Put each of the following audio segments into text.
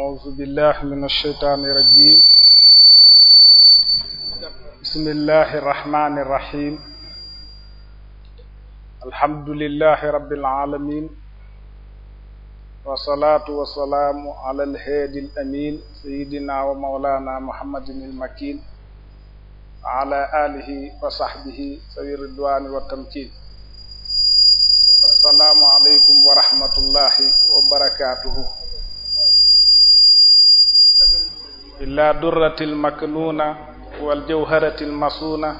أعوذ بالله من الشيطان الرجيم بسم الله الرحمن الرحيم الحمد لله رب العالمين والصلاة والسلام على الهادي الأمين سيدنا ومولانا محمد المكين وعلى آله وصحبه سوي الرضوان والتمكين السلام عليكم ورحمة الله وبركاته illaa durratil maknuuna wal jawharatil masuuna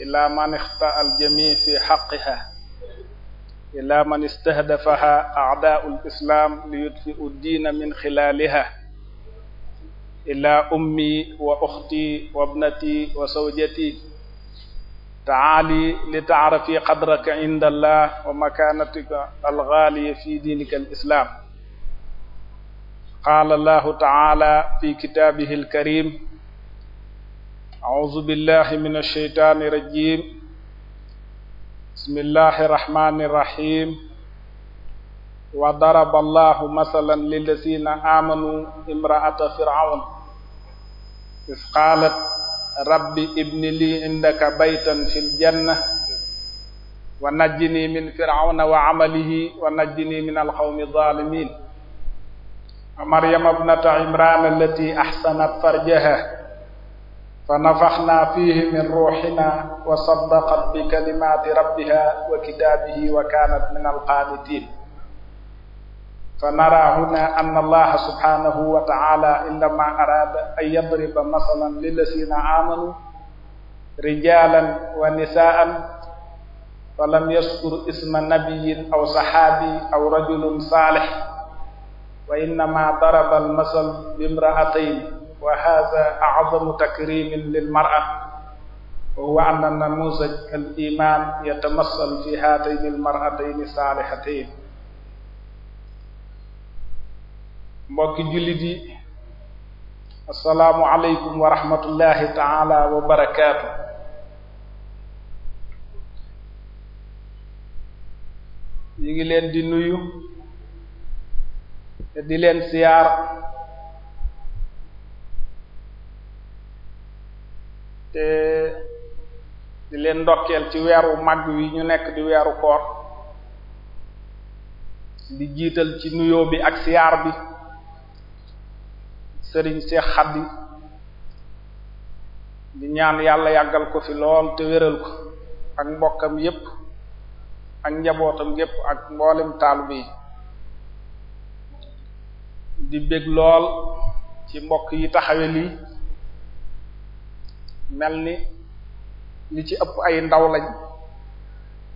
illaa man ixta al jamii fi xaqiha illaa man istahdafaha a'daa'ul islaam li yudfi'u diina min xilaaliha illaa ummi wa uxti wa ibnati wa zawjati taali li taarafi qadraka inda allah wa makaanatika alxaaliya fi diinika al islaam qaala allahu taala fi kitaabihi alkarim audu billahi min alsheytaani irrajim bismillahi irrahmani irrahim wa daraba allahu masalan lillazina aamanu imraata firaun is qaalat rabbi ibni lii indaka baytan fi ljanna wa najjini min firauna wa amalihi wa najjini min alqawmi zalimin maryam ibnata imran allati ahsanat farjaha fa nafaxna fihi min ruuxina wa saddaqat bi kalimaati rabbiha wa kitaabihi wa kaanat min alqaanitiin fa naraa huna anna allaha subhaanahu wa ta'ala innama araada an yadriba masalan lillaziina aamanu rijaalan wa nisaa'an fa lam yaskur isma nabiyyin aw saxaabi aw rajulin saalih wa innama daraba al masal bimra'atayn wa hadha a'zamu takrimin lil mar'a wa huwa anna namuuzaj al iman yatamassal fi haatayni al mar'atayni saalihatayn mbokki jullit yi assalaamu aleykum wa rahmatullahi taala wa barakaatu ñu ngi leen di nuyu te di leen siyaar te di leen ndokkeel ci weeru màgg wi ñu nekk di weeru koor di jiital ci nuyoo bi ak siyaar bi sëriñ Seex Xaddi di ñaan yàlla yàggal ko fi lool te wéral ko ak mbokkam yépp ak njabootam yépp ak mboolem taalibe bii di bég lool ci mbokk yi taxawe lii mel ni li ci ëpp ay ndaw lañ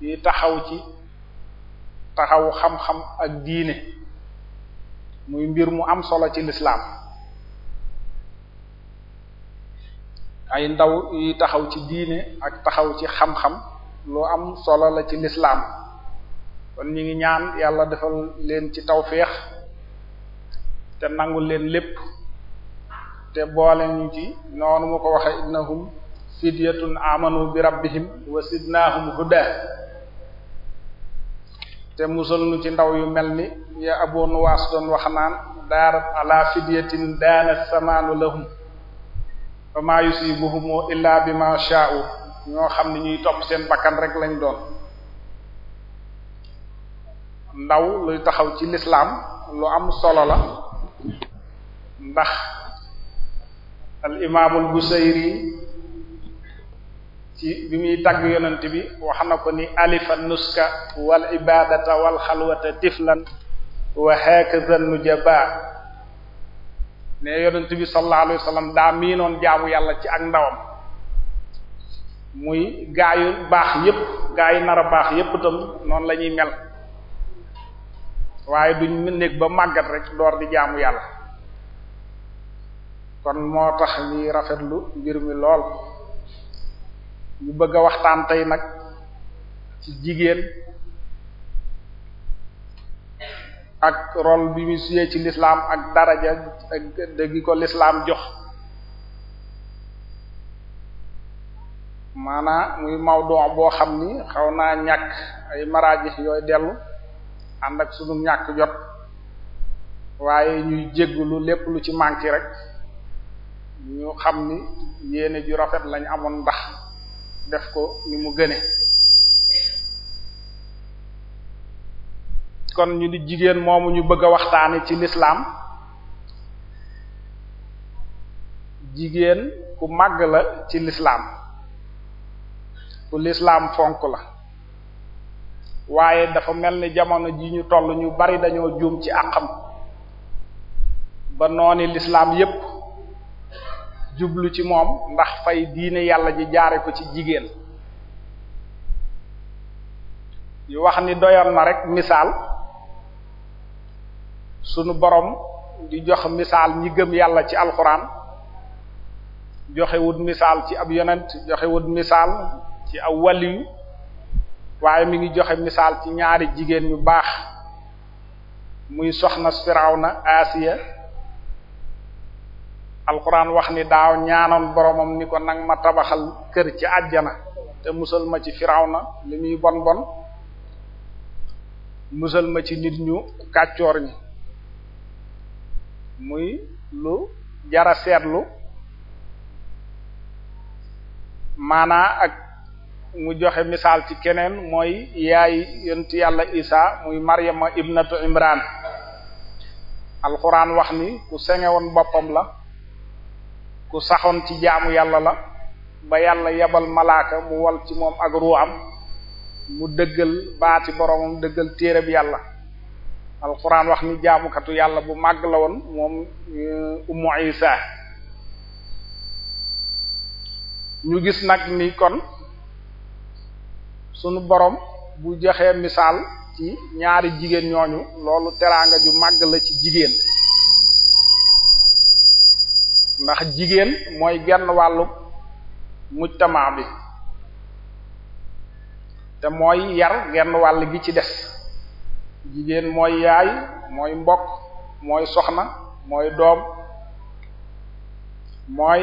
yi taxaw ci taxawu xam-xam ak diine muy mbir mu am solo ci lislaam ay ndaw yi taxaw ci diine ak taxaw ci xam-xam lu am solo la ci lislaam kon ñu ngi ñaan yàlla defal leen ci tawféex te nangu leen lépp te boole ñu ci noonu mu ko waxe innahum fidyatun amanu bi rabbihim wa sidnaahum huda te musal nu ci ndaw yu mel ni ya Abu Nuwaas doon wax naan daarat ala fidyatin daana samaanu lahum wa maa yusibuhum illaa bimaa shaa'u ñoo xam ne ñuy topp seen bakkan rek lañ doon ndaw luy taxaw ci lislaam lu am solo la ndax al imaamul Busayri ci bi muy tagg yonent bi wax na ko ni alifa nuska wal ibadata wal xalwata tiflan wa hakaza nujaba ne yonent bi sallallahu alayhi wasallam daa miinoon jaamu yàlla ci ak ndawam muy gaayu baax yépp gaa yu nar a baax yépp itam noonu la mel waaye duñ nekk ba màggat rek door di jaamu yàlla kon moo tax ñuy rafetlu ngir mi lool ñu bëgg a waxtaan tey nag ci jigéen ak rôle bi mu suyee ci lislaam ak daraja ak ko lislaam jox maanaa muy mawdu boo xam ni xaw naa ñàkk ay maraaji yooy dellu ànd ak sunu ñàkk jot waaye ñuy jéggulu lépp lu ci manqué rek ñu xam ni yéene ju rafet lañu amoon ndax def ko ni mu gëne kon ñu ni jigéen moomu ñu bëgg a waxtaane ci lislaam jigéen ku màgg la ci lislaam ku lislaam fonk la waaye dafa mel ni jamono ji ñu toll ñu bari dañoo juum ci àqam ba nooni lislaam yépp jublu ci moom ndax fay diine yàlla ji jaare ko ci jigéen yu wax ni doyoon na rek misaal sunu borom di jox misaal ñi gëm yàlla ci alxuraan joxewut misaal ci ab yonent joxewut missaal ci aw waliyu waaye mi ngi joxe missaal ci ñaari jigéen ñu baax muy soxna na Asiya alxuraan wax ni daaw ñaanoon boromam ni ko nag ma tabaxal kër ci àjjana te musal ma ci firawna li muy bon bon musal ma ci nit ñu kàccoor ñi muy lu jara seetlu maanaa ak mu joxe misaal ci keneen mooy yaay yonti yàlla isa muy maryama ibnatu imran alquran wax ni ku sengewoon boppam la ku saxoon ci jaamu yàlla la ba yàlla yebal malaaka mu wal ci moom ak ruuxam mu dëggal baati boromam dëggal téereb yàlla alquran wax ni jaamukatu yàlla bu màgg la woon moom eh, ummu isa ñu gis nag ni kon sunu boroom bu joxee misaal ci ñaari jigéen ñooñu loolu teraanga ju màgg la ci jigéen ndax jigéen mooy genn wàllu tamaa bi te mooy yar genn wàll gi ci des jigéen mooy yaay mooy mbokk mooy soxna mooy doom mooy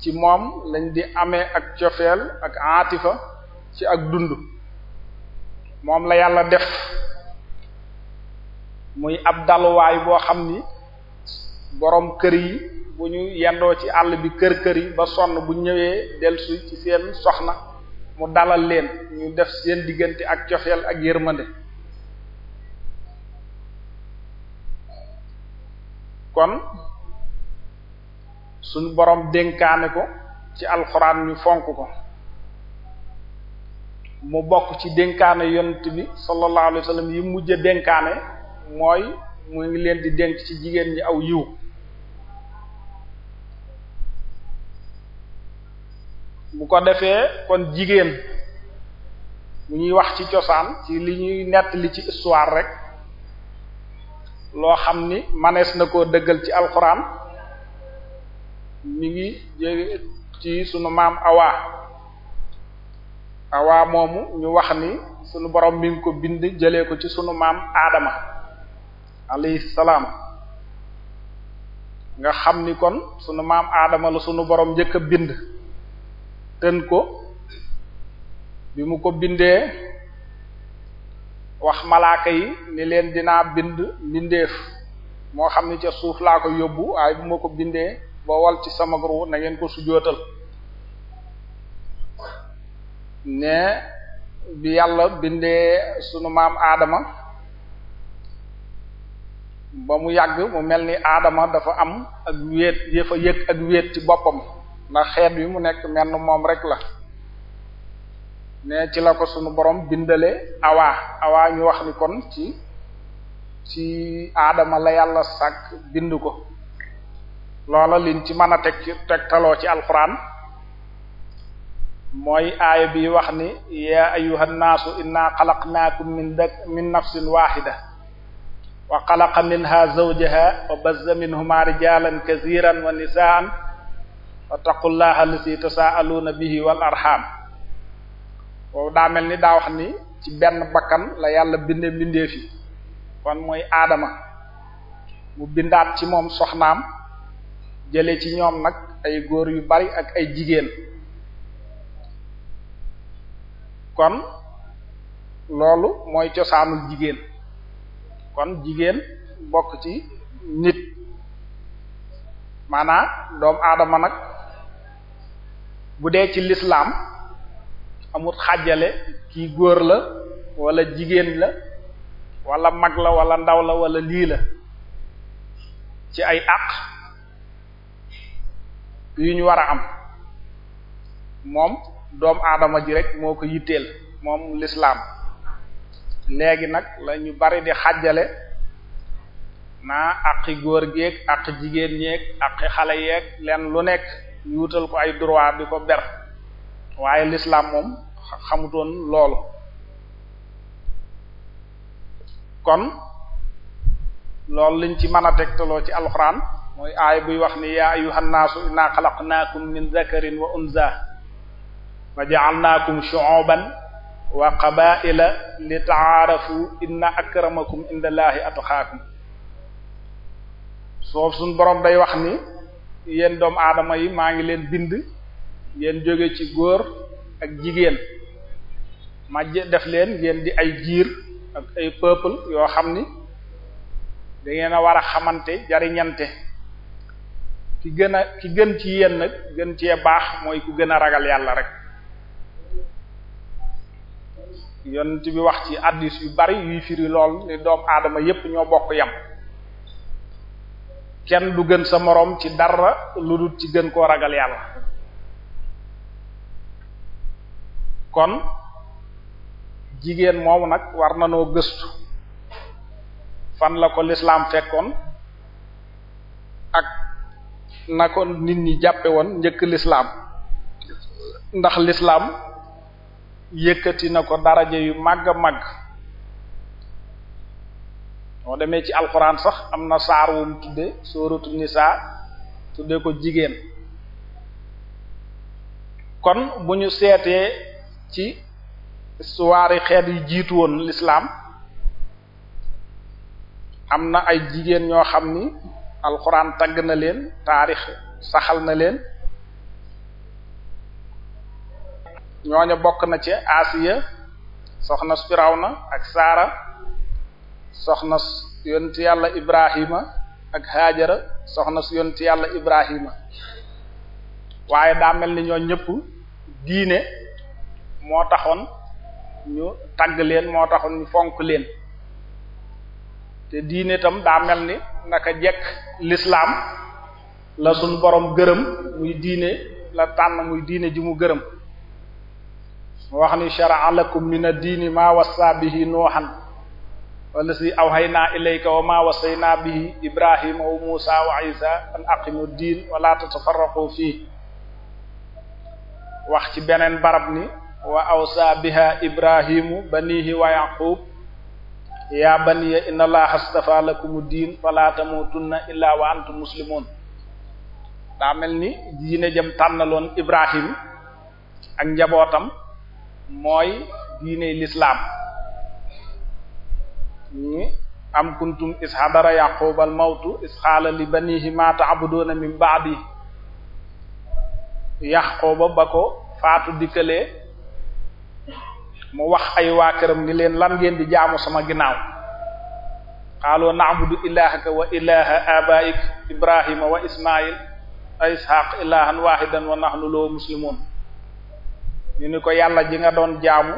ci moom lañ di amee ak cofeel ak aatifa ci ak dund moom la yàlla def muy ab daluwaay boo xam ni boroom kër yi bu ñu yendoo ci àll bi kër kër yi ba sonn bu ñëwee dellusi ci seen soxna mu dalal leen ñu def seen diggante ak cofeel ak yërmande kon suñu boroom dénkaane ko ci alxuraan ñu fonk ko mu bokk ci dénkaane yonent bi sallallahu alayhi wasallam yi mujj dénkaane mooy mu ngi leen di dénk ci jigéen ñi aw yiw bu ko defee kon jigéen mu ñuy wax ci cosaan ci li ñuy nett li ci histoire rek loo xam ni manees na koo dëggal ci alxuraan mi ngi jege ci sunu maam Awa Awa moomu ñu wax ni sunu borom mi ngi ko bind jëlee ko ci sunu maam aadama alayhi salaam nga xam ni kon sunu maam Adama la sunu borom njëkk a bind. tën ko bi mu ko bindee wax malaaka yi ni leen dinaa bind mbindeef moo xam ni ca suuf laa ko yóbbu waaye bu ma ko bindee ba wal ci sama ru na ko sujootal ne bi yàlla bindee sunu maam aadama ba mu yàgg mu mel ni aadama dafa am ak wéet yëfa yëg ak wéet ci boppam ndax xeet wi mu nekk menn moom rek la ne ci la ko sunu borom bindale awaa awaa ñu wax ni kon ci ci aadama la yàlla sàkk bind ko loola liñ ci mën a teg tegtaloo ci alquran mooy ayo bi wax ni yaa ayuha nnaasu inna xalaqnaakum min da min nafsin waxida wa xalaqa minha zawjaha wa bazza minhuma rijalan kasiran wa nisaan wattaqullaha allati tasaaluna bihi wal arham boobu daa mel ni daa wax ni ci benn bakkan la yàlla binde mbindeef yi kon mooy aadama mu bindaat ci moom soxnaam jële ci ñoom nag ay góor yu bari ak ay jigéen kon loolu mooy cosaanul jigéen kon jigéen bokk ci nit maanaa doomu aadama nag bu dee ci lislaam amut xajale kii góor la walla jigéen la wala mag la walla ndaw la wala lii la ci ay àq yu ñu war a am moom doomu aadama ji rek moo ko yitteel moom lislaam léegi nag la ñu bari di xajale naa àqi góor geeg àqi jigéen ñeeg àqi xale yeeg leen lu nekk ñu ko ay droit di ko ber waaye l'islam moom xamutoon lool kon lool liñ ci mën a tegtaloo ci alxuraan mooy aay buy wax ni yaa ayyuhan naasu inna xalaqnaakum min zakarin wa unza wa ja'alnaakum shu'uban wa qaba'ila li ta'aarafu inna akramakum indallahi atqaakum soo suñ borom day wax ni yéen doomu aadama yi maa ngi leen bind ngeen jóge ci góor ak jigéen ma def leen ngeen di ay giir ak ay peuple yoo xam ni dangeen a war a xamante jariñante ki gën ki gën ci yéen gën cee baax mooy ku gën a ragal yàlla rek yonent bi wax ci addis yu bari yuy firi lool ni doomu aadama yépp ñoo bokk yam kenn du gën sa moroom ci dara lu dul ci gën koo ragal yàlla kon jigéen moomu nag war na noo gëstu fan la ko lislaam fekkoon ak na ko nit ñi jàppe woon njëkk lislaam ndax lislaam yëkkati na ko daraja yu màgga a màgg moo demee ci alxuraan sax am na saar wu mu tuddee sóoratu nisaa tuddee ko jigéen kon bu ñu seetee ci histoire yi xeet yi jiitu woon l'islam am na ay jigéen ñoo xam ni alxuraan tagg na leen taarix saxal na leen ñooñu bokk na ci Asiya soxna na ak Saara soxna yonent yàlla ibrahima ak haajara soxna su ci yàlla ibrahima waaye daa mel ni ñoo ñëpp diine moo taxoon ñu tagg leen moo taxoon ñu fonk leen te diine tam daa mel ni naka jekk lislaam la suñ borom gërëm muy diine la tànn muy diine ji mu gërëm mu wax ni shara'a lakum min ad-diini ma wassa bihi nuuhan allazi awhaynaa ilayka wa maa wasaynaa bihi ibrahima wa muusa wa isa an aqimu diin wa laa tatafarraqu fii wax ci beneen barab ni wa awsaa biha ibrahimu banihi wa yaqub yaa baniya inna allaha astafa lakumu diin fala tamutunna illaa wa antum muslimun daa mel ni diine jëm tànnaloon ibrahim ak njabootam mooy diiney lislaam ñi am kuntum is hadara yaqub al mawtu is xaala li banihi ma ta'buduna min ba'di yaquba ba ko faatu dikkalee mu wax ay waa këram ni leen lan ngeen di jaamu sama ginnaaw xaaloo na'budu ilahaka wa ilaha abaik ibrahima wa ismail wa ishaq ilahan wahidan wa nahnu lahu muslimun ñu ni ko yàlla ji nga doon jaamu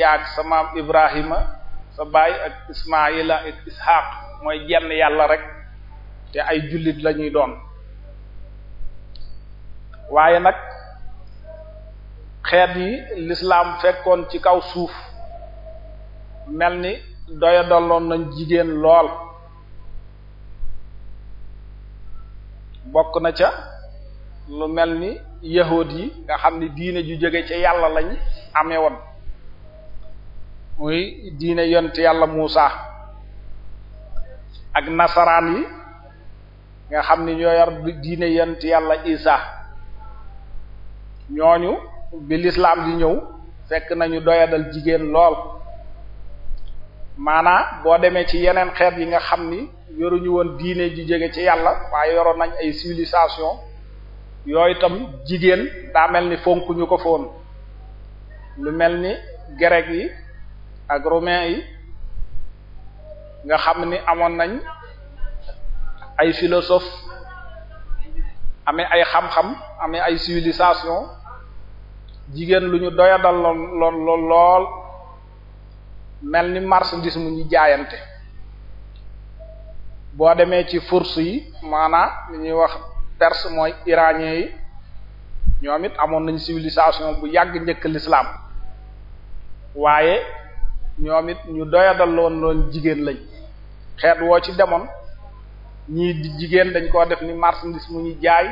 yaag sama ibrahima sa baay ak ismaila ak ishaq mooy jenn yàlla rek te ay jullit lañuy doon waaye nag xeet yi lislaam fekkoon ci kaw suuf mel ni doya nañ jigéen lool bokk na ca lu mel ni yahood yi nga xam ni diine ju jóge ca yàlla lañu amewoon muy diine yont yàlla Muusa ak nasaraan yi nga xam ni ñoo yor diine yont yàlla Isa ñooñu bi lislaam di ñëw fekk nañu doyadal jigéen lool maanaa boo demee ci yeneen xeet yi nga xam ni yoruñu woon diine ju jege ci yàlla waaye yoroon nañu ay civilisation yooyu itam jigéen daa mel ni fonkuñu ko foon lu mel ni grec yi ak romain yi nga xam ni amoon nañ ay philosophe amee ay xam-xam amee ay civilisation jigéen lu ñu doyadal lool lool mel ni marchandise mu ñu jaayante boo demee ci force yi maanaam li ñuy wax perse mooy iranien yi ñoom it amoon nañ civilisation bu yàgg njëkk lislaam waaye ñoom it ñu doyadal woon loon jigéen lañu xeet woo ci demoon ñii di jigéen dañ koo def ni marchandise mu ñu jaay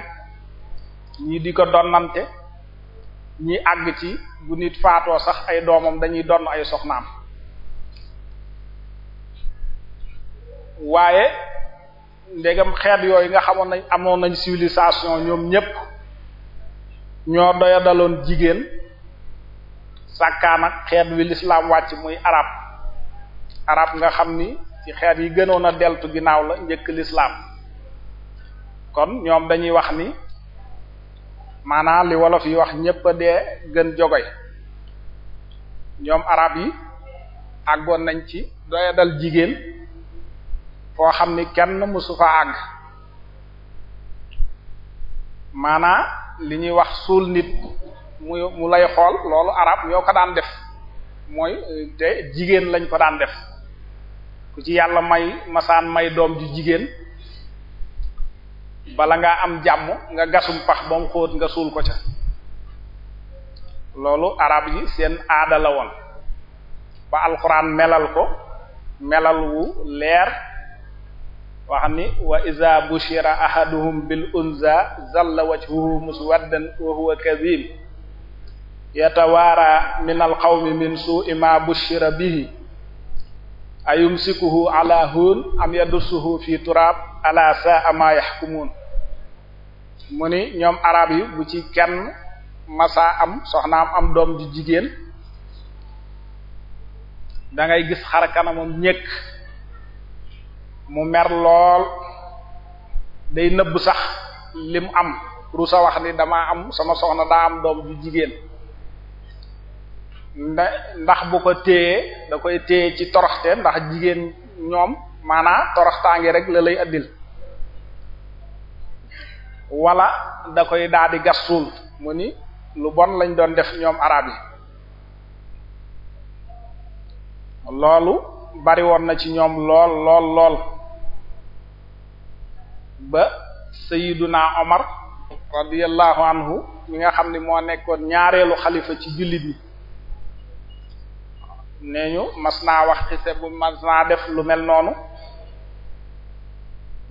ñii di ko donnante ñii àgg ci bu nit faatoo sax ay doomam dañuy donn ay soxnaan waaye ndegam xeet yooyu nga xamoon nañ amoon nañ civilisation ñoom ñépp ñoo doyadaloon jigéen sàkkaan ak xeet wi lislaam wàcc muy arab arab nga xam ni ci xeet yi gënoon a deltu ginnaaw la njëkk lislaam kon ñoom dañuy wax ni maanaam li wolof yi wax ñépp a dee gën jogoy ñoom arab yi àggoon nañ ci doyadal jigéen foo xam ni kenn mësu fa àgg maanaa li ñuy wax suul nit mu mu lay xool loolu arab yoo ko daan def mooy euh, te jigéen lañ ko daan def ku ci yàlla may masaan may doom ju jigéen bala ngaa am jàmm nga gasum pax ba mu nga suul ko ca loolu arab yi seen aada la woon ba alxuraan melal ko melal wu leer wax ni wa iza bushira ahaduhum bil unza zalla wajhuhu muswaddan wa huwa kadhim yatawaara min alqawmi min suu'i ma bushira bihi ayumsikuhu ala huun am yadussuhu fi turaab ala sa'a ma yahkumun mu ni ñoom arab yi bu ci kenn masaa am soxnaam am doom ju jigéen dangay gis xar kanamam ñëkk mu mer lool day nëbb sax li am rusa wax ni dama am sama soxna daa am doom ju jigéen ndax bu ko téyee da koy téye ci toroxte ndax jigéen ñoom maanaa toroxtaange rek la lay addil wala da koy daal gas suul mu ni lu bon lañ doon def ñoom arab yi loolu bari woon na ci ñoom lool lool lool ba Sayyiduna Omar radiyallahu anhu ñi nga xam ni moo nekkoon ñaareelu xalifa ci jullit yi nee ñu mas naa wax xise bu mas naa def lu mel noonu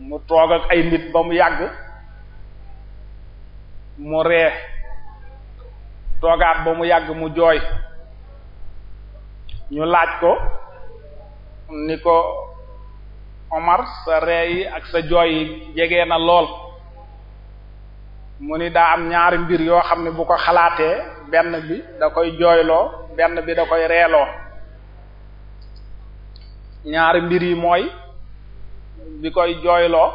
mu toog ak ay nit ba mu yàgg mu ree toogaat ba mu yàgg mu jooy ñu laaj ko ni ko Omar sa ree yi ak sa jooy yi jege na lool mu ni daa am ñaari mbir yoo xam ne bu ko xalaatee benn bi da koy jooyloo benn bi da koy reeloo ñaari mbir yi mooy bi koy jooyloo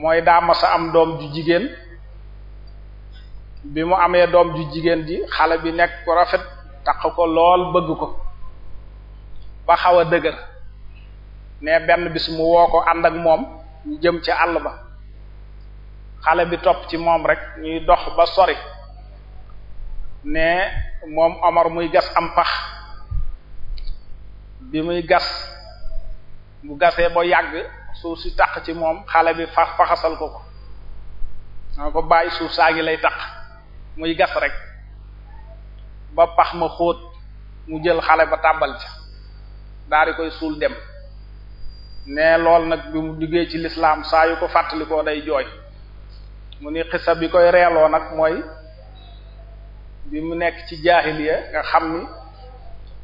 mooy daa am doom ju jigéen bi mu amee doom ju jigéen ji xale bi nekk ko rafet taq ko lool bëgg ko ba xaw a dëgër ne benn bis mu woo ko ànd ak moom jëm ci àll ba xale bi topp ci moom rekk ñuy dox ba sori ne moom Omar muy gas am pax bi muy gas bu gasee ba yàgg suuf si taq ci moom xale bi fa faxasal ko ko nga ko bàyyi suuf saa ngi lay taq muy gas rek ba pax ma xóot mu jël xale ba tàbbal ca daal di koy suul dem ne lool nag bi mu duggee ci lislaam saa yu ko fàttalikoo day jooy mu ni xisa bi koy reeloo nag mooy bi mu nekk ci jaahiliya nga xam ni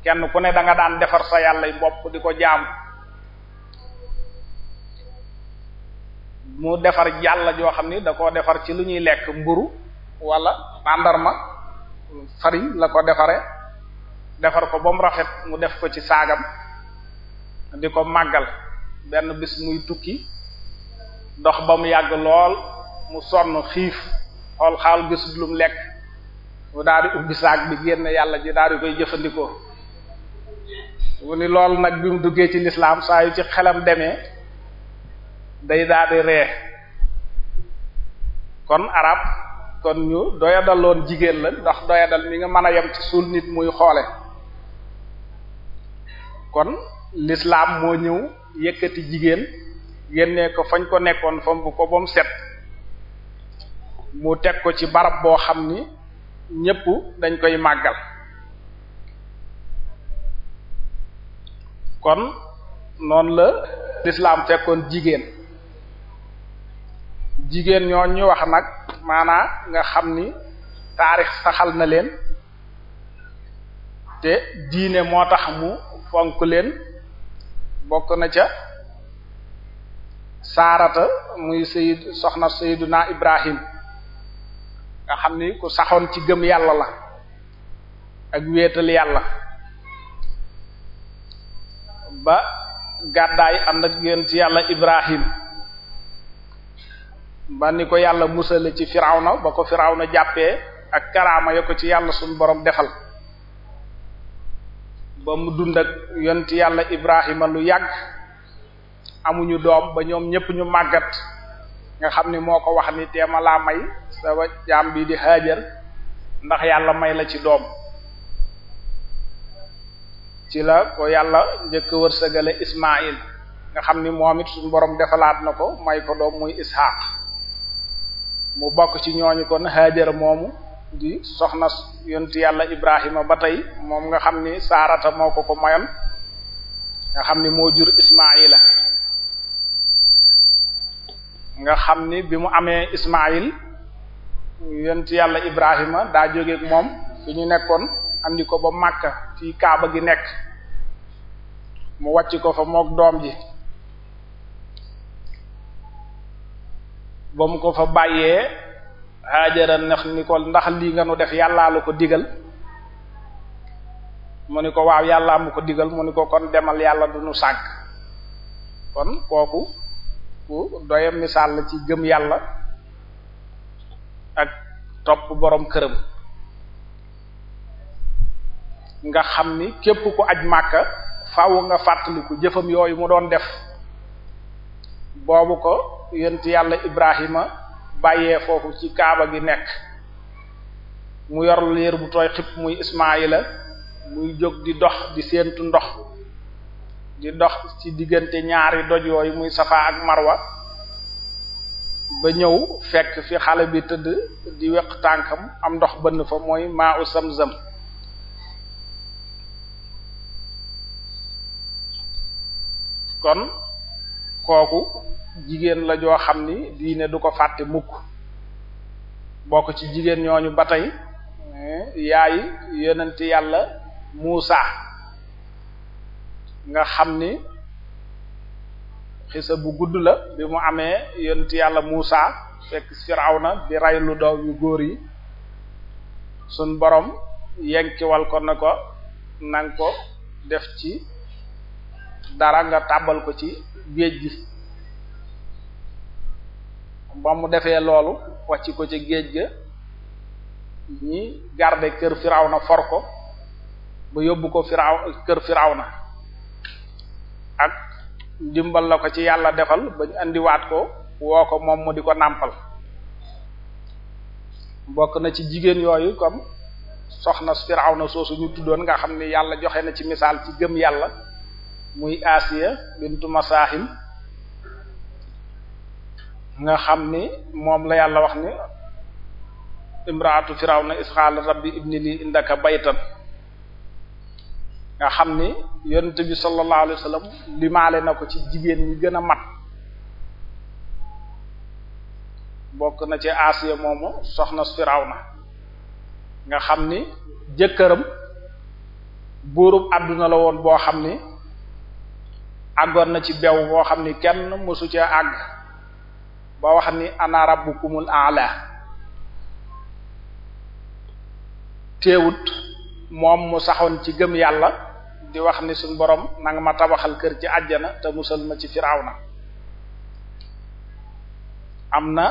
kenn ku ne danga daan defar sa yàlla bopp di ko jaam mu defar jàll joo xam ni da koo defar ci lu ñuy lekk mburu wala àndarma farine la ko defare defar ko ba mu rafet mu def ko ci saagam di ko màggal benn bis muy tukki ndox ba mu yàgg lool mu sonn xiif xool xaal gisul lum lekk mu daal di ubbi saag bi génn yàlla ji daal di koy jëfandikoo mu ni lool nag bi mu duggee ci lislaam saa yu ci xelam demee day daldi ree kon arab kon ñu doyadaloon jigéen la ndax doyadal mi nga mën a yem ci suul nit muy xoole kon lislaam moo ñëw yëkkati jigéen yennee ko fañ ko nekkoon fam bu ko ba mu set mu teg ko ci barab boo xam ni ñépp dañ koy màggal kon noonu la lislaam fekkoon jigéen jigéen ñoo ñu wax nag maanaa nga xam ni taarix saxal na leen te diine moo tax mu fonk leen bokk na ca saarata muy sayid soxna sayiduna ibrahim nga xam ni ku saxoon ci gëm yàlla la ak weetal yàlla ba gàddaay ànd ak ci yàlla Ibrahim ba ni ko yàlla musale ci na ba ko na jàppee ak karaama ya ko ci yàlla suñu boroom defal ba mu dund ak ci yàlla Ibrahima lu yàgg amuñu doom ba ñoom ñépp ñu màggat nga xam ni moo ko wax ni teema may sa jaam bi di Haajar ndax yàlla may la ci doom ci la ko yàlla njëkk wërsëgale Ismaïl nga xam ni moom it boroom borom defalaat na ko may ko doom muy Ishaq mu bokk ci ñooñu kon Hajar moomu di soxna yonti yàlla Ibrahima ba tey moom nga xam ni Saarata moo ko ko mayoon nga xam ni moo jur Ismaïla nga xam ni bi mu amee Ismaïl yonti yàlla Ibrahima daa jógeek moom fi ñu nekkoon andi ko ba Makka ci Kaaba gi nekk mu wàcc ko fa mook doom ji ba mu ko fa bàyyee Haajara ndax ni ko ndax lii nga nu def yàllaa la ko digal mu ne ko waaw yàlla mu ko digal mu ne ko kon demal yàlla du nu sànk kon kooku ku doyam misaal la ci gëm yàlla ak topp boroom këram nga xam ni képp ko aj màkka faaw nga fàttaliku jëfam yooyu mu doon def boobu ko yent yàlla Ibrahima bàyyee foofu ci kaaba gi nekk mu yor liir bu tooy xib muy Ismaayila muy jóg di dox di séentu ndox di dox ci diggante ñaari doj yooyu muy Safa ak Marwa ba ñëw fekk fi xale bi tëdd di weq tànkam am ndox bënn fa mooy maa u sëm kon kooku jigéen la joo xam ni diine du ko fàtte mukk bokk ci jigéen ñooñu ba tey eh, yaay yonent yàlla Muusa nga xam ni xisa bu gudd la bi mu amee yonent yàlla Muusa fekk na di rey lu doom yu góor yi sun boroom yenkiwal ko na ko nang ko def ci dara nga tàbbal ko ci géej gi ba mu defee loolu wàcc ko ci géej ga ñi garde kër Firawna for ko ba yóbbu ko Firaw kër Firawna ak dimbal la ko ci yàlla defal ba ñu indiwaat ko woo ko moom mu di ko nàmpal bokk na ci jigéen yooyu comme soxna na soosu ñu tuddoon nga xam ni yàlla joxe na ci misaal ci gëm yàlla muy Asiya bintu Masahim nga xam ni moom la yàlla wax ni imraatu firawna isxaal rabbi ibni li indaka baytan nga xam ni yonent bi sallallahu alayhi limaale na ko ci jigéen ñi gën a mat bokk na ci Asiya moomu soxna firawna nga xam ni jëkkëram buurub àdduna la woon boo xam ni àggoon na ci bew boo xam ni kenn mosu ca àgg ba wax ni ana rabbukumul aala teewut moom mu saxoon ci gëm yàlla di wax ni suñ boroom nanga ma tabaxal kër ci àjjana te musal ma ci na am na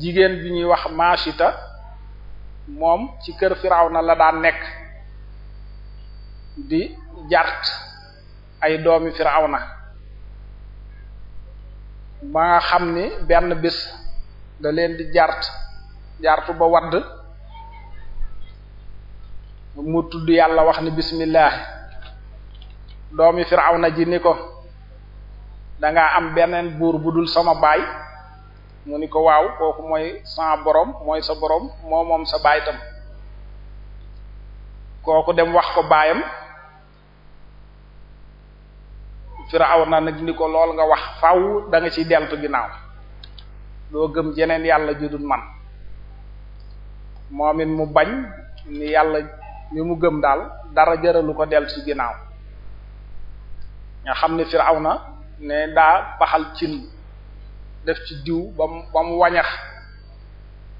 jigéen bi ñuy wax maashita moom ci kër firaw na la daan nekk di jart ay doomi na ba xam ni benn bés da leen di jart jartu ba wadd mu tudd yàlla wax ni bismillah doomi firawna ji ni ko danga am beneen buur bu dul sama baay mu ni ko waaw kooku mooy sa boroom mooy sa borom moo moom sa baay tam kooku dem wax ko baayam firaw na nag ni ko lool nga wax faw da nga ciy deltu ginnaaw loo gëm jeneen yàlla judul man moom mu bañ ni yàlla ni mu gëm daal dara jëralu ko deltu ci ginnaaw nga xam ne firaw na ne daa baxal cin def ci diw ba mu ba mu wañax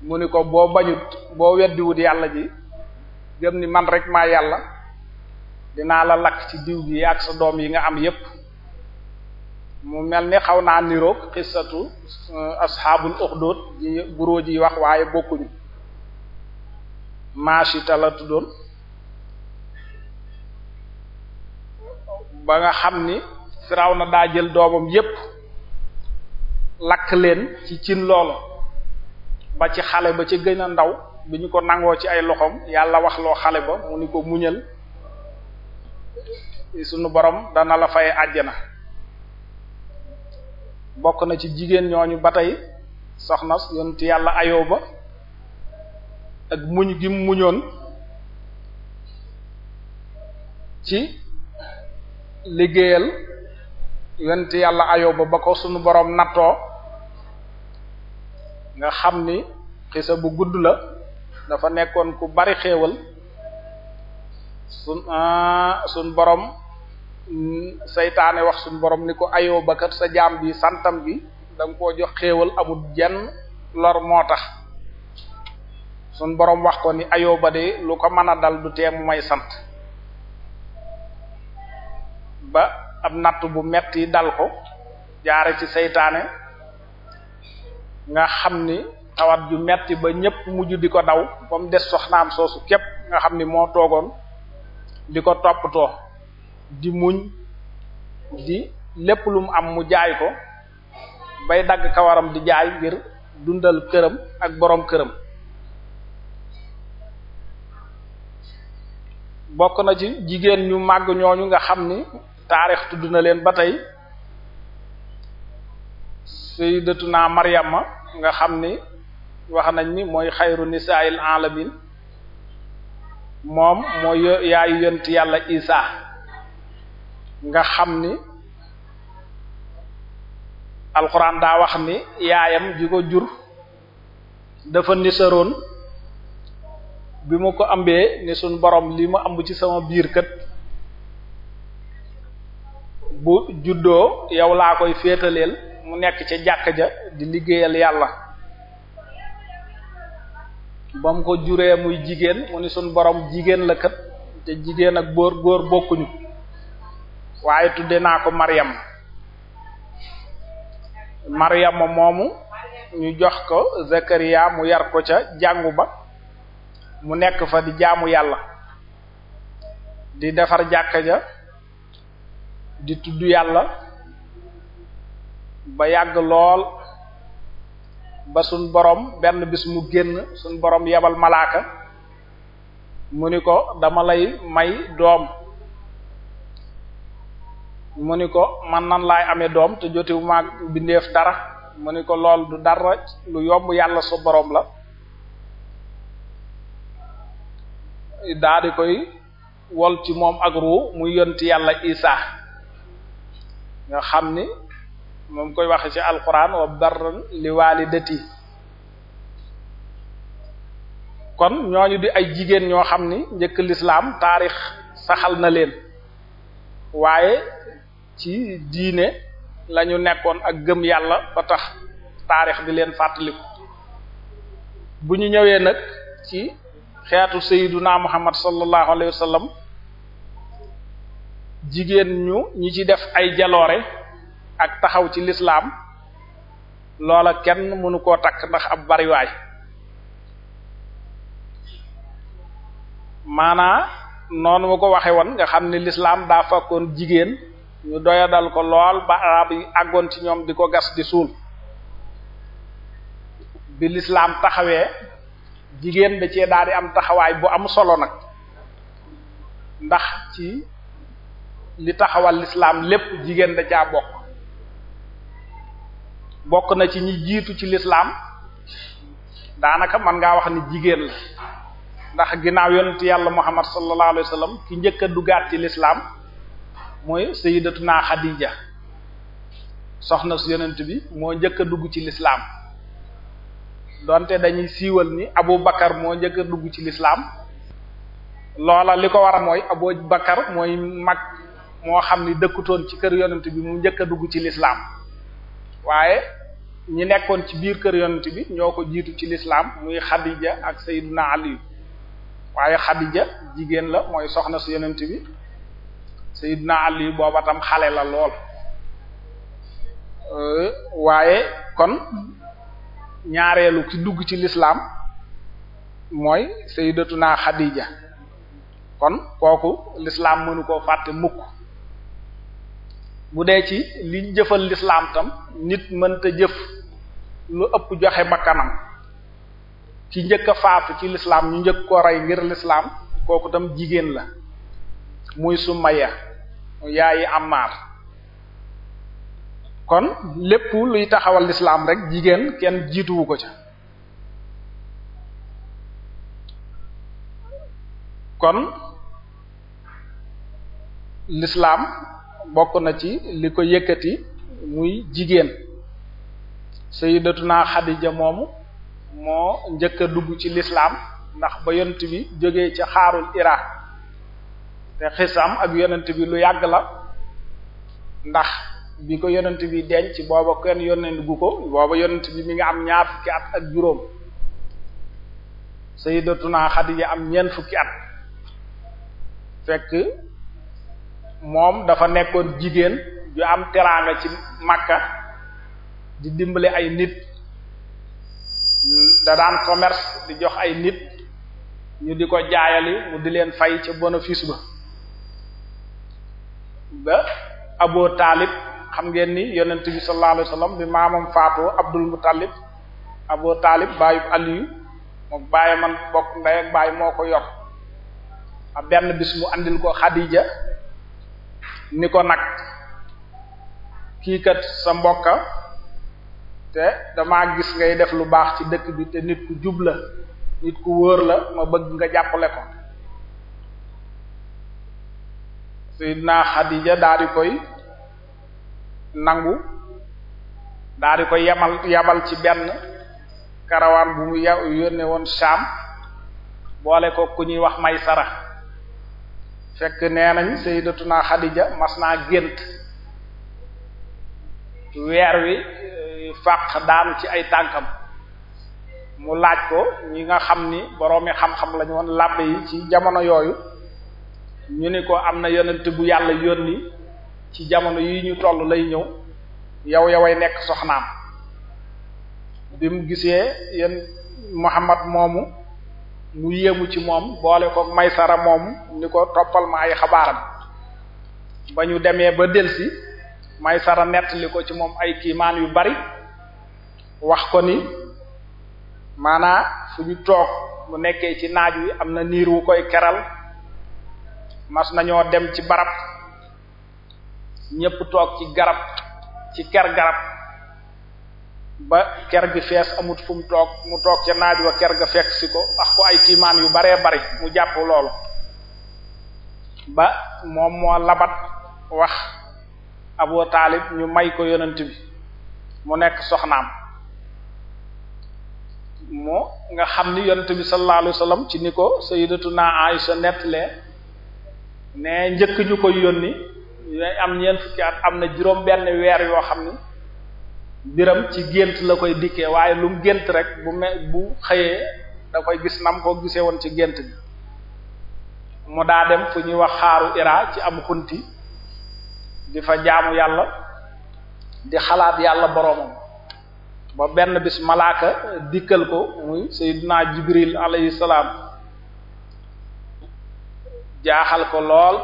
mu ni ko boo bañut boo weddiwut yàlla ji gëm ni man rek maa yàlla dinaa la lakk ci diw gi ak sa doom yi nga am yépp mu mel ni xaw naa niroog xissatu euh, asxaabul uxdud ji guroo ji wax waaye bokkuñu maashita la tuddoon ba nga xam ni firaw na daa jël doomam yépp lakk leen ci cin loolu ba ci xale ba ci gën ndaw bi ñu ko nangoo ci ay loxoom yàlla wax loo xale ba mu ni ko muñal sunu boroom dana la fay àjjana bokk na ci jigéen ñooñu ba tey soxna yonent yàlla ayooba ak muñ gi muñoon ci liggéeyal yonent yàlla ayooba ba ko sunu boroom nattoo nga xam ni xisa bu gudd la dafa nekkoon ku bari xéewal sun ah, sun boroom seytaane wax suñu boroom ni ko ayoo bakat sa jaam bi santam gi danga nga koo jox xéewal amul jenn lor moo tax suñ boroom wax ko ni ayoo ba de lu ko mën a dal du teemu may sant ba ab natt bu metti dal ko jaare ci seytaane nga xam ni tawat ju metti ba ñépp mujj di ko daw ba mu des soxnaam soosu képp nga xam ni moo toogoon di ko toppatoo di muñ di lépp lu am mu jaay ko bay dagg kawaram di jaay ngir dundal këram ak boroom këram bokk na ci jigéen ñu màgg ñooñu nga xam ni taarix tudd na leen ba tey sayyidatuna Maryama nga xam ni wax nañ ni mooy xayru nisaa'il alamin moom mooy yaayu yent yàlla Isa nga xam ni alxuraan daa wax ni yaayam ji ko jur dafa nisaroon bi mu ko ambee ni suñ borom li mu amb ci sama biir kat bu juddoo yow laa koy féetaleel mu nekk ci jàkk ja di liggéeyal yàlla ba mu ko juree muy jigéen mu ni suñ borom jigéen la kat te jigéen ak góor góor bokkuñu waaye tudde naa ko Maryam Maryam moomu ñu jox ko Zakariya mu yar ko ca jàngu ba mu nekk fa di jaamu yàlla di defar jàkka ja di tudd yàlla ba yàgg lool ba suñ borom benn bis mu génn suñ boroom yebal malaaka mu ni ko dama lay may doom mu ni ko man nan laay amee doom te jotiwu maag bindeef dara mu ni ko lool du dara lu yomb yàlla su boroom la daa koy wol ci moom ak ruu muy yonti yàlla isaa nga xam ni moom koy waxe ci alquran wa darran li walidati kon ñooñu di ay jigéen ñoo xam ni njëkk lislaam taarix saxal na leen waaye ci diine lañu nekkoon ak gëm yàlla ba tax taarix di leen fàttaliku bu ñu ñëwee nag ci xeetu sayyiduna muhammad sallallahu alayhi wa sallam jigéen ñu ñi ci def ay jaloore ak taxaw ci lislaam loola kenn mënu koo takk ndax ab bariwaay maanaa noonu ma ko waxe woon nga xam ne lislaam daa fakkoon jigéen ñu doyadal ko lool ba arab yi àggoon ci ñoom di ko gas di suul bi lislaam taxawee jigéen da cee daal di am taxawaay bu am solo nag ndax ci li taxawal lislaam lépp jigéen da caa bokk bokk na ci ñi jiitu ci lislaam daanaka man ngaa wax ni jigéen la ndax ginnaaw yonent yàlla muhammad sallallahu alayhi wa sallam ki njëkk a dugaat ci lislaam mooy sayyidatuna Xadija soxna su yonent bi moo njëkk a dugg ci lislaam doonte dañuy siiwal ni Abu Bakar moo njëkk dugg ci lislaam loola li ko war a mooy Abu Bakar mooy mag moo xam ni dëkkutoon ci kër yonent bi mu njëkk a dugg ci lislaam waaye ñi nekkoon ci biir kër yonent bi ñoo ko jiitu ci lislaam muy Xadija ak sayyiduna Ali waaye Xadija jigéen la mooy soxna su yonent bi Seydina Ali booba tam xale la lool euh, waaye kon ñaareelu ci dugg ci lislaam mooy Sayyidatuna Xadija kon kooku lislaam mënu koo fàtte mukk bu dee ci li jëfal lislaam tam nit mënta jëf lu ëpp joxe bakkanam ci njëkk a faatu ci lislaam ñu njëkk ko rey ngir lislaam kooku tam jigéen la muy Sumayya yaayi Ammar kon lépp luy taxawal lislaam rekk jigéen kenn jiituwu ko ca kon lislaam bokk na ci li ko yëkkati muy jigéen sayyidatuna Xadija moomu moo njëkk a dugg ci lislaam ndax ba yont bi jógee ca xaarul Irak te xisaam ak yonent bi lu yàgg la ndax bi ko yonent bi denc booba kenn yonent gu ko booba yonent bi mi nga am ñaar fukki at ak juróom sayyidatuna Xadija am ñeent fukki at fekk moom dafa nekkoon jigéen ju am teraanga ci Makka di dimbali ay nit da daan commerce di jox ay nit ñu di ko jaayali mu di leen fay ca bénéfice ba ba aboo Taalib xam ngeen ni yonent bi sallallahu alayhi wasallam bi maamam faatoo Abdul Muttalib Abu Taalib baayu Aliyu moom bàyyi man bokk ndey ak bàyyi moo ko yor a benn bis mu andil ko Xadija ni ko nag kii sa mbokka te damaa gis ngay def lu baax ci dëkk bi te nit ku jub la nit ku wóor la ma bëgg nga jàppale ko Sayyidina Xadija daa di koy nangu daa di koy yamal yabal ci benn karawaan bu mu yónne woon Sham boole ko ku ñuy wax may sara fekk nee nañ Sayyidatuna Xadija mas naa gént weer wi eh, fàq daanu ci ay tànkam mu laaj ko ñi nga xam ni boroomi xam-xam lañu woon làbbe yi ci jamono yooyu ñu ni ko am na yonent bu yàlla yónni ci jamono yi ñu toll lay ñëw yow yoway nekk soxnaam bi mu gisee yéen Muhammad moomu mu yéemu ci moom boole ko Maysara moomu ni ko toppal ma ay xabaaram ba ñu demee ba delsi Maysara nettali ko ci moom ay kiimaan yu bari wax ko ni maanaa fu ñu toog mu nekkee ci naaj wi am na niir wu koy keral mas nañoo dem ci barab ñépp toog ci garab ci ker garab ba ker gi fees amut fu mu toog mu toog ca naaj wa ker ga fekk si ko wax ko ay kiimaan yu baree bari mu jàpp loolu ba moom moo labat wax Abu Taalib ñu may ko yonent bi mu nekk soxnaam moo nga xam ni yonent bi sallallahu alayhi wasallam ci ni ko sayyidatuna Aisha nettalee ne njëkk ñu koy yónni yooyu am ñeent fukki at am na juróom benn weer yoo xam ni biram ci gént la koy dikkee waaye lu mu gént rek bu me bu xëyee da koy gis nam koo gisee woon ci gént bi mu daa dem fu ñuy wax xaaru ira ci am xunti di fa jaamu yàlla di xalaat yàlla boroomam ba benn bis malaaka dikkal ko muy sayyidina jibril alayhi salaam jaaxal ko lool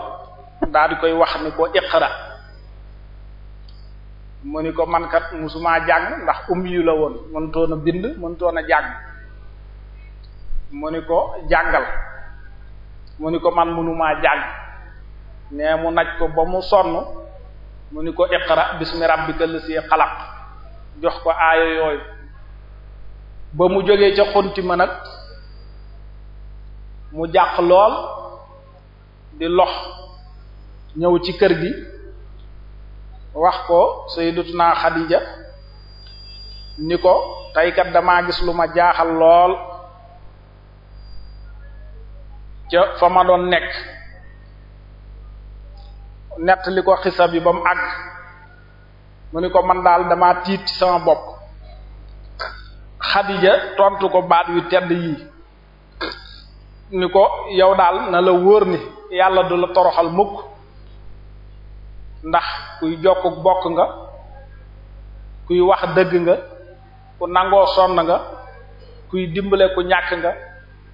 daal koy wax ni ko iqra mu ni ko mankat musuma jàng ndax um la woon mëntoona a bind mënutoon a jàng mu ni ko jàngal mu ni ko man mënumaa jàng ne mu naj ko ba mu sonn mu ni ko iqra bismi rabbika lasi xalaq jox ko aaya yooyu ba mu jógee ca xonti ma nag mu jàq lool di lox ñëw ci kër gi wax ko naa Xadija ni ko tey kat damaa gis lu ma jaaxal lool ca fa ma doon nekk nettali li ko xisa bi ba mu àgg mu ni ko man daal dama tiit sama bopp Xadija tontu ko baat wi tedd yii ni ko yow daal na la wóor ni yàlla du la toroxal mukk ndax kuy jokk bokk nga kuy wax dëgg nga ku nangoo sonn nga kuy dimbale ku ñàkk nga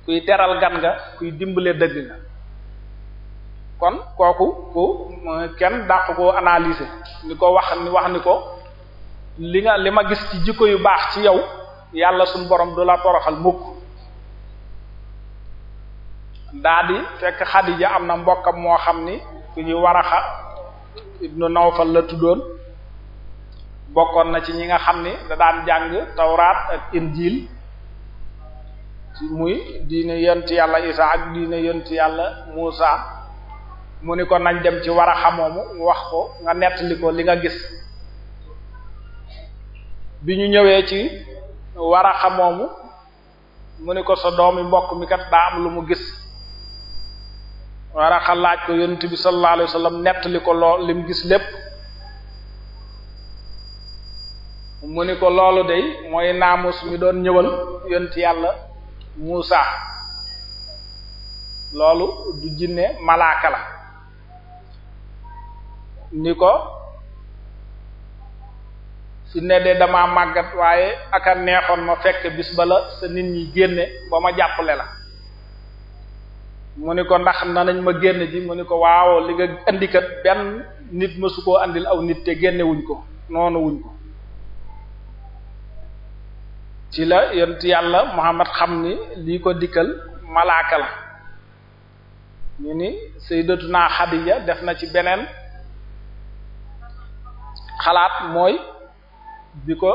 kuy teral gan nga kuy dimbale dëgg nga kon kooku ku kenn dàq koo analyser ni ko wax wax ni ko li nga li ma gis ci jikko yu baax ci yow yàlla suñu borom du la toroxal mukk daadi fekk Xadija am na mbokkam moo xam ni ku ñuy Waraxa nu Nawfal la tuddoon bokkoon na ci ñi nga xam ni da daan jàng tawraat ak injiil muy diine yonent yàlla Isaa ak diine yonent yàlla Muusaa mu ni ko nañ dem ci Waraxa moomu wax ko nga nettali ko li nga gis bi ñu ñëwee ci Waraxa moomu mu ni ko sa doomi mbokk mi kat daa am lu mu gis Waraqa laaj ko yonent bi sallallahu alayhi wa nettali ko lool li mu gis lépp mu ni ko loolu de mooy naamus mi doon ñëwal yonent yàlla Muusa loolu du jinne malaaka la ni ko su ne de dama màggat waaye aka neexoon ma fekk bis bala sa nit ñi génne ba ma jàppale la mu ni ko ndax nañ ma génn ji mu ni ko waaw li nga indikat benn nit mësu koo andil aw nit te génne wuñ ko noonu wuñ ko ci la yont yàlla Muhammad xam ni lii ko dikkal malaaka la ñu ni sayyidatuna Xadija def na ci beneen xalaat mooy bi ko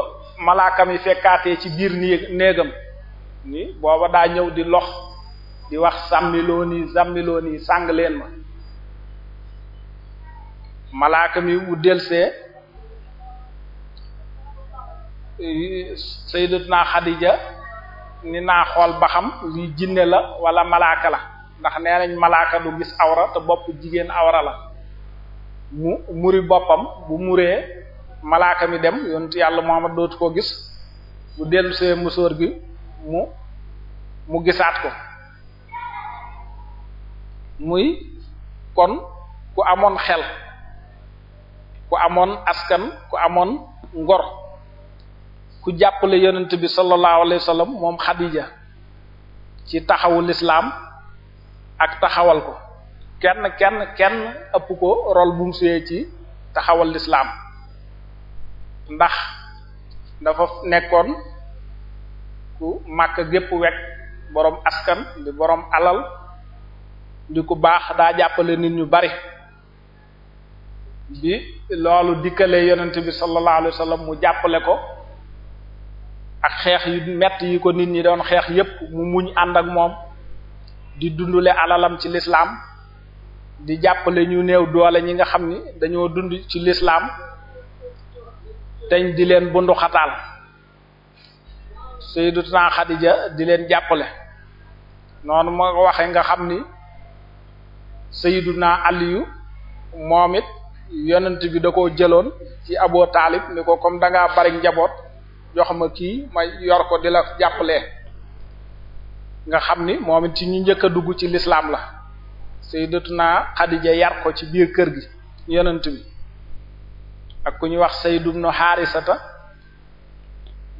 malaaka mi fekkaatee ci biir néegam ni booba daa ñëw di lox di wax sàmmiloo nii nii sàng leen ma malaaka mi wu delsee sayyidatuna Xadija ni naa xool ba xam lii jinne la wala malaaka la ndax nee nañ malaaka du gis awra te bopp jigéen awra la mu muri boppam bu muree malaaka mi dem yonent yàlla Muhammad dootu ko gis bu dellusee musóor gi mu mu gisaat ko muy kon ku amoon xel ku amoon askan ku amoon ngor ku jàppale yonent bi sallallahu alayhi wa moom Khadija ci taxawu lislaam ak taxawal ko kenn kenn kenn ëpp ko rôle bu mu suyee ci taxawal lislaam ndax dafa nekkoon ku màkk gépp wekk boroom askan di boroom alal di ku baax daa jàppale nit ñu bari bi loolu dikkalee yonent bi sallallahu alayhi wasallam mu jàppale ko ak xeex yu metti yi ko nit ñi doon xeex yépp mu muñ ànd ak moom di dundule alalam ci lislaam di jàppale ñu néew doole ñi nga xam ni dañoo dund ci lislaam teñ di leen bundu xataal sayyidatuna Xadija di leen jàppale noonu ma waxe nga xam ni sayiduna aliyu moom it yonent bi da ko jëloon ci abo taalib ni ko comme danga ngaa njaboot jox ma kii ma yor ko di la jàppale nga xam ni moom it ci ñu njëkk a dugg ci lislaam la sayyidatuna Xadija yar ko ci biir kër gi yonent bi ak ku ñuy wax Sayd ibn Harisata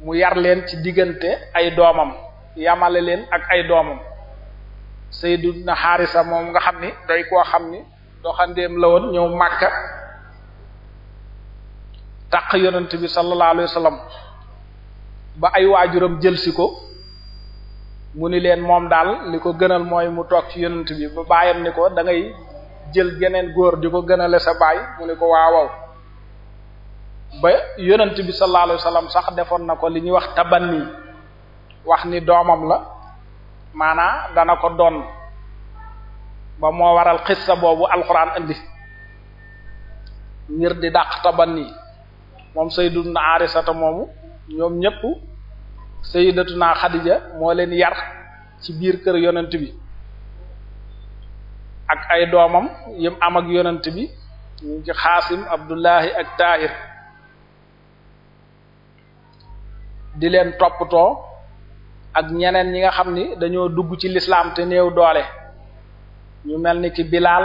mu yar leen ci diggante ay doomam yamale leen ak ay doomam sayyiduna xaarisa moom nga xam ni day koo xam ni doxandeem la woon ñëw màkka taq yonent bi sallallahu alayhi ba ay waajuram jël si ko mu ni leen moom daal li ko gënal mooy mu toog ci yonent bi ba bàyyam ni ko dangay jël geneen góor di ko gënale sa baay mu ni ko waawaw ba yonent bi sallallahu alayhi wa sax defoon na ko li ñuy wax tabanni wax ni doomam la maanaa dana ko doon ba moo waral xissa boobu alquran indi ngir di dàq tabanni moom sayyiduna arisata moomu ñoom ñépp sayyidatuna xadija moo leen yar ci biir kër yonent bi ak ay doomam yim am ak yonent bi ñu ci xaasim abdullahi ak taahir di leen toppatoo ak ñeneen ñi nga xam ni dañoo dugg ci lislaam te néew doole ñu mel ni ki Bilaal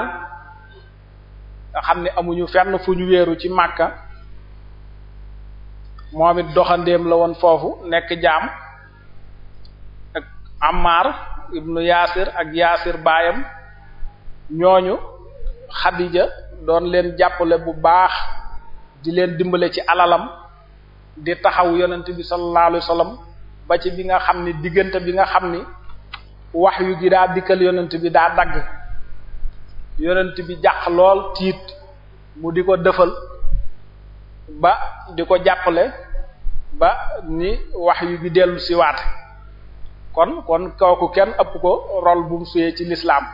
nga xam ni amuñu fenn fu ñu wéeru ci Màkka moom it doxandéem la woon foofu nekk jaam ak Ammar ibnu Yaasir ak Yaasir baayam ñooñu Xadija doon leen jàppale bu baax di leen dimbale ci alalam di taxaw yonent bi sallallahu alayhi wasallam ba ci bi nga xam ni diggante bi nga xam ni wax yu gi daa dikkal yonent bi daa dagg yonent bi jàq lool tiit mu di ko dëfal ba di ko jàppale ba ni wax yu gi dellu si waat kon kon kooku kenn ëpp ko rôle bu suyee ci lislaam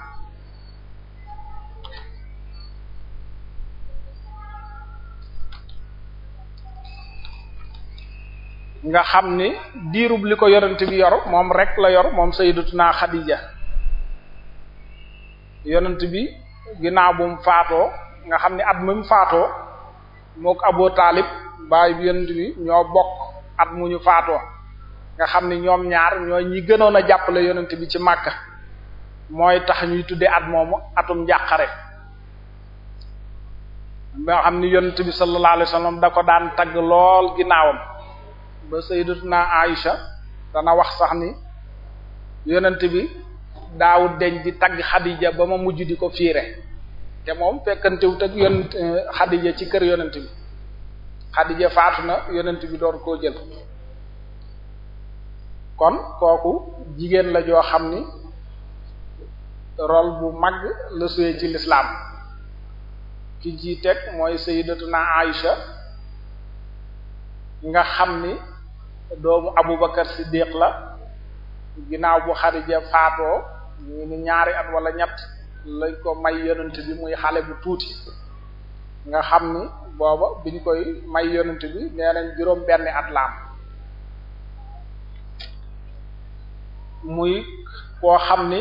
nga xam ni diirub li ko yonent bi yor moom rekk la yor moom sayyidatuna Xadija yonent bi ginnaaw bu mu faatoo nga xam ni at mu faatoo mook Abu Taalib baay bi yonent bi ñoo bokk at mu ñu faatoo nga xam ni ñoom ñaar ñooy ñi gënoon a jàppale yonent bi ci Makka mooy tax ñuy tuddee at moomu atum njàqare nga xam ni yonent bi sallallahu alayhi wasallam da ko daan tagg lool ginnaawam ba sayyidatuna Aisha dana wax sax ni yonent bi daawut deñ di tagg Xadija ba ma mujj di ko fiire te moom fekkantewut ak yonent eh, Xadija ci kër yonent bi Xadija faatu na yonent bi door koo jël kon kooku jigéen la joo xam ni rôle bu mag la suyee ci lislaam ki ji teg mooy sayyidatuna Aisha nga xam ni doomu Aboubacar Siddiq la ginnaaw bu Xadija faatoo ñu ni ñaari at wala ñett lañ ko may yonent bi muy xale bu tuuti nga xam ni booba biñ koy may yonent bi nee nañ juróom benn at la muy koo xam ni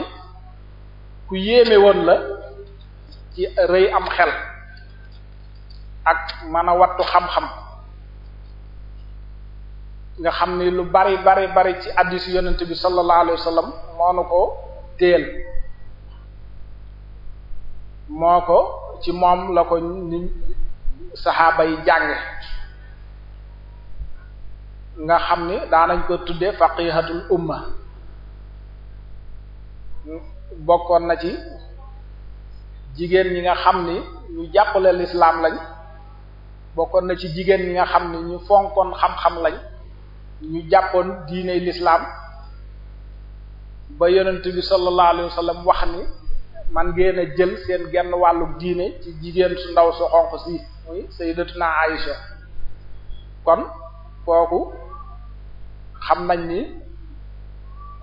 ku yéeme woon la ci rëy am xel ak mën a wattu xam-xam nga xam ni lu bari bari bari ci hadiis yonent bi sallallahu alayhi wa sallam moo nu ko téel moo ko ci moom la ko ni saxaaba yi jànge nga xam ni daanañ ko tuddee faqihatul umma bokkoon na ci jigéen ñi nga xam ni ñu jàppale lislaam lañ bokkoon na ci jigéen ñi nga xam ni ñu fonkoon xam-xam lañ ñu jàppoon diiney lislaam ba yonent bi sallallahu alayhi wax ni man ngeen a jël seen genn wàllu diine ci jigéen su ndaw su xonq si muy sayyidatuna Aïcha kon kooku xam nañ ni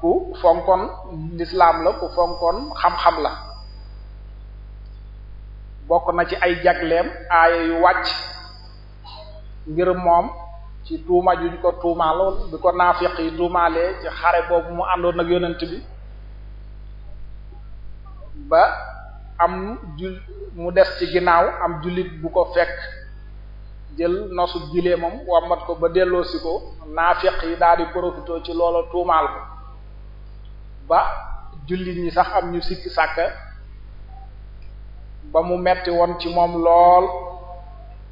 ku fonkoon lislaam la ku fonkoon xam-xam la bokk na ci ay jagleem aaya yu wàcc ngir moom ci tuuma juñ ko tuumaaloon bi ko naafiq yi tuumaalee ci xare boobu mu àndoon ak yonent bi ba am jul mu des ci ginnaaw am jullit bu ko fekk jël nosu gilee moom ko ba delloosi ko naafiq yi daal di ci loola tuumaal ko ba jullit ñi sax am ñu sikki sàkka ba mu metti woon ci moom lool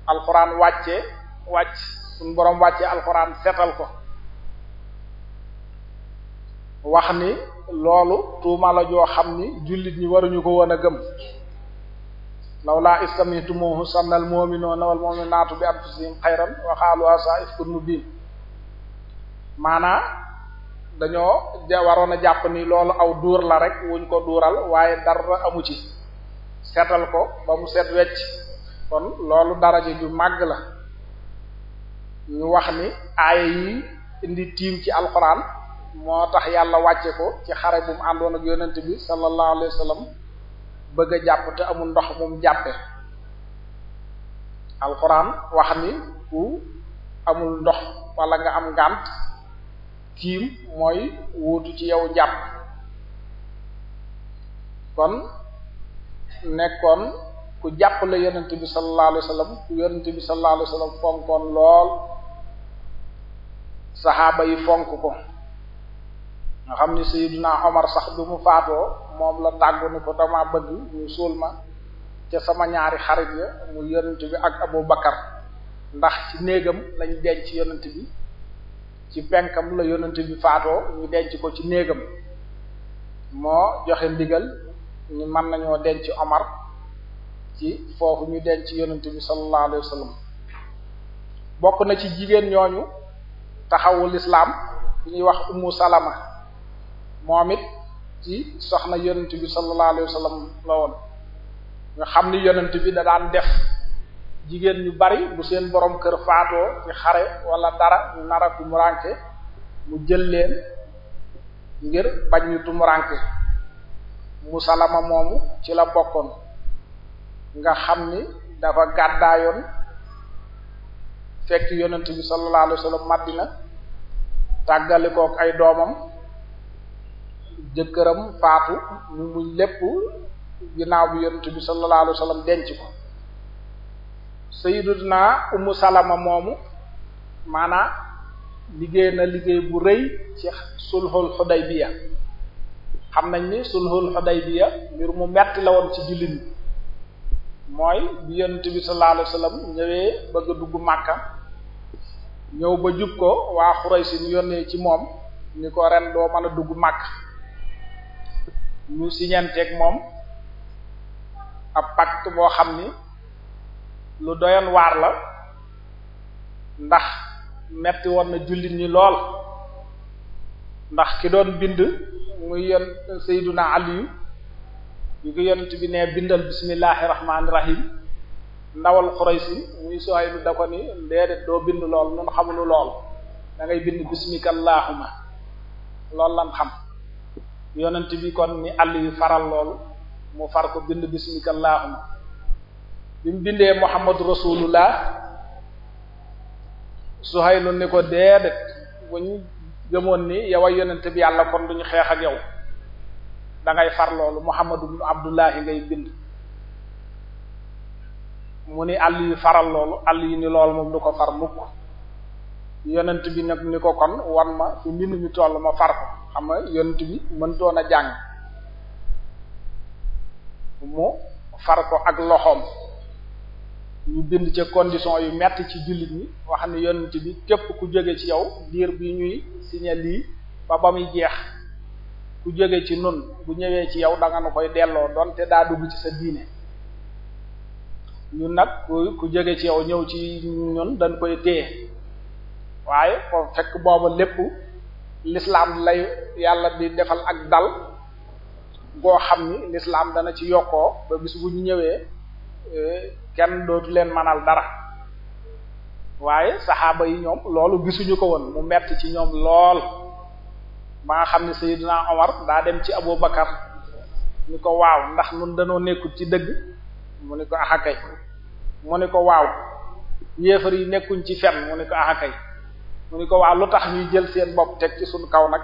alxuraan wàcce wàcc suñu boroom wàccee alxuraan setal ko wax ni loolu tuuma joo xam ni jullit ñi waruñu ko woon a gëm lawlaa istami'tumuhu sanna al mu'minuuna wal mu'minaatu bi anfusihim xayran wa qaalu haazaa ifkun mubiin maanaa dañoo waroon a jàpp ni loolu aw duur la rek wuñ ko duural waaye dara amu ci setal ko ba mu set wecc kon loolu daraja yu màgg la ñu wax ni aaya yi indi tiim ci alquran moo tax yàlla wàcce ko ci xare bu mu àndoon ak yonent bi sallallahu alayhi bëgg jàpp te amul ndox moom jàppe alquran wax ni ku amul ndox wala nga am ngànt tiim mooy wuutu ci yow jàpp kon nekkoon ku jàppale yonent bi sallallahu alayhi wasallam ku yonent bi sallallahu alayhi fonkoon lool saxaaba yi fonk ko nga xam ni Sayyidina Omar sax bi mu faatoo moom la tàggu ni ko dama bëgg ñu suul ma ca sama ñaari xarit ya mu yonent bi ak Abu Bakar ndax ci néegam lañ denc yonent bi ci penkam la yonent bi faatoo ñu denc ko ci néegam moo joxe ndigal ñu mën nañoo denc Omar ci foofu ñu denc yonent bi sallallahu alayhi wasallam bokk na ci jigéen ñooñu taxawul islam bu ñuy wax ummu salama moom it ci soxna yonent bi sallallahu alayhi la woon nga xam ni yonent bi da daan def jigéen ñu bari bu seen boroom kër faatoo ci xare wala dara ñu nar mu jël leen ngir bañ ñu tumuranke mu salama moomu ci la bokkoon nga xam ni dafa gàddaayoon fekk yonent bi sallallahu alayhi wasallam Madina tàggali kook ay doomam jëkkëram faatu mu muñ lépp ginnaaw bi yonent bi sallallahu alayhi wasallam denc ko sayyiduna ummu salama moomu maanaa liggéey na liggéey bu rëy ci sulhul Hudaybiya xam nañ ni sulhul Hudaybiya mbir mu metti la woon ci jullit mooy bi yonent bi sallallahu alayhi wasallam ñëwee bëgg a dugg Makka ñëw ba jub ko waa Xuraysi ñu yónnee ci moom ni ko ren doo mën a dugg màkk ñu siñenteeg moom ab pacte boo xam ni lu doyoon waar la ndax metti woon na jullit ñi lool ndax ki doon bind muy yon Seydina Aliyu yu ko yonent bi ne bindal bismillahi rahmaani rahim ndawal Xuraysi muy Suhayl bi da ko ni déedéet doo bind lool nun xamunu lool da ngay bind bismika allahumma loolu lan xam yonent bi kon ni àll yi faral loolu mu far ko bind bismika allahumma bi mu bindee Muhammadu rasulullah Suhayl ni ko déedéet bu ñu gëmoon ni yow a yonent bi yàlla kon duñu xeex ak yow dangay far loolu Muhammadu ibn Abdullahi ngay bind mu ni àll yu faral loolu àll yu ni loolu moom du ko far mukk yonent bi nag ni ko kon wan ma fi mbind mi toll ma far ko xam nga yonent bi mëntoon a jàng mu far ko ak loxoom ñu bind ca condition yu metti ci jullit ñi wax ne yonent bi képp ku jóge ci yow diir bi ñuy signé lii ba ba muy jeex ku jóge ci nun bu ñëwee ci yow da nga koy delloo doonte daa dugg ci sa diine ñu nag ku jege ci yow ñëw ci ñun dañ koy téye waaye foofu fekk booba lépp l'islam lay yàlla di defal ak dal goo xam ni l'islam dana ci yokkoo ba bis bu ñu ñëwee e, kenn dootu leen manal dara waaye saxaaba yi ñoom loolu gisuñu ko woon mu mett ci ñoom lool ba nga xam ne Seydina Omar daa dem ci Abubakar ni ko waaw ndax mun danoo nekkul ci dëgg mu ne ko axakay mu ne ko waaw yéefar yi nekkuñ ci fen mu ne ko axakay mu ne ko waaw lu tax ñuy jël seen bopp teg ci suñu kaw nag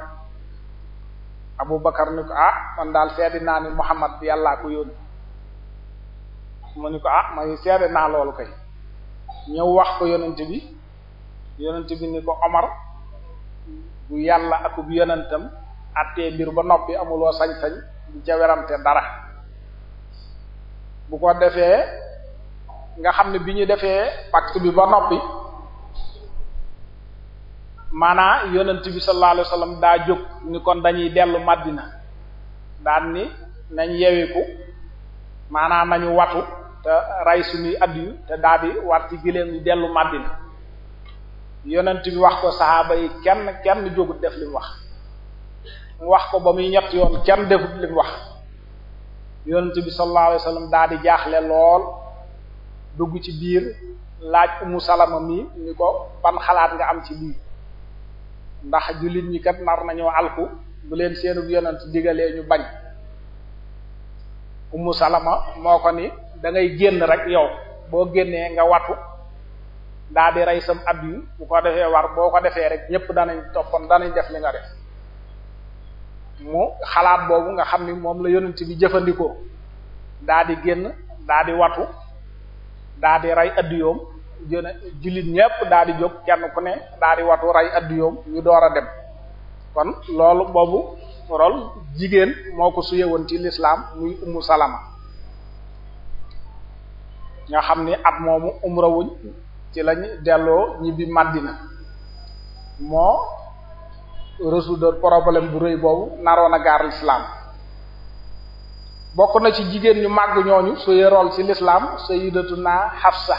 Abu Bakar ni ko ah man daal seede naa ni Muhammad yàllaa ko yónni mu ne ah, ñëw wax ko yonent ni ko Omar bu yàlla ak bu yonentam mbir ba noppi amuloo sañ-sañ di ca werante dara bu ko defee nga xam ne bi ñu defee pacte bi ba noppi maanaa yonent bi sallallahu alayhi wasallam daa jóg ni kon dañuy dellu Madina daan ni nañ yewiku maanaa nañu watu te rey suñuy addiyu te daal di war ci giléem ñu dellu Madina yonent bi wax ko saxaaba yi kenn kenn jógut def li wax mu wax ko ba muy ñett yoon kenn defut li wax yonent bi sallallahu alayhi wasallam daa di jaaxle lool dugg ci biir laaj umu salama mi ni ko ban xalaat nga am ci lii ndax jullit ñi kat nar nañoo alku bu leen seenub yonent digalee ñu bañ umu salama moo ko ni da génn rek yow boo génnee nga watu daa di rey sam ab yi bu ko defee war boo ko defee rek ñépp danañ toppoon danañ def li nga def mu xalaat boobu nga xam ni moom la yonent bi jëfandikoo daa di génn daa watu daa di rey addiyoom jëne jullit ñépp daa di jóg kenn ku ne daadi watu rey addiyoom ñu door a dem kon loolu boobu rol jigéen moo ko woon ci lislaam muy ummu salama nga xam ni at moomu umrawuñ ci lañ delloo ñibbi Madina moo résoudre problème bu réy boobu naroon a gaar l'islam bokk na ci jigéen ñu màgg ñooñu suy rôle ci l'islam sayyidatuna Hafsa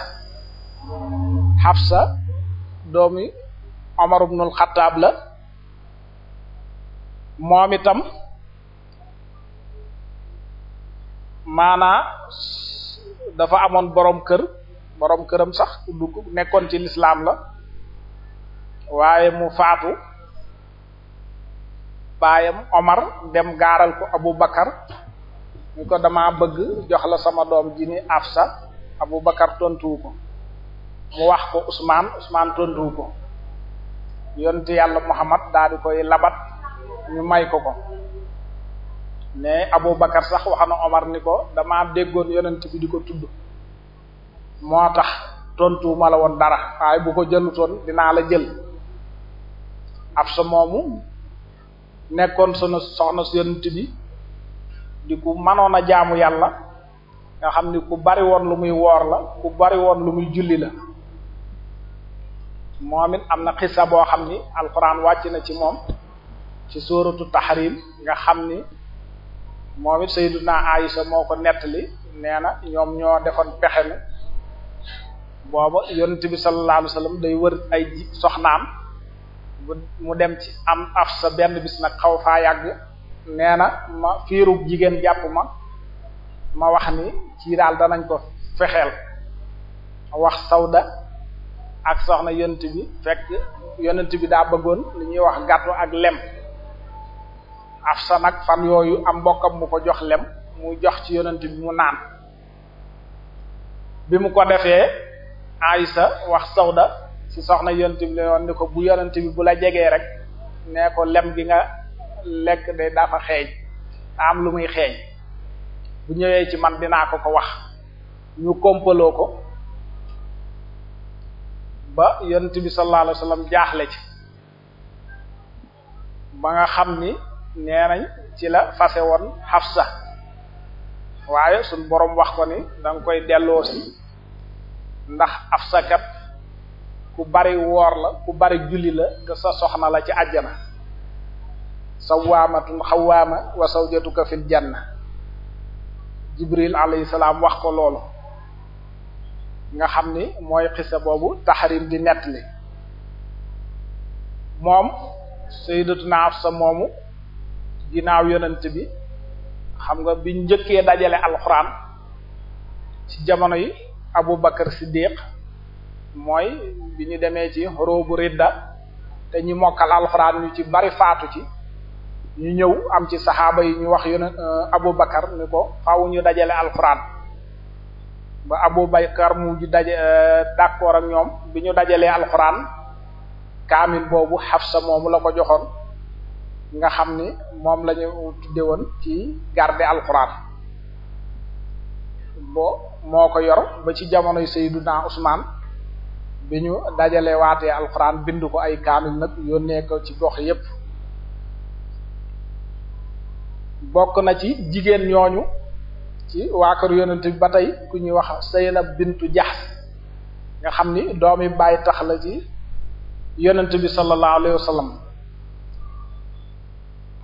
Hafsa doomi Omar ibn al-Khattab la moom itam maanaa dafa amoon boroom kër boroom këram sax dugg nekkoon ci l'islam la waaye mu faatu baayam Omar dem gaaral ko Abu Bakar ñu ko dama bëgg jox la sama doom ji ni Afsa Abu Bakar tontuwu ko mu wax ko Ousmane Ousmane tontuwu ko yonti yàlla Muhammad daal koy labat ñu may ko ko ne Abu Bakar sax wax na Omar ni ko dama déggoon yonent bi di ko tudd moo tax tontuwuma la woon dara waaye bu ko jëlutoon dinaa la jël Afsa moomu nekkoon sunu soxna su bi di ku mënoon a jaamu yàlla nga xam ni ku bari woon lu muy woor la ku bari woon lu muy julli la moom it am na xissa boo xam ni alxuraan wàcc na ci moom ci sooratu tahrim nga xam ni moom it sayyiduna Aisha moo ko nettali nee na ñoom ñoo defoon pexe mi booba yonent bi sallallahu alayhi day wër ay soxnaam mu dem ci am sa benn bis nag xaw faa yàgg nee na ma fiirub jigéen jàpp ma ma wax ni ci daal danañ ko fexeel wax sawda ak soxna yonent bi fekk yonent bi daa bëggoon li ñuy wax gàttu ak lem Afsa nag fan yooyu am mbokkam mu ko jox lem mu jox ci yonent bi mu naan bi mu ko defee Aysa wax sawda si soxna yonent bi la ni ko bu yonent bi bu la jegee rek nee ko lem gi nga lekk de dafa xeeñ am lu muy xeeñ bu ñëwee ci man dinaa ko ko wax ñu kompaloo ko ba yonent bi sallallahu jaaxle ci ba xam ni nee ci la fase woon Hafsa waaye suñ boroom wax ko ni danga koy delloo si ndax Hafsa kat ku bari woor la ku bari julli la te sa soxna la ci àjjana sawaamatun xawaama wa sawjatuka fil janna jibril alayhi salaam wax ko loolu nga xam ni mooy xisa boobu taxrim di nettali moom sayyidatuna Afsa moomu ginnaaw yonent bi xam nga biñ njëkkee dajale alxuraan ci jamono yi Abu Bakar Siddiq mooy bi ñu demee ci roobu ridda te ñi mokkal alxuraan yu ci bari faatu ci ñu ñëw am ci saxaaba yi ñu wax yonent euh, Abu Bakar ni ko faaw ñu dajale alxuraan ba Abu Bakar mu ji daje euh, d'accord ak ñoom bi ñu dajalee alxuraan kaamil boobu Xafsa moomu la ko joxoon nga xam ni moom la tudde woon ci garde alxuraan bo moo ko yor ba ci jamonoy Sayyiduna Usmaan bi ñu dajalee waatee alxuraan bind ko ay kaamil nag yónnee ko ci gox yépp bokk na ci jigéen ñooñu ci waa kër yonent bi ba tey ku ñuy wax Seynab bintu Jahsh nga xam ni doomi bàyyi tax la ci yonent bi sallallahu alayhi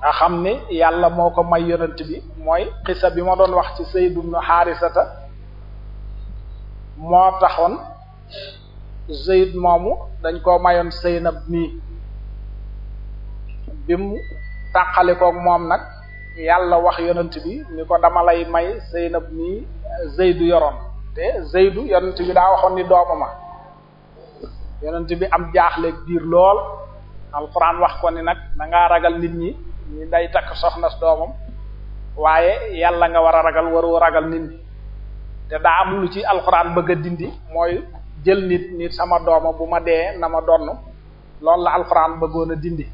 nga xam ni yàlla moo ko may yonent bi mooy xisa bi ma doon wax ci Sayd ibn Haarisata moo taxoon Zayd moomu dañ koo mayoon Seynab nii bi mu tàqalikoog moom nag yàlla wax yonent bi ni ko dama lay may Seynab nii Zaydu yoroon te Zaydu yonent bi daa waxoon ni doomu ma yonent bi am jaaxle biir lool alxuraan wax ko ni nag danga ragal nit ñi ñi day takk soxna doomam waaye yàlla nga war a ragal waroo ragal nit ñi te daa am lu ci alxuraan bëgg dindi mooy jël nit nit sama dooma bu ma dee na ma donn loolu la alxuraan bëggoon a dindi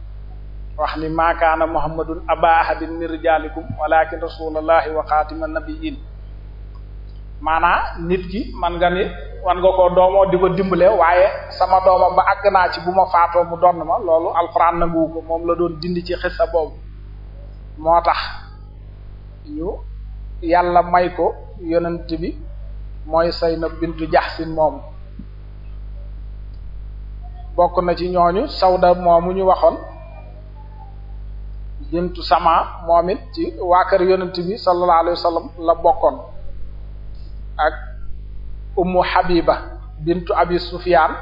wax ni maakaana muhammadun aba ahadin min rijaalikum walakin rasulallahi wa xaatima nabiyyin maanaa nit ki man nga ni wan nga ko doomoo di ko dimbale waaye sama dooma ba àgg naa ci bu ma faatoo mu donn ma loolu alxuraan nanguwu ko moom la doon dindi ci xissa boobu moo tax ñu yàlla may ko yonent bi mooy Saynab bintu Jaxsin moomu bokk na ci ñooñu sawda moomu ñu waxoon bintu sama moom ci waa kër yonent bi sallallahu alayhi la bokkoon ak ummu habiba bintu abi sufyaan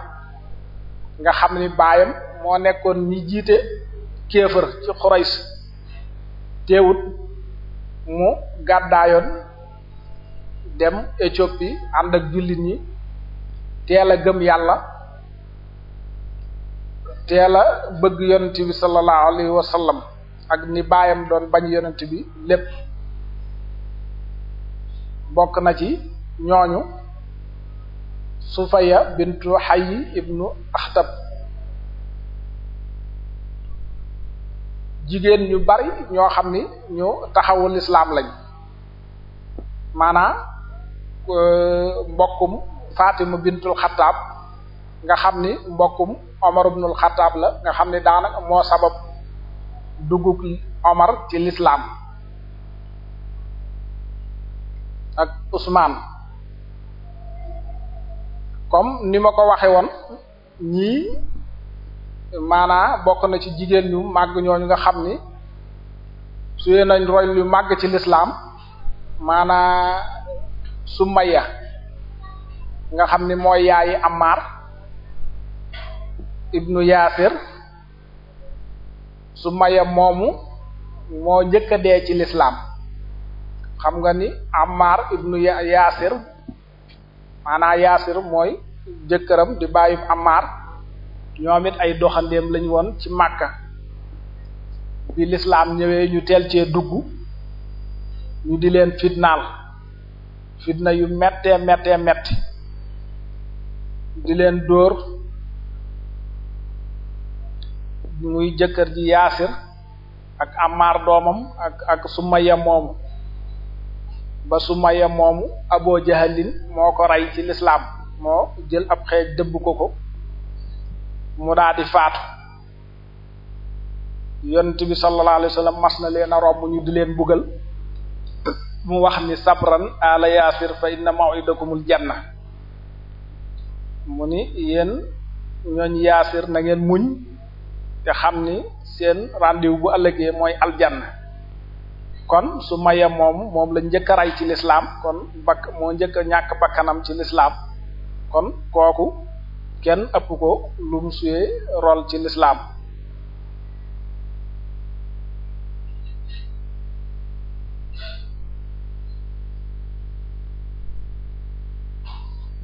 nga xam ni baayam moo nekkoon ñi jiite kéefër ci xurays teewut mu gàddaayoon dem Éthiopie ànd ak jullit ñi teel a gëm yàlla teel a bëgg yonent bi sallallahu alayhi ak ni baayam doon bañ yonent bi lépp bokk na ci ñooñu Sufaya bintu Hayy ibnu Akhtab jigéen ñu bari ñoo xam ni ñu taxawu lislaam lañ maanaa euh, mbokkum Fatima bintu Xattaab nga xam ni mbokkum Omar ibnul Xattaab la nga xam ni daanaka moo sabab dugguk Omar ci lislaam ak Ousmane comme ni ma ko waxe woon ñii maanaa bokk na ci jigéen ñu màgg ñooñu nga xam ni suyee nañ roy lu màgg ci lislaam maanaa Sumayya nga xam ni mooy yaayi Ammaar ibnu yaasir Sumayya moomu moo njëkk a dee ci lislaam xam nga ni Ammar ibnu yaasir maanaa yaasir mooy jëkkëram di bàyyub Ammar ñoomit ay doxandeem lañu woon ci Makka bi lislaam ñëwee ñu teel cee dugg ñu di leen fitnaal fitna yu mettee mettee metti di leen dóor muy jëkkër ji yaasir ak amaar doomam ak ak sumaya moomu ba sumaya moomu aboo jahalin moo ko rey ci lislaam moo jël ab xeej dëbb ko ko mu daa di faatu yonent bi sallallahu mas na leen a romb ñu di leen bugal mu wax ni sabran ala yaasir fa inna maw'idakumul janna mu ni yéen ñooñ yaasir na muñ te xam ni seen rendez bu ëllëgee mooy aljanna kon su maye moom moom la njëkk a ci lislaam kon bakk moo njëkk ñàkk bakkanam ci lislaam kon kooku kenn ëpp ko lu mu suyee rol ci lislaam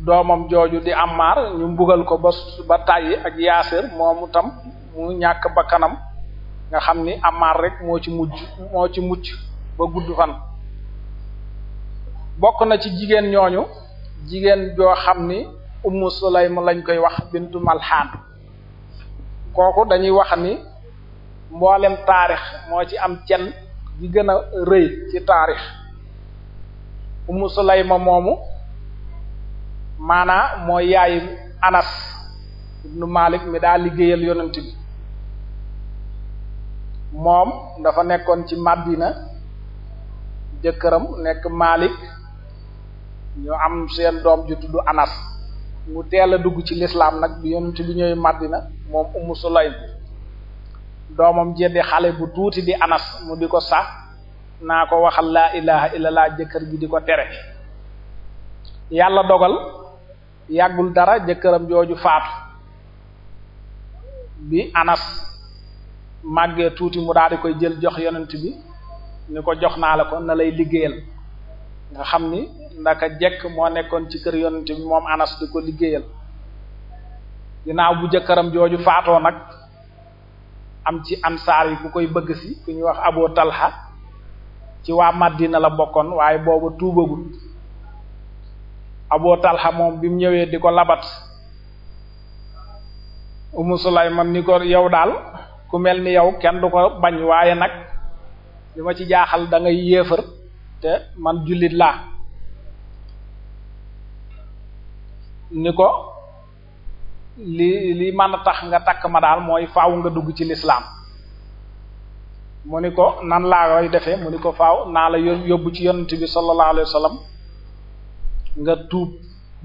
doomam jooju di Ammar ñu mbugal ko ba ba tàyyi ak Yaasir moomu tam mu ñàkk bakkanam nga xam ni amaar rek moo ci mujj moo ci mucc ba gudd fan bokk na ci jigéen ñooñu jigéen joo xam ni ummu ma lañ koy wax bintu malhaan kooku dañuy wax ni mboolem taarix moo ci am cen gi gën a rëy ci taarix ummu ma moomu maanaa mooy yaayu anas ibnu malik mi daa liggéeyal yonent bi moom dafa nekkoon ci Madina jëkkëram nekk Malik ñu am seen doom ju tudd Anas mu teel a dugg ci lislaam nag bi yonent bi ñëwee Madina moom Ummu Sulaym doomam jeddi xale bu tuuti di Anas mu di ko sax naa ko waxal laa ilaha illallah jëkkër ji di ko tere yàlla dogal yàggul dara jëkkëram jooju faatu bi Anas màggee tuuti mu daal di koy jël jox yonent bi ni ko jox naa la ko na lay liggéeyal nga xam ni ndaka jekk moo nekkoon ci kër yonent bi moom Anas di ko liggéeyal ginnaaw bu jëkkëram jooju faatoo nag am ci ansaar yi ku koy bëgg si ku ñuy wax aboo Talha ci waa Madina la bokkoon waaye boobu tuubagul Abu Talha moom bi mu ñëwee di ko labat Umu Sulaym man ni ko yow daal ku mel ni yow kenn du ko bañ waaye nag li ma ci jaaxal dangay ngay yéefar te man jullit laa ni ko li li man a tax nga takk ma daal mooy faaw nga dugg ci lislaam mu ni ko nan laa koy defee mu ni ko faaw naa la yóbbu ci yonent bi sallallahu alayhi nga tuub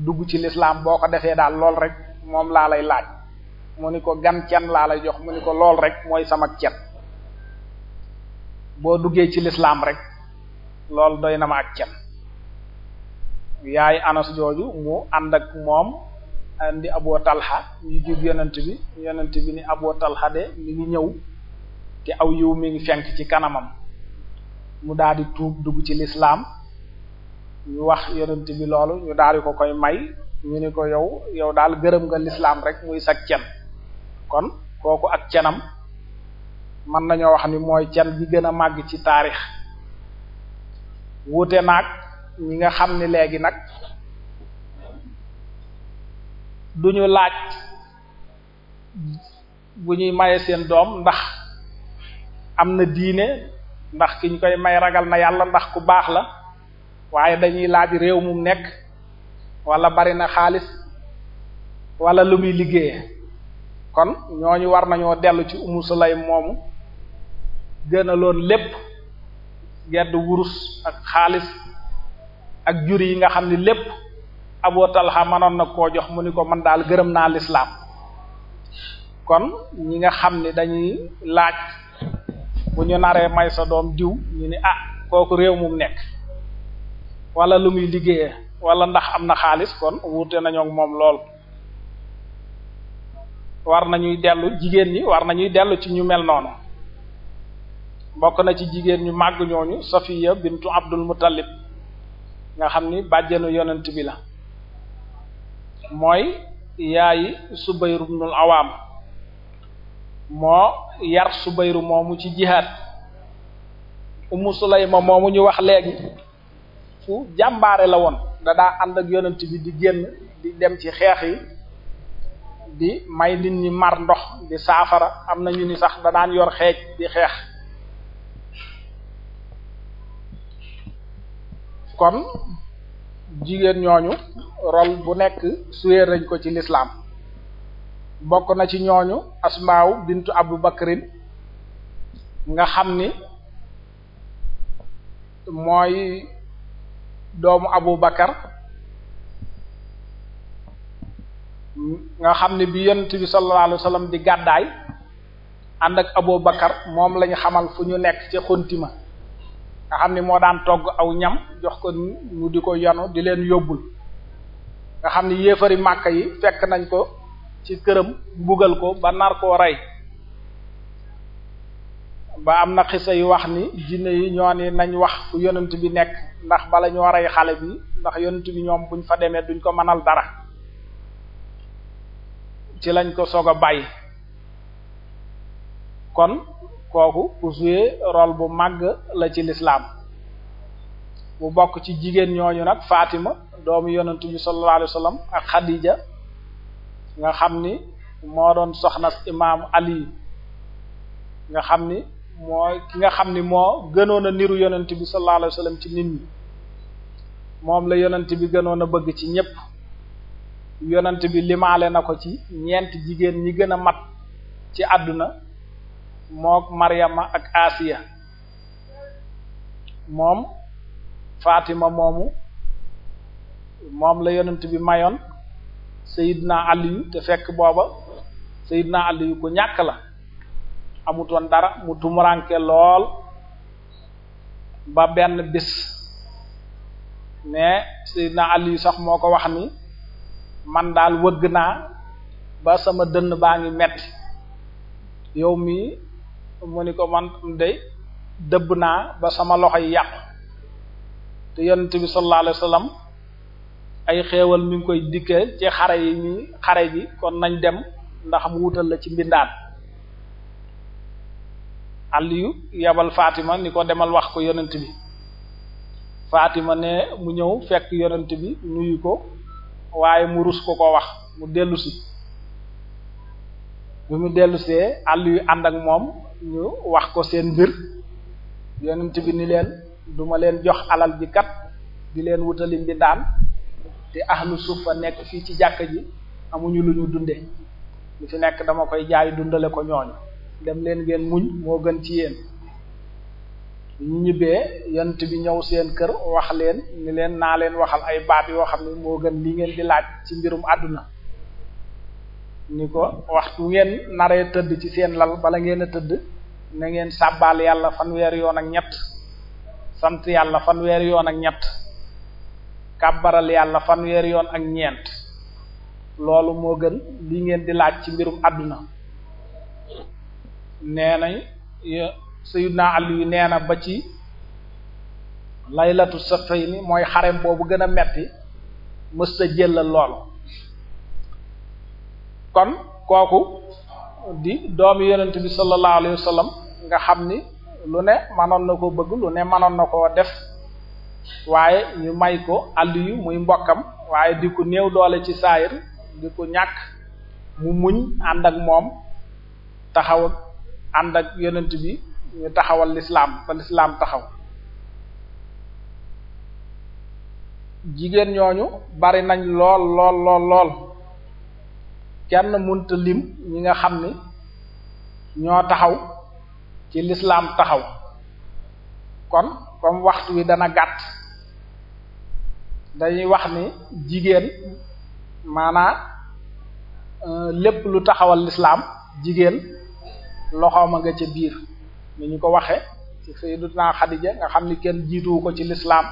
dugg ci lislaam boo ko defee daal lool rek moom laa lay laaj mu ni ko gan cen laa lay jox mu ni ko lool rek mooy sama cen boo duggee ci lislaam rek lool doy na ma ak cen yaay anas jooju mu ànd ak moom andi Abu Talha ñu jub yonent bi yonent bi ni Abu Talha de mi ngi ñëw te aw yiw mi ngi fenk ci kanamam mu daldi di tuub dugg ci lislaam ñu wax yonent bi loolu ñu daldi ko koy may ñu ni ko yow yow daal gërëm nga lislaam rek muy sag cen kon kooku ak canam mën nañoo wax ni mooy can gi gën a màgg ci taarix wuute naag ñi nga xam ni léegi nag duñu laaj bu ñuy mayee seen doom ndax am na diine ndax ki ñu koy may ragal na yàlla ndax ku baax la waaye dañuy laaj réew mu nekk wala bari na xaalis wala lu muy liggéeye kon ñooñu war nañoo dellu ci umu sulaym moomu gënaloon lépp gedd wurus ak xaalis ak jur yi nga xam ni lépp abu talha mënoon na koo jox mu ni ko man daal gërëm naa lislaam kon ñi nga xam ni dañuy laaj bu ñu naree may sa doom diw ñu ni ah kooku réew mu nekk wala lu muy liggéeyee walla ndax am na xaalis kon wuute nañoo moom lool war nañuy dellu jigéen ñi war nañuy dellu ci ñu mel noonu bokk na ci jigéen ñu màgg ñooñu Safiya bintu Abdul Muttalib nga xam ni bàjjenu yonent bi la mooy yaayi Subayru ibnul Awaam moo yar Subayru moomu ci jihaad Ummu Sulayma moomu ñu wax léegi fu jàmbaare la woon da daa ànd ak yonent bi di génn di dem ci xeex yi di may nit ñi mar ndox di saafara am na ñu ni sax da daan yor xeej di xeex kon jigéen ñooñu rol bu nekk suyee nañ ko ci lislaam bokk na ci ñooñu asmaaw bintu abu bakrin nga xam ni mooy doomu abu bakar nga xam ne bi yonent bi sallallahu alayhi di gàddaay ànd ak Abu Bakar moom lañu xamal fu ñu nekk ca xontima nga xam ne moo daan togg aw ñam jox ko mu di ko yanu di leen yóbbul nga xam ne yéefari màkka yi fekk nañ ko ci këram mbugal ko ba nar koo rey ba am na xisa yu wax ni jinne yi ñoo ni nañ wax fu yonent bi nekk ndax bala ñoo rey xale bi ndax yonent bi ñoom buñ fa demee duñ ko mënal dara ci lañ ko soog a bàyyi kon kooku ku joué bu màgg la ci lislaam bu bokk ci jigéen ñooñu nag Fatima doomu yonent bi sallallahu alayhi wasallam ak Khadija nga xam ni moo doon soxna imaamu Ali nga xam ni mooy ki nga xam ni moo gënoon a niru yonent bi sallallahu alayhi ci nit ñi moom la yonent bi gënoon a bëgg ci ñépp yonant bi limaale na ko ci ñeent jigéen ñi gën a mat ci àdduna mook Maryama ak Asiya moom Fatima moomu moom la yonant bi mayoon Seydina Aliyu te fekk booba Seydina Aliyu ku ñàkk la amutoon dara mu tumuranke lool ba benn bis mais Seydina Aliyu sax moo ko wax ni man daal wëgg naa ba sama dënn baa ngi metti yow mi mu ni ko man de dëbb naa ba sama loxo yi yàqu te yonent bi sallallahu alayhi wasallam ay xeewal mi ngi koy dikkee ci xare yi mi xare bi kon nañ dem ndax mu wutal la ci mbindaan Aliyu yabal Fatima ni ko demal wax ko yonent bi Fatima ne mu ñëw fekk yonent bi nuyu ko waaye mu rus ko ko wax mu dellusi si bi mu dellusee àll yu ànd ak moom ñu wax ko seen mbir yonent bi ni leen duma leen jox alal ji kat di leen wutali bi daan te ahlu a nekk fii ci jàkka ji amuñu lu ñu dunde lu fi nekk dama koy jaay dundale ko ñooñu dem leen ngeen muñ moo gën ci yéen ñu ñibbee yant bi ñëw seen kër wax leen ni leen naa leen waxal ay baat yoo xam ne moo gën li ngeen di laaj ci mbirum àdduna ni ko waxtu ngeen naree tëdd ci seen lal bala ngeen a tëdd na ngeen sàbbaal yàlla fanweer yoon ak ñett sant yàlla fanweer yoon ak ñett kàbbaral yàlla yoon ak ñeent loolu moo gën li ngeen di laaj ci mbirum àdduna nee nañ Sayyidna Ali nee na ba ci laylatu ni mooy xarem boobu gën a metti mës a jëlal lool kon kooku di doomi yonent bi sallallahu alayhi nga xam ni lu ne manoon na ko bëgg lu ne manoon na ko def waaye ñu may ko Aliyu muy mbokkam waaye di ko néew doole ci saayir di ko ñàkk mu muñ ànd ak moom taxaw ànd ak yonent bi ñu taxawal lislaam ba lislaam taxaw jigéen ñooñu bari nañ lool lool lool kenn munta lim ñi nga xam ni ñoo taxaw ci lislaam taxaw kon kom waxtu wi dana gàtt dañuy wax ni jigéen maanaa euh, lépp lu taxawal lislaam jigéen loxoom a nga ca biir ni ñu ko waxee ci sayyidatuna Xadija nga xam ni kenn jiituwu ko ci lislaam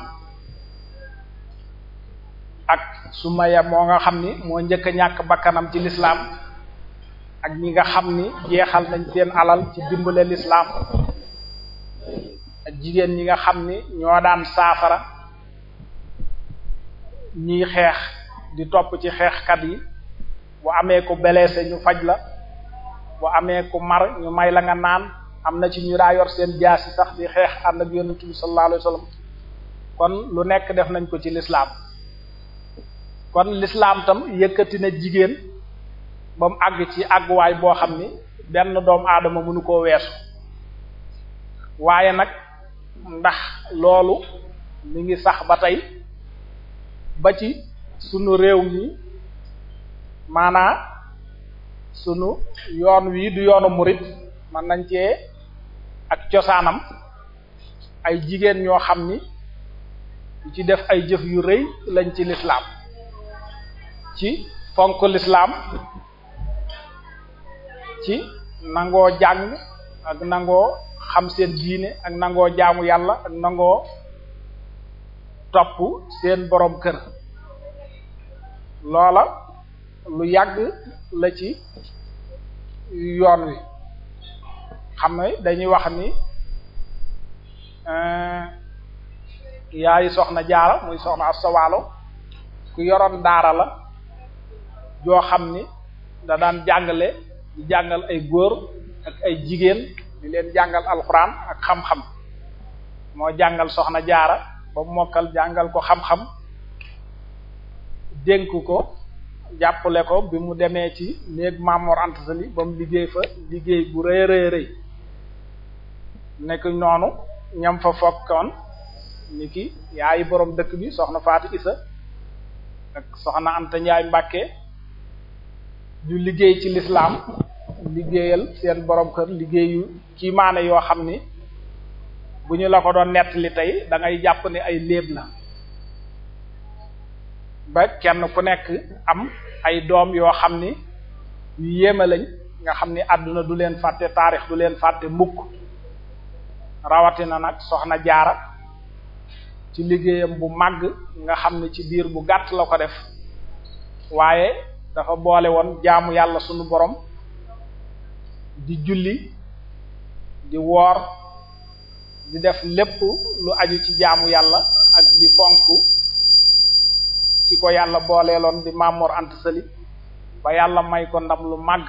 ak Sumaya moo nga xam ni moo njëkk a ñàkk bakkanam ci lislaam ak ñi nga xam ni jeexal nañ seen alal ci dimbale lislaam ak jigéen ñi nga xam ni ñoo daan saafara ñiy xeex di topp ci xeexkat yi bu amee ku blessé ñu faj la bu amee ku mar ñu may la nga naan am na ci ñu daa yor seen jaasi sax di xeex ànd ak yonent bi sallallahu kon lu nekk def nañ ko ci lislaam kon lislaam tam yëkkati na jigéen ba mu àgg ci àgguwaay boo xam ni benn doomu aadama mënu koo weesu waaye nag ndax loolu mu ngi sax ba tey ba ci sunu réew mi maanaa sunu yoon wii du yoonu murit man nañ cee cosaanam ay jigéen ñoo xam ni ci def ay jëf yu rëy lañ ci lislaam ci fonk lislaam ci nangoo jàng ak nangoo xam seen diine ak nangoo jaamu yàlla ak nangoo topp seen boroom kër loola lu yàgg la ci yoon wi xam ne dañuy wax ni euh, yaayu soxna jaara muy soxna Asta Waalo ku yoroon daara la joo xam ni da daan jàngale di jàngal ay góor ak ay jigéen di leen jàngal alxuraan ak xam-xam moo jàngal soxna jaara ba mokkal jàngal ko xam-xam dénk ko jàppale ko bi mu demee ci néeg Maam Mor ba mu liggéey fa liggéey bu rëy rëy rëy nekk noonu ñam fa fokkoon ni ki yaay boroom dëkk bi soxna Fatou Issa ak soxna Anta Njaay Mbàkke ñu liggéey ci lislaam liggéeyal seen borom kër liggéey kii maana yoo xam ni bu ñu la ko doon nettali tey dangay ngay jàpp ne ay léeb la ba kenn ku nekk am ay doom yoo xam ni yu yéeme lañ nga xam ni àdduna du leen fàtte taarix du leen fàtte mukk rawatina nag soxna jaara ci liggéeyam bu màgg nga xam ne ci biir bu gàtt la ko def waaye dafa boole woon jaamu yàlla sunu boroom di julli di woor di def lépp lu aju ci jaamu yàlla ak di fonk ki ko yàlla booleeloon di Mamour Anta Sali ba yàlla may ko ndam lu màgg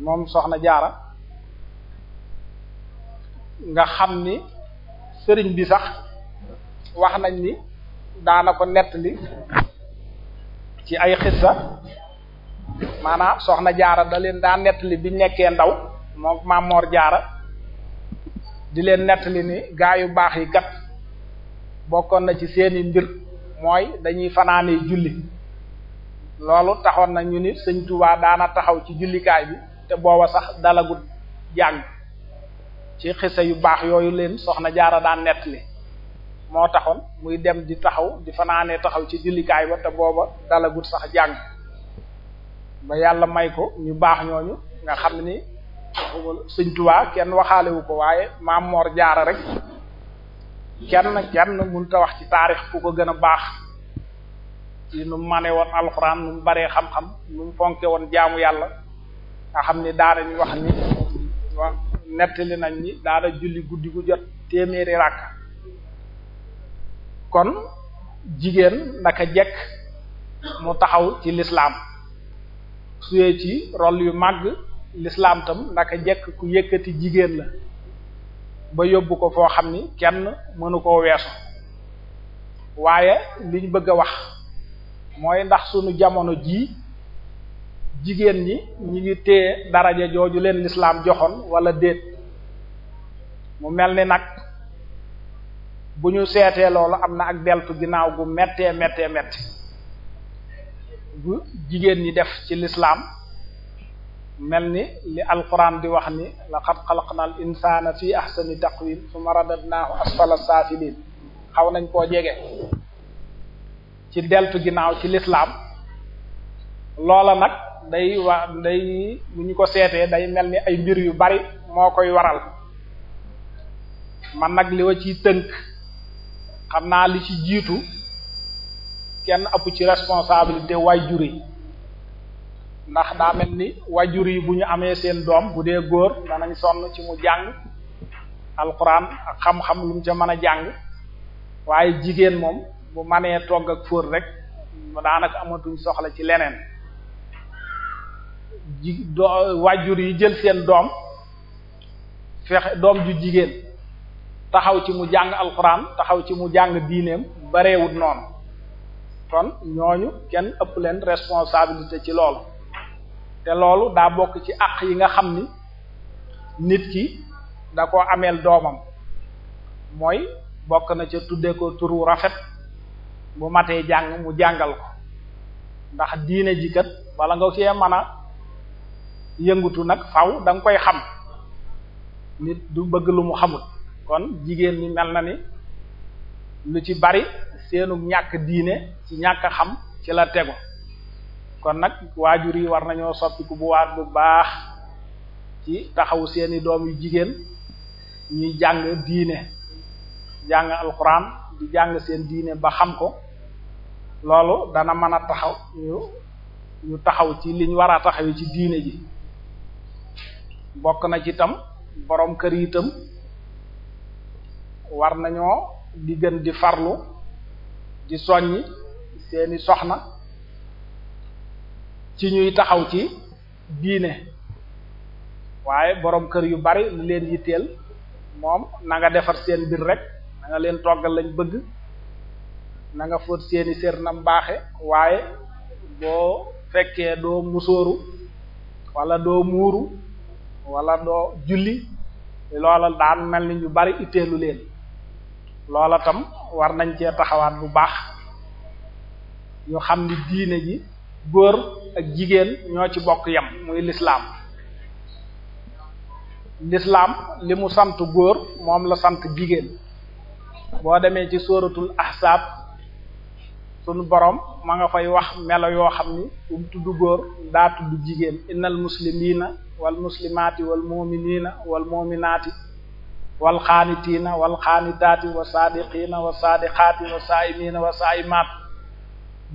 moom soxna jaara nga xam ni sëriñ bi sax wax nañ ni daana ko nettali ci ay xissa maanaam soxna jaara daleen daa nettali bi nekkee ndaw moom maam jaara di leen nettali ni gaa yu baax yi kat bokkoon na ci seeni mbir mooy dañuy fanaanee julli loolu taxoon na ñu ni sëñ Tuubaa daana taxaw ci jullikaay bi te booba sax dalagu jàng ci xisa yu baax yooyu leen soxna jaara daan li moo taxoon muy dem di taxaw di fanaanee taxaw ci jullikaay ba te booba dalagut sax jàng ba yàlla may ko ñu baax ñooñu nga xam ni Sëñ Tuubaa kenn waxaalewu ko waaye maam Moor Jaara rek kenn kenn mënut a wax ci taarix ku ko gën a baax ci nu mu mane woon alxuraan nu mu baree xam-xam nu fonke woon jaamu yàlla nga xam ni daanañu wax ni nettali nañ ni daana julli guddi gu jot téeméeri ràkk kon jigéen ndaka jekk mu taxaw ci lislaam suyee ci rol yu màgg lislaam tam jekk ku yëkkati jigéen la ba yóbbu ko foo xam ni kenn mënu koo weesu waaye liñ bëgg a wax mooy ndax sunu jamono jii jigéen ñi ñi ngi téye daraja jooju leen lislaam joxoon wala déet mu mel ni nag bu ñu seetee loolu am na ak deltu ginnaaw gu méttee méttee métti bu jigéen ñi def ci lislaam mel ni li alquran di wax ni laqad xalaqnal insana fi ahsani taqwim summa radadnahu asfala safilin xaw nañ koo jege ci deltu ginnaaw ci lislaam loola nag day wa day bu ñu ko seetee day mel ni ay mbir yu bari moo koy waral man nag li wa ciy tënk xam naa li ci jiitu kenn ëpp ci responsabilité waajur yi ndax daa mel ni waajur yi bu ñu amee seen doom bu dee góor danañ sonn ci mu jàng alxuraan ak xam-xam lu ca mën a jàng waaye jigéen moom bu manee togg ak fóor rek daanaka amatuñ soxla ci leneen ji waajur yi jël seen doom fexe doom ju jigéen taxaw ci mu jàng alxuraan taxaw ci mu jàng diineem bareewut noonu kon ñooñu kenn ëpp leen responsabilité ci loolu te loolu daa bokk ci àq yi nga xam ni nit ki da ko ameel doomam mooy bokk na ca tuddee ko turu rafet bu matee jàng mu jàngal ko ndax diine ji kat nga cee mën yëngutu nag faw danga koy xam nit du bëgg lu mu xamul kon jigéen ñi mel na ni lu ci bari seenu ñàkk diine ci ñàkk xam ci la tegu kon nag waajur yi war nañoo soppiku bu waat bu baax ci taxawu seeni doom yu jigéen ñuy jàng diine jàng alxuraan di jàng seen diine ba xam ko loolu dana mën a taxaw ñu ñu taxaw ci liñ war a ci diine ji bokk na ci itam borom kër yi itam war nañoo di gën di farlu di soññi seeni soxna ci ñuy taxaw ci biine waaye borom kër yu bari lu leen yitteel moom nanga defar seen biir rek na leen toggal lañ bëgg nanga nga seeni sér nam baaxe waaye boo fekkee doo musóoru wala doo muuru wala doo julli loola daan mel ni ñu bari itteelu leen loola tam war nañ cee taxawaat bu baax ñu xam ni diine ji góor ak jigéen ñoo ci bokk yem muy lislaam lislaam li mu sant góor moom la sant jigéen boo demee ci sóoratul ahsaab sunu boroom ma nga fay wax melo yoo xam ni um tudd góor daa tudd jigéen innal muslimina wal muslimaati wal mu'miniina wal mu'minaati wal xaanitiina wal xaanitaati wa saadiqiina wa saadiqaati wa saa'imiina wa saa'imaat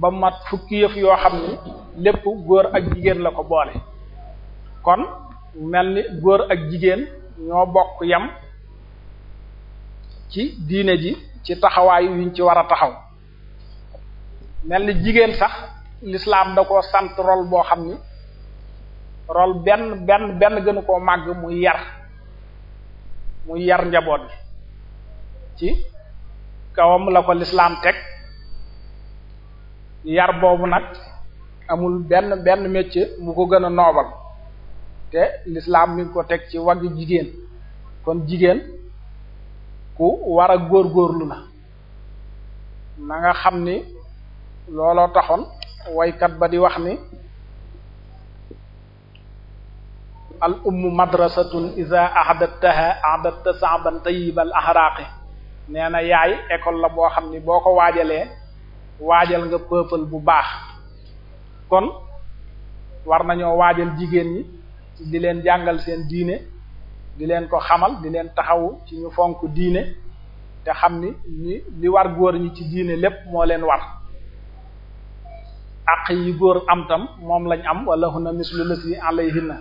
ba mat fukki yëf yoo xam ni lépp góor ak jigéen la ko boole kon mel ni góor ak jigéen ñoo bokk yam ci diine ji ci taxawaay yuñ ci war a taxaw mel ni jigéen sax lislaam da ko sant rôle boo xam ni rol benn benn benn gënu koo màgg muy yar muy yar njaboot bi ci kawam la ko lislaam teg yar boobu nag amul benn benn métier bu ko gën a noobal te lislaam mi ko teg ci wagg jigéen kon jigéen ku wara góor góorlu la na nga xam ni looloo taxoon woykat ba di wax ni al ummu madrasatun isa ahadattaha ahadatta saaban tayyibal ahraqi nee na yaay école la boo xam ni boo ko waajalee waajal nga peuple bu baax kon war nañoo waajal jigéen ñi di leen jàngal seen diine di leen ko xamal di leen taxawu ci ñu fonk diine te xam ni ñi li war góor ñi ci diine lépp moo leen war àq yi góor am tam moom lañ am wala hunna mislu lati alayhinna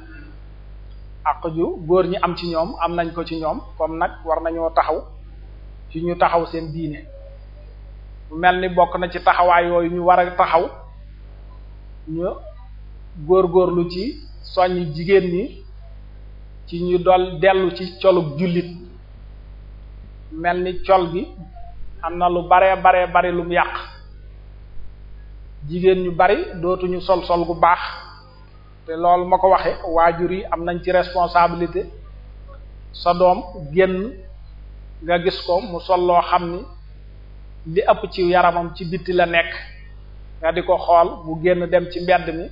àq ju góor ñi am ci ñoom am nañ ko ci ñoom comme nag war nañoo taxaw ci ñu taxaw seen diine mel ni bokk na ci taxawaay yooyu ñu wara taxaw ñu góorgóorlu ci soññ jigéen ñi ci ñu dol dellu ci colug jullit mel ni col gi am na lu baree baree bari lum yàq jigéen ñu bari dootuñu sol sol gu baax te loolu ma ko waxe waajur yi am nañ ci responsabilité sa doom génn nga gis ko mu sol loo xam ni li ëpp ci yaramam ci bitti la nekk nga di ko xool mu génn dem ci mbedd mi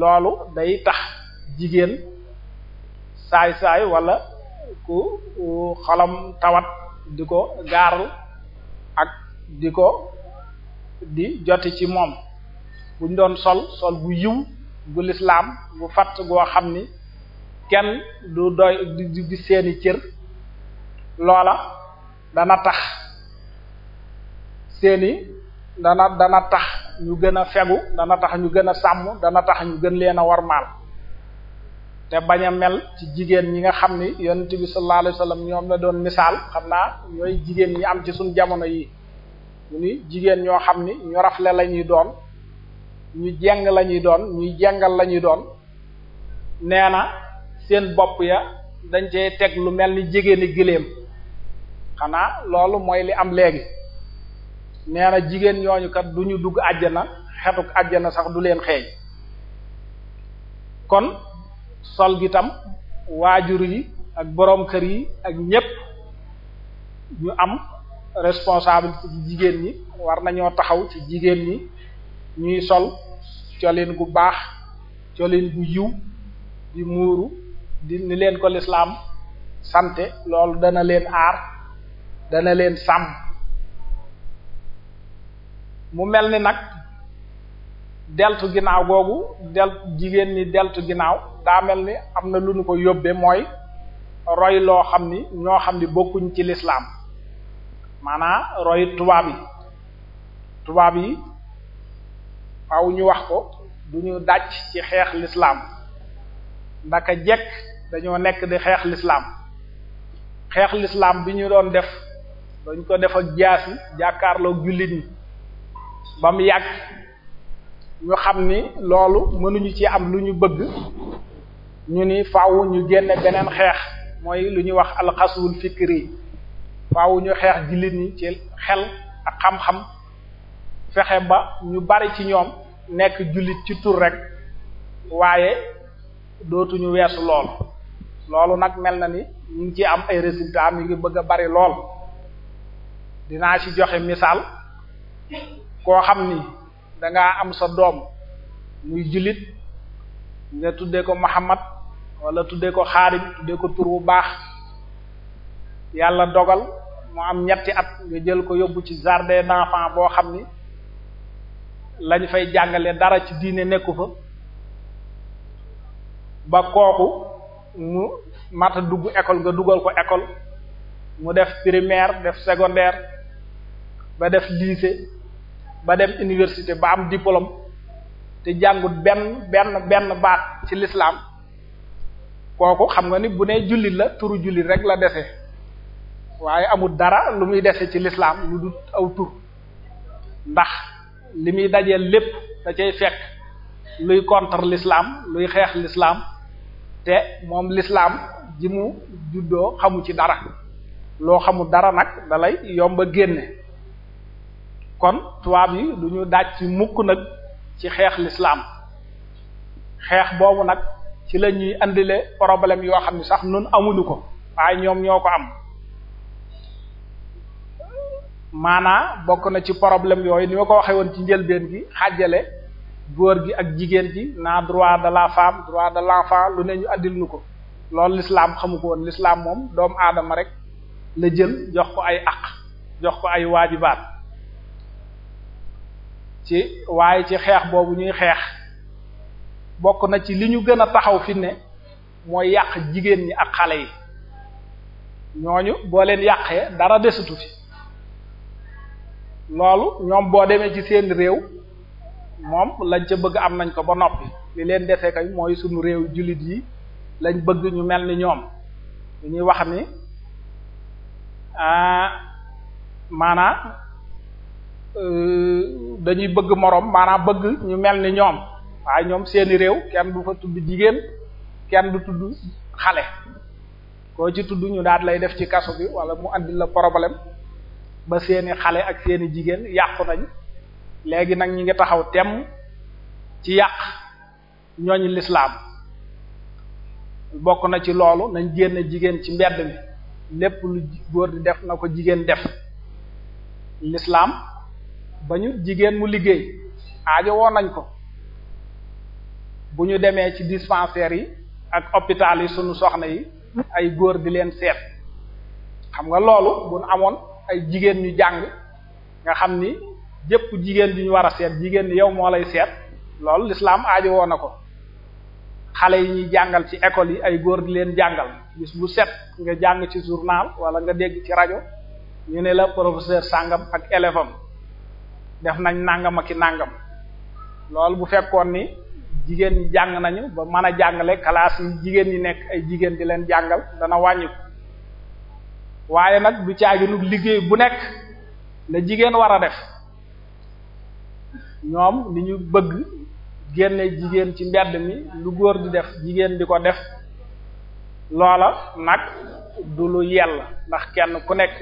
loolu day tax jigéen saay-saay wala ku xolam tawat di ko gaaral ak di ko di joti ci moom buñ doon sol sol bu yiw gu lislaam gu fat goo xam ni kenn du doy du gis seeni cër loola dana tax seeni dana dana tax ñu gën a fegu dana tax ñu gën a sàmm dana tax ñu gën leen a warmaal te bañ a mel ci jigéen ñi nga xam ni yonent bi sallallahu alayhi ñoom la doon misaal xam naa ñooy jigéen ñi am ci suñ jamono yi ñu ni jigéen ñoo xam ni ñu rafle la ñuy doon ñu jeng lañuy doon ñuy jengal lañuy doon nee na seen bopp ya dañ cey teg lu mel ni jigéeni gëléem xanaa loolu mooy li am léegi nee jigéen ñooñu kat du ñu dugg àjjana xetuk àjjana sax du leen xeeñ kon sol gi waajur yi ak boroom kër yi ak ñépp ñu am responsabilité ci jigéen ñi war nañoo taxaw ci jigéen ñi ñuy sol colin gu baax colin gu yiw di muuru di ni leen ko lislaam sante loolu dana leen aar dana leen sàmm mu mel ni nag deltu ginnaaw googu del jigéen ñi deltu ginnaaw daa mel ni am na lu ñu ko yóbbee mooy roy loo xam ni ñoo xam ni bokkuñ ci lislaam maanaa roy tubaab yi tubaab yi faaw ñu wax ko du ñu dàcc ci xeex lislaam ndaka jekk dañoo nekk di xeex lislaam xeex lislaam bi ñu doon def dañ ko def ak jaasi jàkkaarloog jullit ñi ba mu yàgg ñu xam ni loolu mënuñu ci am lu ñu bëgg ñu ni faw ñu génne beneen xeex mooy lu ñuy wax alxasuwul fikri faaw ñu xeex jullit ñi ci xel ak xam-xam fexe ba ñu bari ci ñoom nekk jullit ci tur rek waaye dootuñu weesu lool loolu nag mel na ni ñu ngi ci am ay résultats mi ngi bëgg a bari lool dinaa ci joxe misaal koo xam ni dangaa am sa doom muy jullit nga tuddee ko Muhammad walla tuddee ko xaarim tuddee ko tur bu baax yàlla dogal mu am ñetti at nga jël ko yóbbu ci jardin d'enfants boo xam ni lañ fay jàngale dara ci diine nekku fa ba kooku mu mata dugg école nga dugal ko école mu def primaire def secondaire ba def lycée ba dem université ba am diplôme te jàngut benn benn benn baat ci l'islam kooku xam nga ni bu nee jullit la turu jullit rek la dese waaye amul dara lu muy dese ci l'islam lu du aw tur ndax li muy dajeel lépp da cay fekk luy contre lislaam luy xeex lislaam te moom lislaam ji mu juddoo xamu ci dara loo xamul dara nag da yomb yomba génne kon tubaab yi du ñu daaj ci mukk nag ci xeex lislaam xeex boobu nag ci la ñuy andile problème yoo xam ni sax nun amuñu ko waaye ñoom ñoo ko am maanaa bokk na ci problème yooyu ni ma ko waxee woon ci njëlbeen gi xàjjale góor gi ak jigéen ji naa droit de la femme droit de l'enfant lu ne ñu addil ko loolu lislaam xamu ko woon l'islam moom doomu aadama rek la jël jox ko ay aq jox ko ay waajibaat ci waaye ci xeex boobu ñuy xeex bokk na ci li ñu gën a taxaw fi ne mooy yàq jigéen ñi ak xale yi ñooñu boo leen yàqee dara desatu fi loolu ñoom boo demee ci seen réew moom lañ ca bëgg am nañ ko ba noppi li leen dese kay mooy sunu réew jullit yi lañ bëgg ñu mel ni ñoom li ñuy wax ni ah maanaam euh, dañuy bëgg moroom maanaam bëgg ñu mel ni ñoom waaye ñoom seeni réew kenn du fa tudd jigéen kenn du tudd xale koo ci tudd ñu daal lay def ci kaso bi wala mu andi la problème ba seeni xale ak seeni jigéen yàqu nañ léegi nag ñi ngi taxaw temm ci yàq ñooñu lislaam bokk na ci loolu nañ génn jigéen ci mbedd mi lépp lu góor di def na ko jigéen def lislaam ba ñu jigéen mu liggéey aajo woon nañ ko bu ñu demee ci dispensaires yi ak hôpital yi sunu soxna yi ay góor di leen seet xam nga loolu bu nu amoon ay jigéen ñu jàng nga xam ni jëpp jigéen ju ñu war a seet jigéen ni yow moo lay seet lool lislaam aajo woo na ko xale yi ñuy jàngal ci école yi ay góor di leen jàngal bis bu set nga jàng ci journal wala nga dégg ci rajo ñu ne la professeur sàngam ak élève def nañ nàngam ki nàngam loolu bu fekkoon ni jigéen ñi jàng nañu ba mën a jàngale classe yi jigéen ñi nekk ay jigéen di leen jàngal dana wàññiku waaye nag du caaginug liggéey bu nekk la jigéen war a def ñoom li ñu bëgg génne jigéen ci mbedd mi lu góor di def jigéen di ko def loola nag du lu yell ndax kenn ku nekk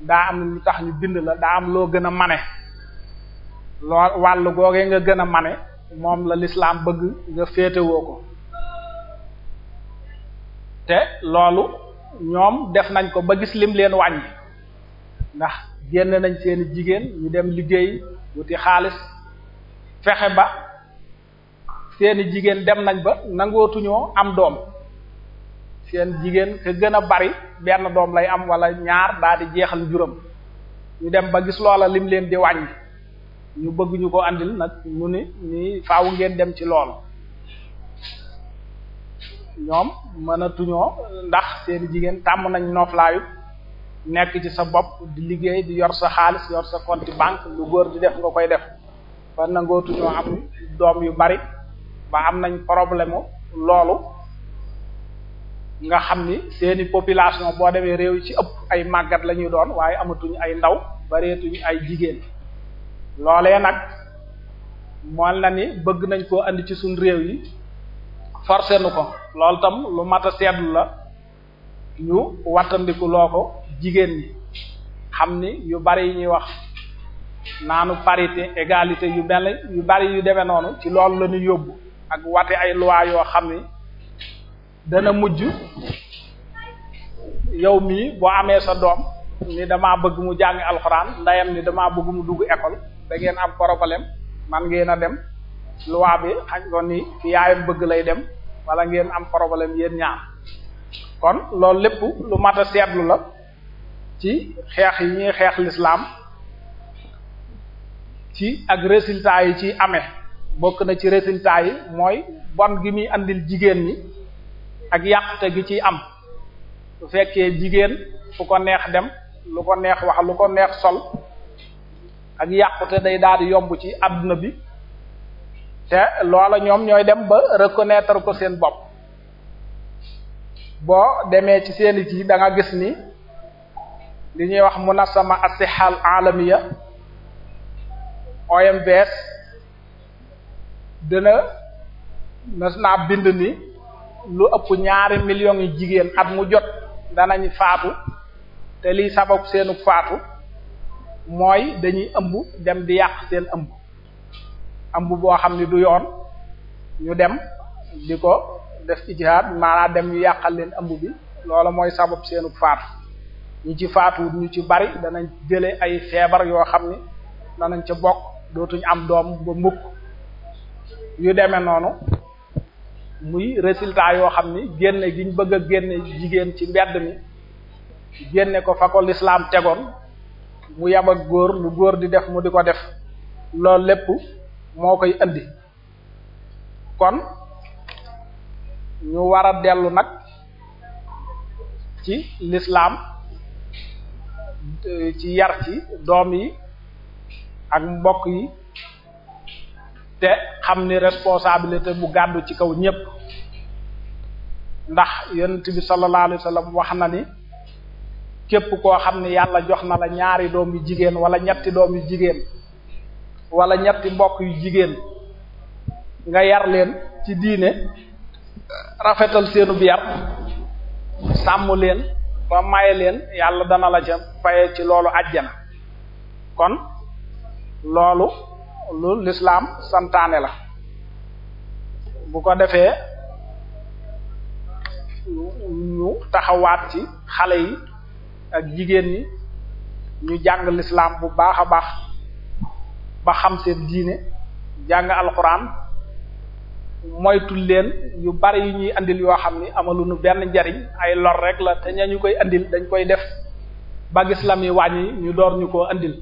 daa am lu tax ñu bind la daa am loo gën a mane loo wàll googee nga gën a mane moom la lislaam bëgg nga féetewoo ko te loolu ñoom def nañ ko ba gis lim leen wàññi ndax génn nañ seen jigéen ñu dem liggéey wuti xaalis fexe ba seeni jigéen dem nañ ba nangootuñoo am doom seen jigéen ka gën a bari benn doom lay am wala ñaar daal jeexal juróom ñu dem ba gis loola lim leen di wàññi ñu bëgguñu ko andil nag mu ni ni faaw ngeen dem ci loolu ñoom mënatuñoo ndax seen jigéen tàmm nañ noflaayu nekk ci sa bopp di liggéey di yor sa xaalis yor sa compte banque lu góor di def nga koy def ba nangootuñoo am doom yu bari ba am nañ problème loolu nga xam ni seeni population boo demee réew yi ci ëpp ay màggat la ñuy doon waaye amatuñu ay ndaw bareetuñu ay jigéen loolee nag mool na ni bëgg nañ koo andi ci suñ réew yi forcé nu ko lool tam lu mat a seetlu la ñu wattandiku loo ko jigéen ñi xam ni yu bari yi ñuy wax naanu parité égalité yu mel yu bari yu demee noonu ci loolu la ñu yóbbu ak wate ay loi yoo xam ni dana mujj yow mii boo amee sa doom ni damaa bëgg mu jàng alxuraan ndeyam ni damaa bëgg mu dugg école da ngeen am man ngeen a dem loi bi xañ ko ni fi yaayam bëgg lay dem wala ngeen am problème yéen ñaar kon loolu lépp lu mat a seetlu la ci xeex yi ñuy xeex lislaam ci ak résultat yi ci amee bokk na ci résultat yi mooy bon gi muy andil jigéen ñi ak yàqute gi ciy am su fekkee jigéen fu ko neex dem lu ko neex wax lu ko neex sol ak yàqute day daal di yomb ci àdduna bi te loola ñoom ñooy dem ba reconnaître ko seen bopp boo demee ci seen it yi da nga gis ni li ñuy wax munasama asihal alamiya OMVS dina nas naa bind ni lu ëpp ñaari millions yu jigéen at mu jot danañ faatu te liy sabab seenu faatu mooy dañuy ëmb dem di yàq seen ëmb am bu boo xam ne du yoon ñu dem di ko def ci jihaad maanaam dem ñu yàqal leen ëmb bi loola mooy sabab seenu faatu ñu ci faatuwut ñu ci bari danañ jële ay feebar yoo xam ni danañ ca bokk dootuñ am doom ba mukk yu demee noonu muy résultat yoo xam ni génne giñ bëgg a génne jigéen ci mbedd mi génne ko fa ko lislaam tegoon mu yab góor lu góor di def mu di ko def loolu lépp moo koy indi kon ñu war a dellu nag ci lislaam ci yar ci doom yi ak mbokk yi te xam ni responsabilité bu gàddu ci kaw ñépp ndax yonent bi sallallahu alayhi wasallam wax na ni képp koo xam ni yàlla jox na la ñaari doom yu jigéen wala ñetti doom yu jigéen wala ñetti mbokk yu jigéen nga yar leen ci diine rafetal seenub yar sàmm leen ba maye leen yàlla dana la ca faye ci loolu ajjana kon loolu lu lislaam santaane la bu ko defee ñu taxawaat ci xale yi ak jigéen ñi ñu jàng lislaam bu baax a baax ba xam seen diine jàng alxuraan moytul leen yu bari yu ñuy indil yoo xam ni amaluñu benn njariñ ay lor rek la te ñu koy indil dañ koy def ba islam yi wàññi ñu door ñu koo indil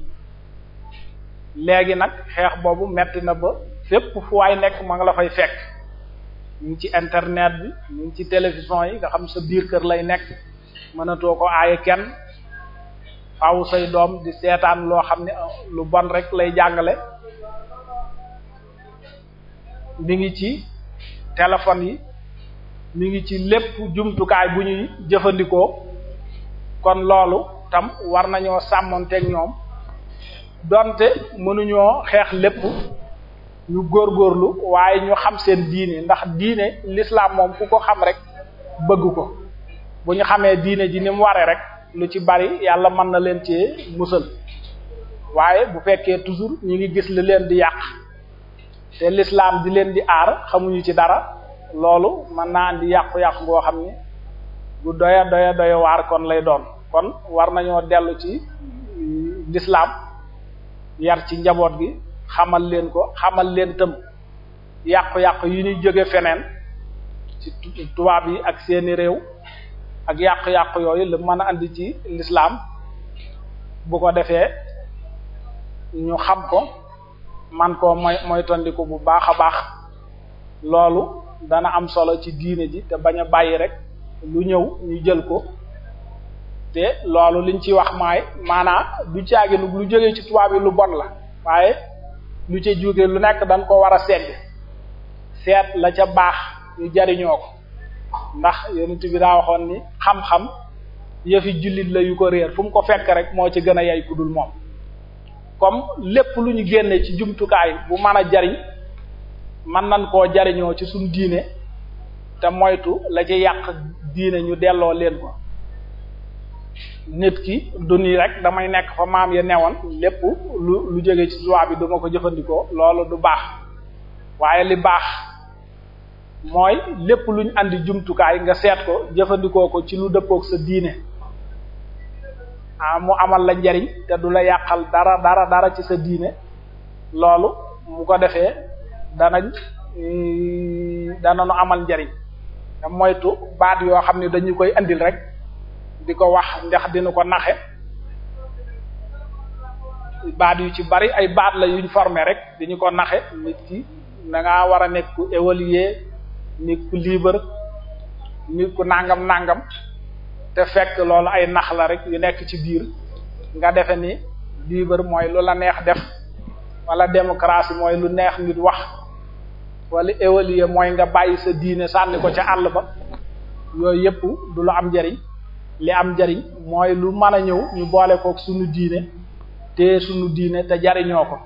léegi nag xeex boobu metti na ba fépp fu waay nekk ma nga la fay fekk ñu ci internet bi ñu ci télévision yi nga xam sa biir kër lay nekk mënatoo ko aaye kenn faaw say doom di seetaan loo xam ne lu bon rek lay jàngale mi ngi ci téléphone yi mi ngi ci lépp jumtukaay bu ñuy jëfandikoo kon loolu tam war nañoo sàmmoon teeg ñoom doonte mënuñoo xeex lépp ñu góorlu waaye ñu xam seen diine ndax diine lislaam moom ku ko xam rek bëgg ko bu ñu xamee diine ji ni ware rek lu ci bari yàlla mën na leen cee musal waaye bu fekkee toujours ñu ngi gis li leen di yàq te lislaam di leen di aar xamuñu ci dara loolu mën naa andi yàqu-yàqu boo xam ne bu doya doya doya waar kon lay doon kon war nañoo dellu ci l'islam yar ci njaboot gi xamal leen ko xamal leen tëm yàqu-yàqu yi ñuy jóge feneen tubaab yi ak seeni réew ak yàq-yàq yooyu la mën a andi ci lislaam bu ko defee ñu xam ko man koo moy moytandiku bu baax a baax loolu dana am solo ci diine ji te bañ a bàyyi rek lu ñëw ñu jël ko te loolu liñ ci wax maay maanaa du nu lu jógee ci tubaab yi lu bon la waaye lu ca jóge lu nekk dañ ko war a segg seet la ca baax ñu jariñoo ko ndax yonent bi daa waxoon ni xam-xam yëfi jullit la yu ko réer fu mu ko fekk rek moo ci gën a yay ku dul moom comme lépp lu ñu génne ci jumtukaay bu mën a jariñ mën nañ koo jariñoo ci suñ diine te moytu la ci yàq diine ñu delloo leen ko nit ki du nii rek damay nekk fa maam ya newoon lépp lu lu jóge ci droit yi duma ko jëfandikoo loolu du baax waaye li baax mooy lépp luñ andi jumtukaay nga seet ko jëfandikoo ko ci lu dëppook sa diine ah mu amal la njariñ te du la yàqal dara dara dara ci sa diine loolu mu ko defee danañ mm, dananu amal njariñ te moytu baat yoo xam ne dañu koy indil rek di ko wax ndax dina ko naxe baat yu ci bari ay baat la yuñ formé rek diñu ko naxe nit ki danga war a nekku évaluer nit ku libre nit ku nangam nangam te fekk loolu ay nax la rek yu nekk ci biir nga defe ni libre mooy lu la neex def wala démocratie mooy lu neex nit wax wala évaluer mooy nga bàyyi sa diine sànni ko ca àll ba yooyu yépp du lu am njariñ li am njariñ mooy lu mën a ñëw ñu boole kook sunu diine te sunu diine te jariñoo ko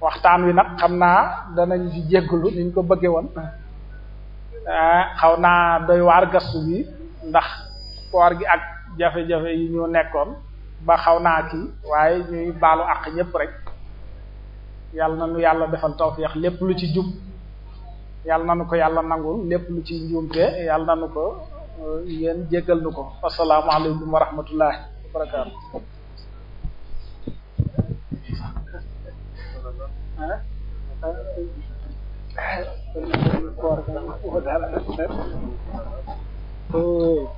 waxtaan wi nag xam naa danañ ci jégglu niñ ko bëggee woon Eh, xaw naa doy waar gastu bi ndax koor gi ak jafe-jafe yi ñu nekkoon ba xaw naa ki waaye ñuy baalu àq ñépp rek yàlla na nu yàlla defal tawfeex lépp lu ci jub yàlla na nu ko yàlla nangul lépp lu ci njuumte yàlla na nu ko eh, yéen jéggal nu ko assalaamu alaykum wa rahmatullahi wa barakaatu Oh.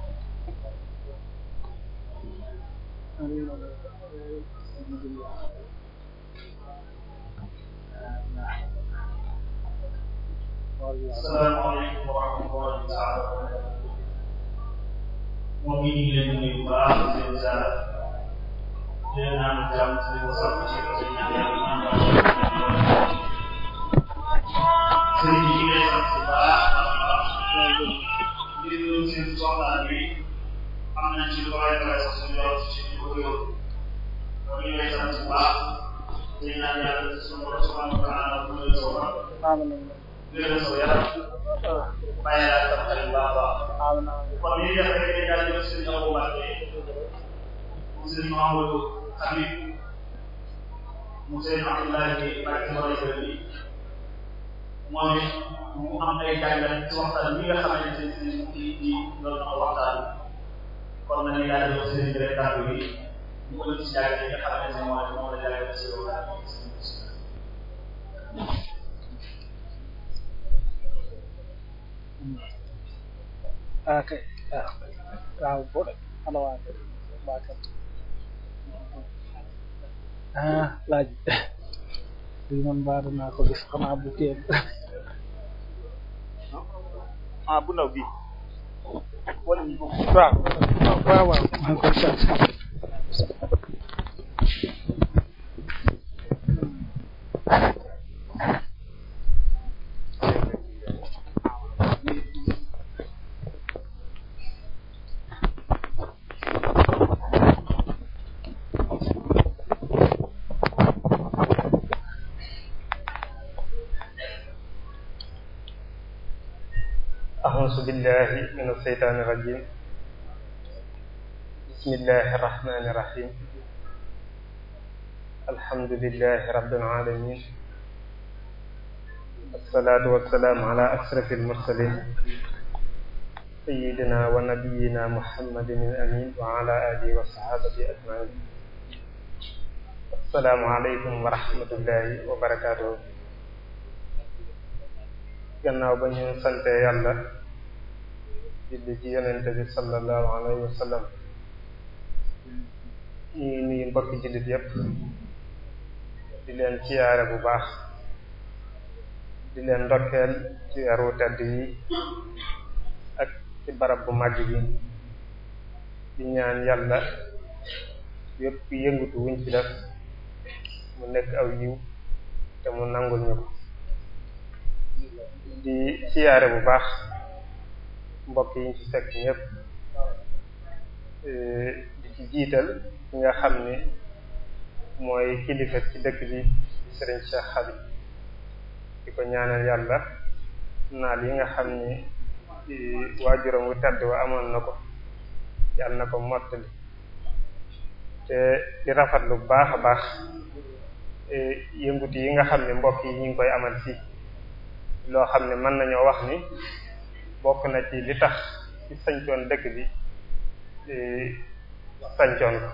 Sëriñ Abdoulaye Mbacke Mor Jalle moom it mu am ay jàngat ci waxtaan bi nga xamante ne si nit ñi loolu dafa waxtaan kon nañu daal di wax seen directeur bi mu ëllëg si jàngat yi nga xamante ne moom moom la jàngat si waxtaan ah, ok ah, waaw waaw ah laaj bi man baara naa ko gis xanaa bu teeb ah أعوذ بالله من الشيطان الرجيم بسم الله الرحمن الرحيم الحمد لله رب العالمين الصلاة والسلام على أشرف المرسلين سيدنا ونبينا محمد الأمين وعلى آله وصحابته أجمعين السلام عليكم ورحمة الله وبركاته gannaaw ba ñu sante yàlla julli ci yonente bi sallallahu alayhi wa sallam ñu mbokki jullit yépp di leen ciyaare bu baax di leen ndokkeel ci weeru tedd yi ak ci barab bu màgg bi di ñaan yàlla yépp yëngutu wuñ ci def mu nekk aw yiw te mu nangul ñu ko di ciyaare bu baax mbokk yi ñu ci fekk ñëpp e, di ci jiital ki nga xam ne mooy kilifa ci dëkk bi Serigne Cheikh Habib di ko ñaanal yàlla naal yi nga xam ni ne waajuram wu tedd wa amoon na ko yàlla na ko mottali te di rafet lu baax a baax e, yënguti yi nga xam ne mbokk yi ñu ngi koy amal fii loo xam ne mën nañoo wax ni bokk na ci li tax ci sañcoon dëkk bi sañcoon ko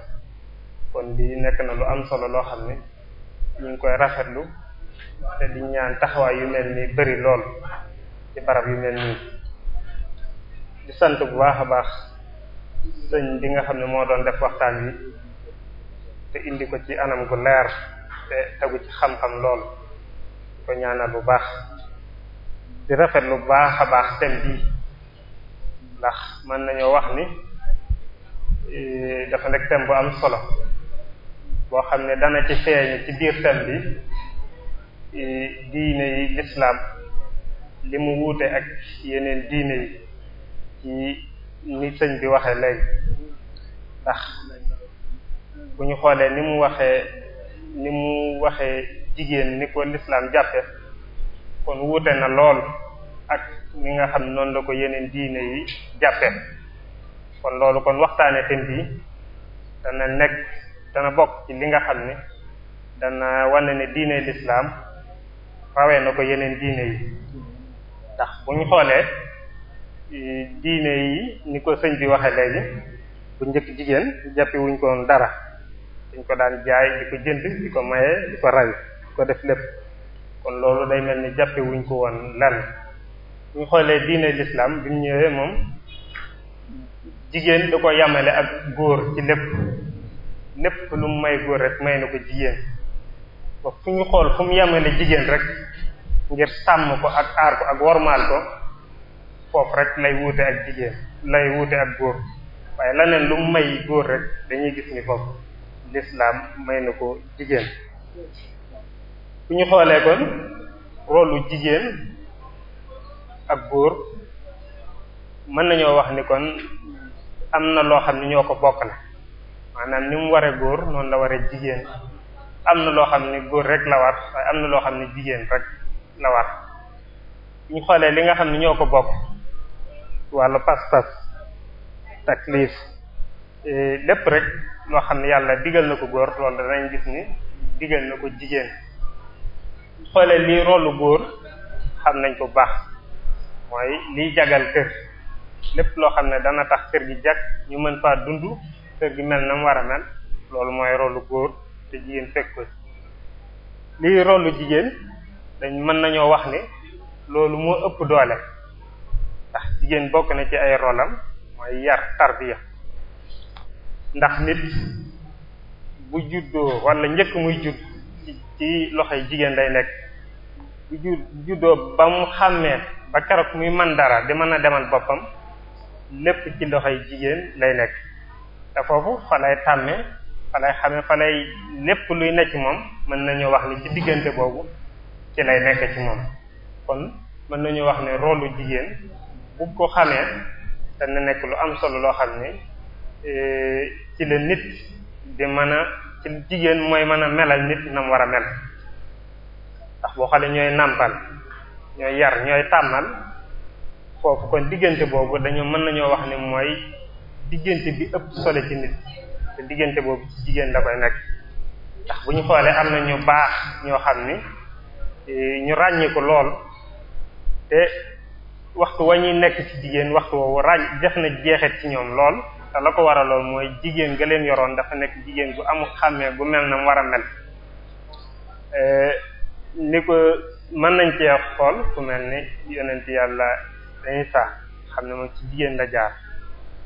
kon lii nekk na lu am solo loo xam ne ñu ngi koy rafetlu te di ñaan taxawaay yu mel ni bari lool ci barab yu mel nii di sant bu baax a baax sëñ bi nga xam ne moo doon def waxtaan wi te indi ko ci anam gu leer te tegu ci xam-xam lool ko ñaanal bu baax di rafet lu baax a baax thème bii ndax mën nañoo wax ni e, dafa nekk thème bu am solo boo xam ne dana ci feeñ ci biir thème bi e, diine yi lislaam li mu wuute ak yeneen diine yi ci ni sëñ bi waxee léegi ndax bu ñu xoolee ni mu waxee ni mu waxee jigéen ni ko lislaam jàppe kon wuute na lool ak ñi nga xam noonu la ko yeneen diine yi jàppe kon loolu kon waxtaane thème bi dana nekk dana bokk ci li nga xam ne dana wan ne diine lislaam rawee na ko yeneen diine yi ndax bu ñu xoolee diine yi ni ko sëñ bi waxee léegi bu njëkk jigéen jàppe wuñ ko dara dañ ko daan jaay di ko jënd di ko maye di ko ray di ko def lépp kon loolu day mel ni jàppe ko woon lan bu ñu xoolee diine l'islam bi mu ñëwee moom jigéen da ko yamale ak góor ci lépp lépp lu mu may góor rek may na ko jigéen ba fu ñu xool fu mu yamale jigéen rek ngir sàmm ko ak aar ko ak wormaal ko foofu rek lay wuute ak jigéen lay wuute ak góor waaye leneen lu mu may góor rek dañuy gis ni foofu l'islam may na ko jigéen bu ñu xoolee kon rolu jigéen ak góor mën nañoo wax ni kon am na loo xam ne ñoo ko bokk na ni mu waree góor noonu la waree jigéen am na loo xam ne góor rek la war waaye am na loo xam ne jigéen rek la war ñu xoolee li nga xam ne ñoo ko bokk wàllu pas-pas taklif eh, lépp rek loo xam ne yàlla digal na ko góor loolu danañ gis ni digal na ko jigéen xoolee lii rolu góor xam nañ ko baax mooy liy jagal kër lépp loo xam ne dana tax kër gi jag ñu mën faa dund kër gi mel na mu war a mel loolu mooy rolu góor te jigéen fekk ko lii rolu jigéen dañ mën nañoo wax ni loolu moo ëpp doole ndax jigéen bokk na ci ay rolam mooy yar tarbiya ndax nit bu juddoo wala njëkk muy judd ci ci loxoy jigéen day nekk di juddoo ba mu xàmmee ba keroog muy man dara di mën a demal boppam lépp ci loxoy jigéen lay nekk te foofu fa lay tàmmee fa lay xamee fa lay lépp luy nekk ci moom mën nañu wax ni ci diggante boobu ci lay nekk ci moom kon mën nañu wax ne rôle jigéen bu ko xamee na nekk lu am solo loo xam ne e, ci la nit di mën a ci jigéen mooy mën a melal nit na war a mel ndax boo xoolee ñooy nàmpal ñooy yar ñooy tàmmal foofu kon diggante boobu dañoo mën nañoo wax ne mooy diggante bi ëpp solo ci nit te diggante boobu ci jigéen da koy nekk ndax bu ñu xoolee am na ñu baax ñoo xam ni eh, ñu ràññiku lool te waxtu wa ñuy nekk ci jigéen waxtu woowu ràññ def na jeexet ci ñoom lool te la ko waraloon mooy jigéen ga leen yoroon dafa nekk jigéen bu amul xàmmee bu mel na mu war a mel eh, ni ko mën nañ cee xool ku mel ni yonent yàlla Isa xam ne moom ci jigéen la jaar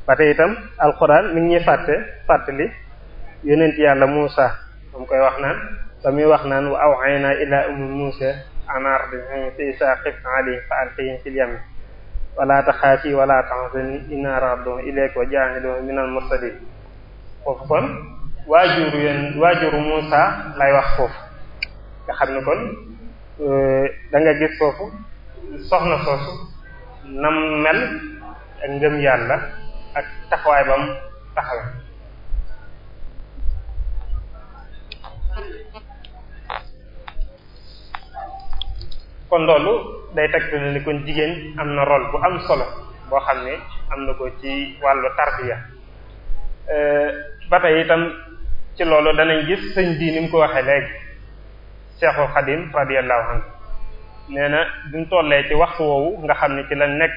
ba tey itam alxuraan mi ngi ñuy fàtte fàttali yonent yàlla Muusa moom koy wax naan ba muy wax naan wa awhayna ila ummi Muusa an ardihi fa iza xifti alayhi fa alqihi fil yammi wala taxaafi wala tahzani inna raddun ilayka wa jaa'iluka minal mursalin foofu kon waajuru yéen Muusa lay wax foofu nga xam ne kon euh, danga nga gis foofu soxna soosu nam mel ak ngëm yàlla ak taxawaay bam taxawe kon loolu day teg ne kon jigéen am na rôle bu am solo boo xam ne am na ko ci wàllu tarbiya euh, ba tey itam ci loolu danañ gis sañ bi ni mu ko waxee léegi Cheikhul Khadim radiyallahu anhu nee na bi mu tollee ci waxtu woowu nga xam ne ci la nekk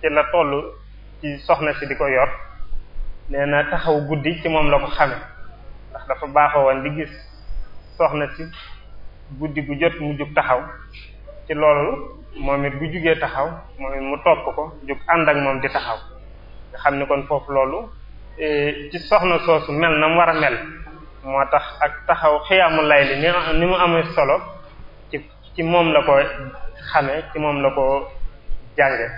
ci la toll ci soxna si di ko yor nee na taxaw guddi ci moom la ko xame ndax dafa baaxoo woon di gis soxna si guddi gu jot mu jug taxaw ci loolu moom it bu jugee taxaw moom it mu topp ko jug ànd ak moom di taxaw nga xam ne kon foofu loolu eh, ci soxna soosu mel na mu war a mel moo tax ak taxaw xiyaamu lay ni ni mu amee solo ci moom la ko xame ci moom la ko jànge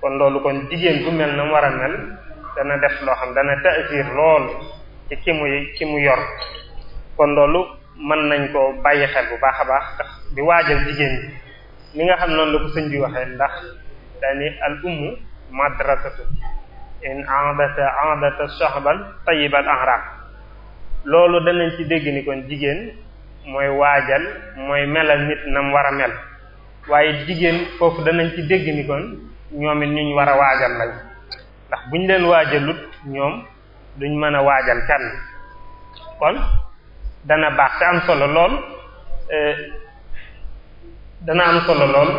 kon loolu kon jigéen bu mel na mu war a mel dana def loo xam dana tasir lool ci ki mu yor kon loolu mën nañ ko bàyyi xel bu baax a baax ndax di waajal jigéen bi ni nga xam noonu la ko sëñ bi waxee ndax dani al ummu madrasatu in aadata aadata shahban tayyibal ahram loolu danañ ci dégg ni kon jigéen mooy waajal mooy melal nit nam war a mel waaye jigéen foofu danañ ci dégg ni kon ñoom it ñu war a waajal lañ ndax buñ leen waajalut ñoom duñ mën a waajal kenn kon dana baax te am solo lool eh, dana am solo lool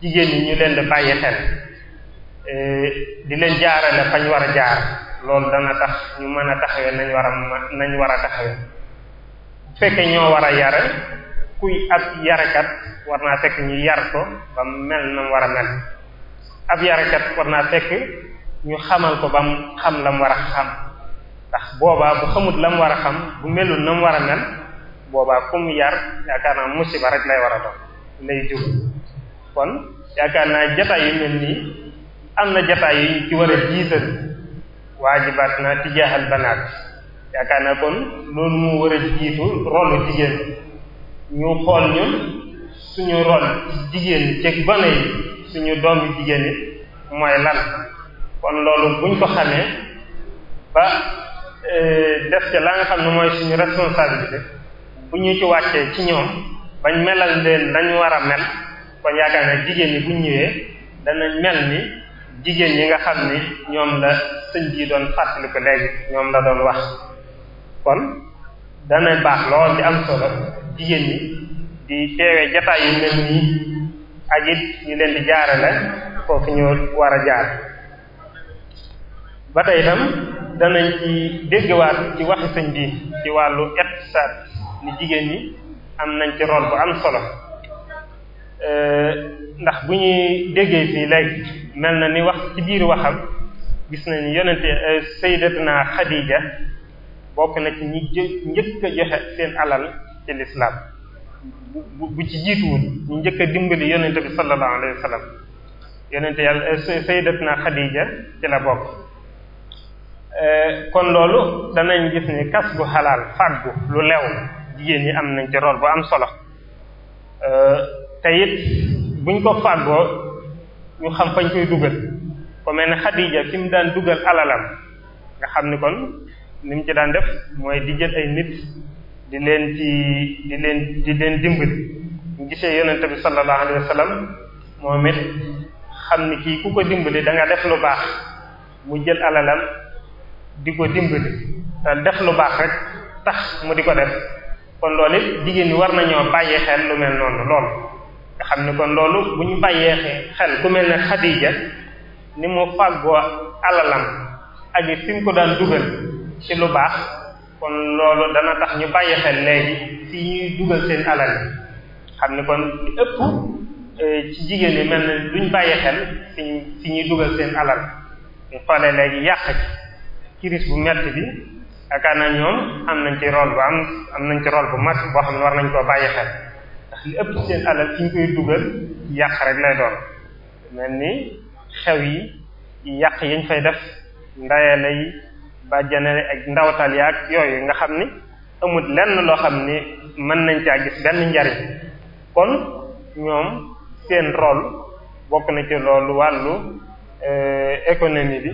jigéen ñi ñu leen di bàyyi xel eh, di leen jaarale fañ war a jaar loolu dana tax ñu mën a taxawee nañ war a war a taxawee bu fekkee ñoo war a yare kuy ab yarekat war naa fekk ñu yar ko mel na war a mel ab war naa fekk ñu xamal ko ba mu xam la mu war a xam ndax boobaa bu xamut la mu war a xam bu melul na mu war a mel boobaa ku mu yar yaakaar naa musiba rek lay war a doon lay jur kon yaakaar naa jataay yu mel nii am na jataay yu ci war a jiital waajibaat na tijaaxal banaat yaakaar naa kon loolu mu war a jiitu rolu jigéen ñu xool ñun suñu rol jigéen ceeg bana yi suñu doom jigéen yi mooy lan kon loolu buñ ko xamee ba e, def ca la nga xam ne mooy suñu responsabilité bu ñu ci wàccee ci ñoom bañ melal leen dañ war a mel kon yaakaar naa jigéen ñi buñ ñëwee danañ mel ni jigéen ñi nga xam ni ñoom la sëñ bii doon fàttali ko léegi ñoom la doon wax kon dana baax lool di am solo jigéen ñi di teewee jataay yu mel ni ak it ñu leen di jaarale foofu ñu war a jaar ba tey itam danañ ci déggwaat ci waxi sëñ bi ci wàllu iqtisaad ni jigéen ñi am nañ ci rôle bu am solo ndax bu ñuy déggee fii léegi mel na ni wax ci biir waxam gis nañu yonente eh, sayyidatuna Xadija bokk na ci ñi njëkk a joxe seen alal ci lislaam bu bu ci jiituwul ñu njëkk dimbali yonente bi sallallahu alayhi wa sallam yonente yàlla eh, sayyidatuna Xadija ci la bokk eh, kon loolu danañ gis ni kas bu xalaal fàggu lu lew jigéen ñi am nañ ci rôle bu am solo te it buñ ko fàggoo ñu xam fañ koy dugal ko mel ne Xadija fi mu daan dugal alalam nga xam ni kon ni mu ci daan def mooy di jël ay nit di leen ci di leen di leen dimbali ñu gisee yonente bi sallallahu alayhi wa sallam moom it xam ni kii ku ko dimbali da nga def lu baax mu jël alalam di ko dimbali te def lu baax rek tax mu di ko def kon loolu jigéen ñi war nañoo bàyyi xel lu mel noonu lool nga xam ne kon loolu bu ñu bàyyee xel ku mel ne Xadija ni mu fàggoo alalam ak yi fi mu ko daan dugal ci lu baax kon loolu dana tax ñu bàyyi xel léegi fi ñuy dugal seen alal xam ne kon li ëpp eh, ci jigéen yi mel ne duñ bàyyi xel fi fi ñuy dugal seen alal ñu xoolee léegi yàq ci crise bu metti bi yaakaar naa ñoom am nañ ci rôle bu am am nañ ci rôle bu mag boo xam ne war nañ koo bàyyee xel li ëpp seen alal ci ñu koy dugal yàq rek lay doon mel ni xew yi yàq yañ fay def ndayale yi bàjjanale ak ndawtal yaag yooyu nga xam ni amul lenn loo xam ni mën nañ caa gis benn njariñ kon ñoom seen rôle bokk na ci loolu wàllu euh, économie bi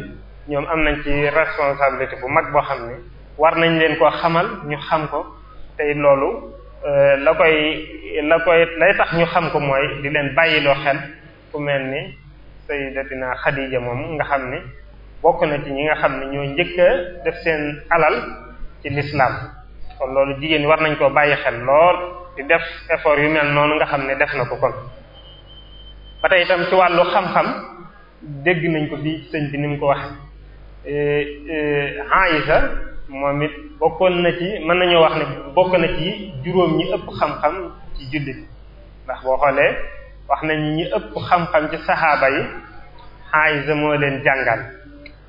ñoom am nañ ci responsabilité bu mag boo xam ni war nañ leen koo xamal ñu xam ko tey loolu Euh, la koy la koy lay tax ñu xam ko mooy di leen bàyyiloo xel ku mel ni sayyidatina Xadija moom nga xam ni bokk na ci ñi nga xam ne ñoo njëkk a def seen alal ci lislaam kon loolu jigéen ñi war nañ koo bàyyi xel lool di def effort yu mel noonu nga xam ne def na ko kon ba tey itam ci wàllu xam-xam dégg nañ ko bi sëñ bi ni mu ko wax euh, euh, Aïsa moom it bokkoon na ci mën nañoo wax ne bokk na ci juróom ñi ëpp xam-xam ci jullit ndax boo xoolee wax nañ ñi ëpp xam-xam ci saxaaba yi Aysa moo leen jàngal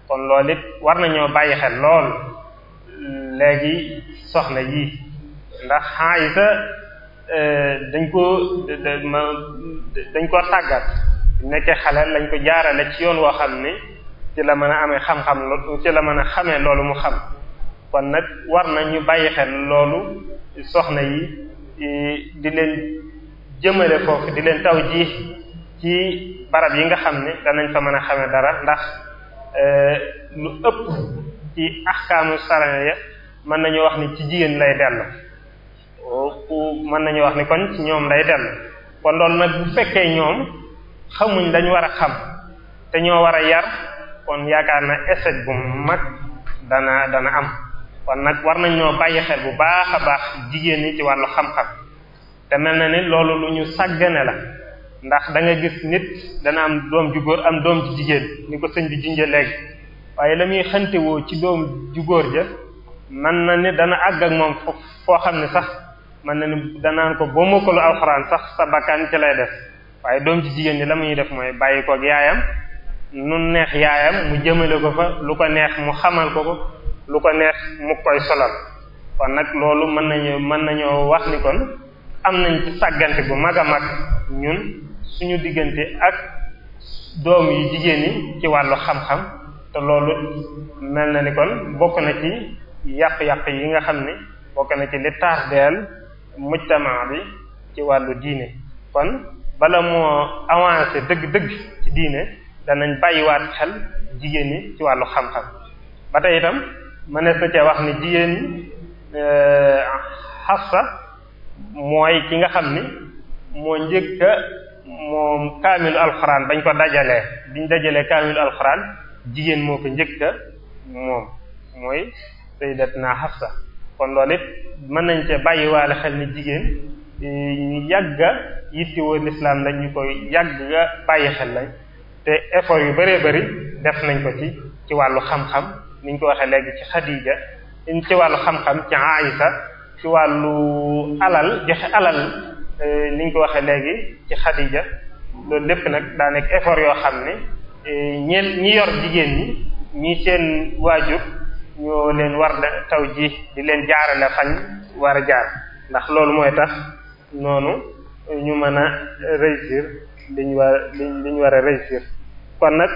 kon loolu it war nañoo bàyyi xel lool léegi soxna yii ndax Aysa euh, dañ ko dañ koo tàggat nekkee xale lañ ko jaarale ci yoon woo xam ne ci la mën a amee xam-xam ci la mën a xamee loolu mu xam kon nag war na ñu bàyyi xel loolu soxna yi e, di leen jëmale foofu di leen taw ji ci barab yi nga xam ne danañ fa mën a xame dara ndax e, lu ëpp ci axkaamu sariya ya mën nañu wax ni ci jigéen lay dellu mën nañu wax ni kon ci ñoom lay dellu kon loolu nag bu fekkee ñoom xamuñ lañ war a xam te ñoo war a yar kon yaakaar na échec bu mag dana dana am kon nag war nañ ñoo bàyyi xel bu baax a baax jigéen ñi ci wàllu xam-xam te mel na ni loolu lu ñu sàggane la ndax da nga gis nit dana am doom ju góor am doom ju jigéen ni ko sëñ bi junje léegi waaye la muy xantewoo ci doom ju góor ja mën na ni dana àgg ak moom foo xam ne sax mën na ni danaan ko boo mokkalu alxuraan sax sa bakkan ci lay def waaye doom ji jigéen ñi la muy def mooy bàyyi ko yaayam nu neex yaayam mu jëmale ko fa lu ko neex mu xamal ko ko lu ko neex mu koy solal kon nag loolu mën nañu mën nañoo wax ni kon am nañ ci sàggante bu mag a mag ñun suñu diggante ak doom yi jigéen yi ci wàllu xam-xam te loolu mel na ni kon bokk na ci yàq-yàq yi nga xam ne bokk na ci li tardeel mujtama bi ci wàllu diine kon bala moo avancé dëgg-dëgg ci diine danañ bàyyiwaat xel jigéen yi ci wàllu xam-xam ba tey itam mënees na cee wax ni jigéen Xafsa eh, mooy ki nga xam ni moo njëkk a moom kaamilu alxuraan bañ ko dajalee biñ dajalee kaamilu alxuraan jigéen moo ko njëkk moom mooy sayyidatna Xafsa kon lool it mën nañ cee bàyyiwaale xel ni jigéen eh, ñu yàgga yittewoo lislaam lañ ñu koy yàgga bàyyi xel lañ te effort yu baree bari def nañ ko ci ci wàllu xam-xam niñ ko waxee léegi ci Xadija ci wàllu xam-xam ci Aïsa ci wàllu alal joxe alal euh, niñ ko waxee léegi ci Xadija loolu lépp nag daa nekk effort yoo xam ne euh, ñeen ñi yor jigéen ñi ñi seen waajur ñoo leen war da taw ji di leen jaarale fañ war a jaar ndax loolu mooy tax noonu ñu mën a réussir liñ war liñ liñ war a réussir kon nag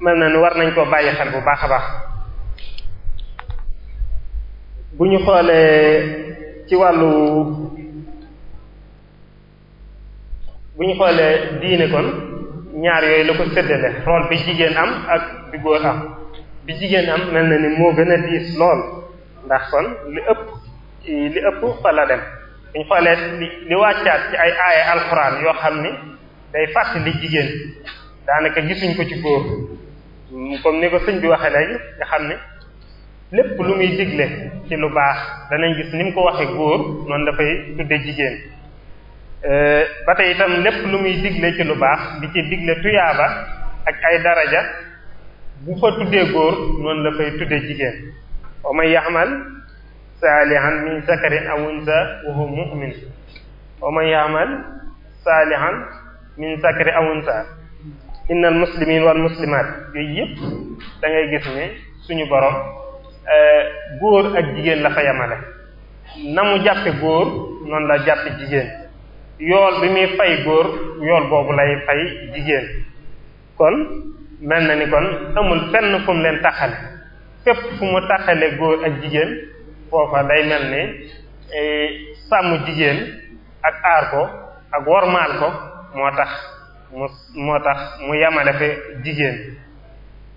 mën na ni war nañ koo bàyyi xel bu baax a baax bu ñu xoolee ci wàllu bu ñu xoolee diine kon ñaar yooyu la ko séddale rôle bi jigéen am ak bi góor am bi jigéen am mel na ni moo gën a diis lool ndax kon li ëpp li ëpp fa la dem bu ñu xoolee li li wàccaat ci ay aaya alxuraan yoo xam ni day fàttali jigéen daanaka gisuñ ko ci góor comme ni ko sëñ bi waxee léegi nga xam ni lépp lu muy digle ci lu baax danañ gis ni mu ko waxee góor noonu dafay tudde jigéen euh, ba tey itam lépp lu muy digle ci lu baax di ci digle tuyaaba ak ay daraja bu fa tuddee góor noonu la fay tudde jigéen wa man yaxmal saalihan min zakarin aw unsa wa huwa mu'min wa man yaxmal saalihan min wal muslimat yooyu yëpp da gis ni suñu borom Euh, góor ak jigéen la fa yemale na mu jàppe góor noonu la jàppe jigéen yool bi muy fay góor yool boobu lay fay jigéen kon mel na ni kon amul fenn fu mu leen taxale fépp fu mu taxale góor ak jigéen foofa day mel ni e, sàmm jigéen ak aar ko ak wormaal ko moo tax mu moo tax mu yemale fi jigéen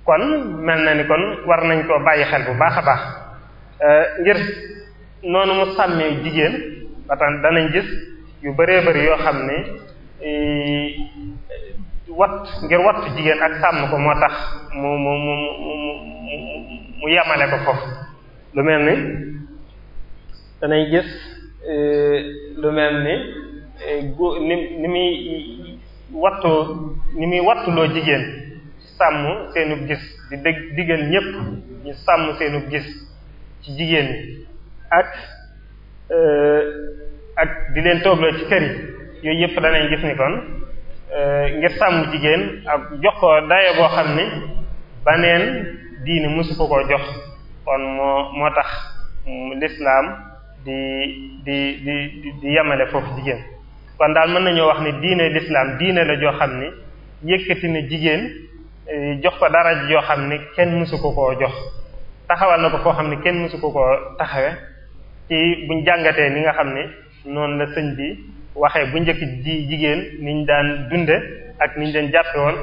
kon mel na ni kon war nañ koo bàyyi xel bu baax a baax euh, ngir noonu mu sàmmee jigéen ba tax danañ gis yu bëree bëri yoo xam ne euh, wat ngir wattu jigéen ak sàmm ko moo tax mu mu mu mu mu yemale ko foofu lu mel ni danañ gis euh, lu mel ni ni ni muy wattu ni muy wattuloo jigéen sàmm seenu gis di dég digal ñépp ñu sàmm seenu gis ci jigéen ñi ak euh, ak di leen toogloo ci kër yi yooyu yépp danañ gis ni kon euh, ngir sàmm jigéen ak jox ko daye boo xam ni baneen diini mosu ko koo jox kon moo moo tax lislaam di di di di yemale foofu jigéen kon daal mën na ñoo wax ni diine lislaam diine la joo xam ni yëkkati na jigéen Eh, jox ko dara yoo xam ne kenn mësu ko koo jox taxawal na ko koo xam ne kenn mësu ko koo taxawe ci buñ jàngatee ni nga xam ne noonu la sëñ bi waxee bu njëkk ji jigéen ni ñu daan dunde ak niñ leen jàppe woon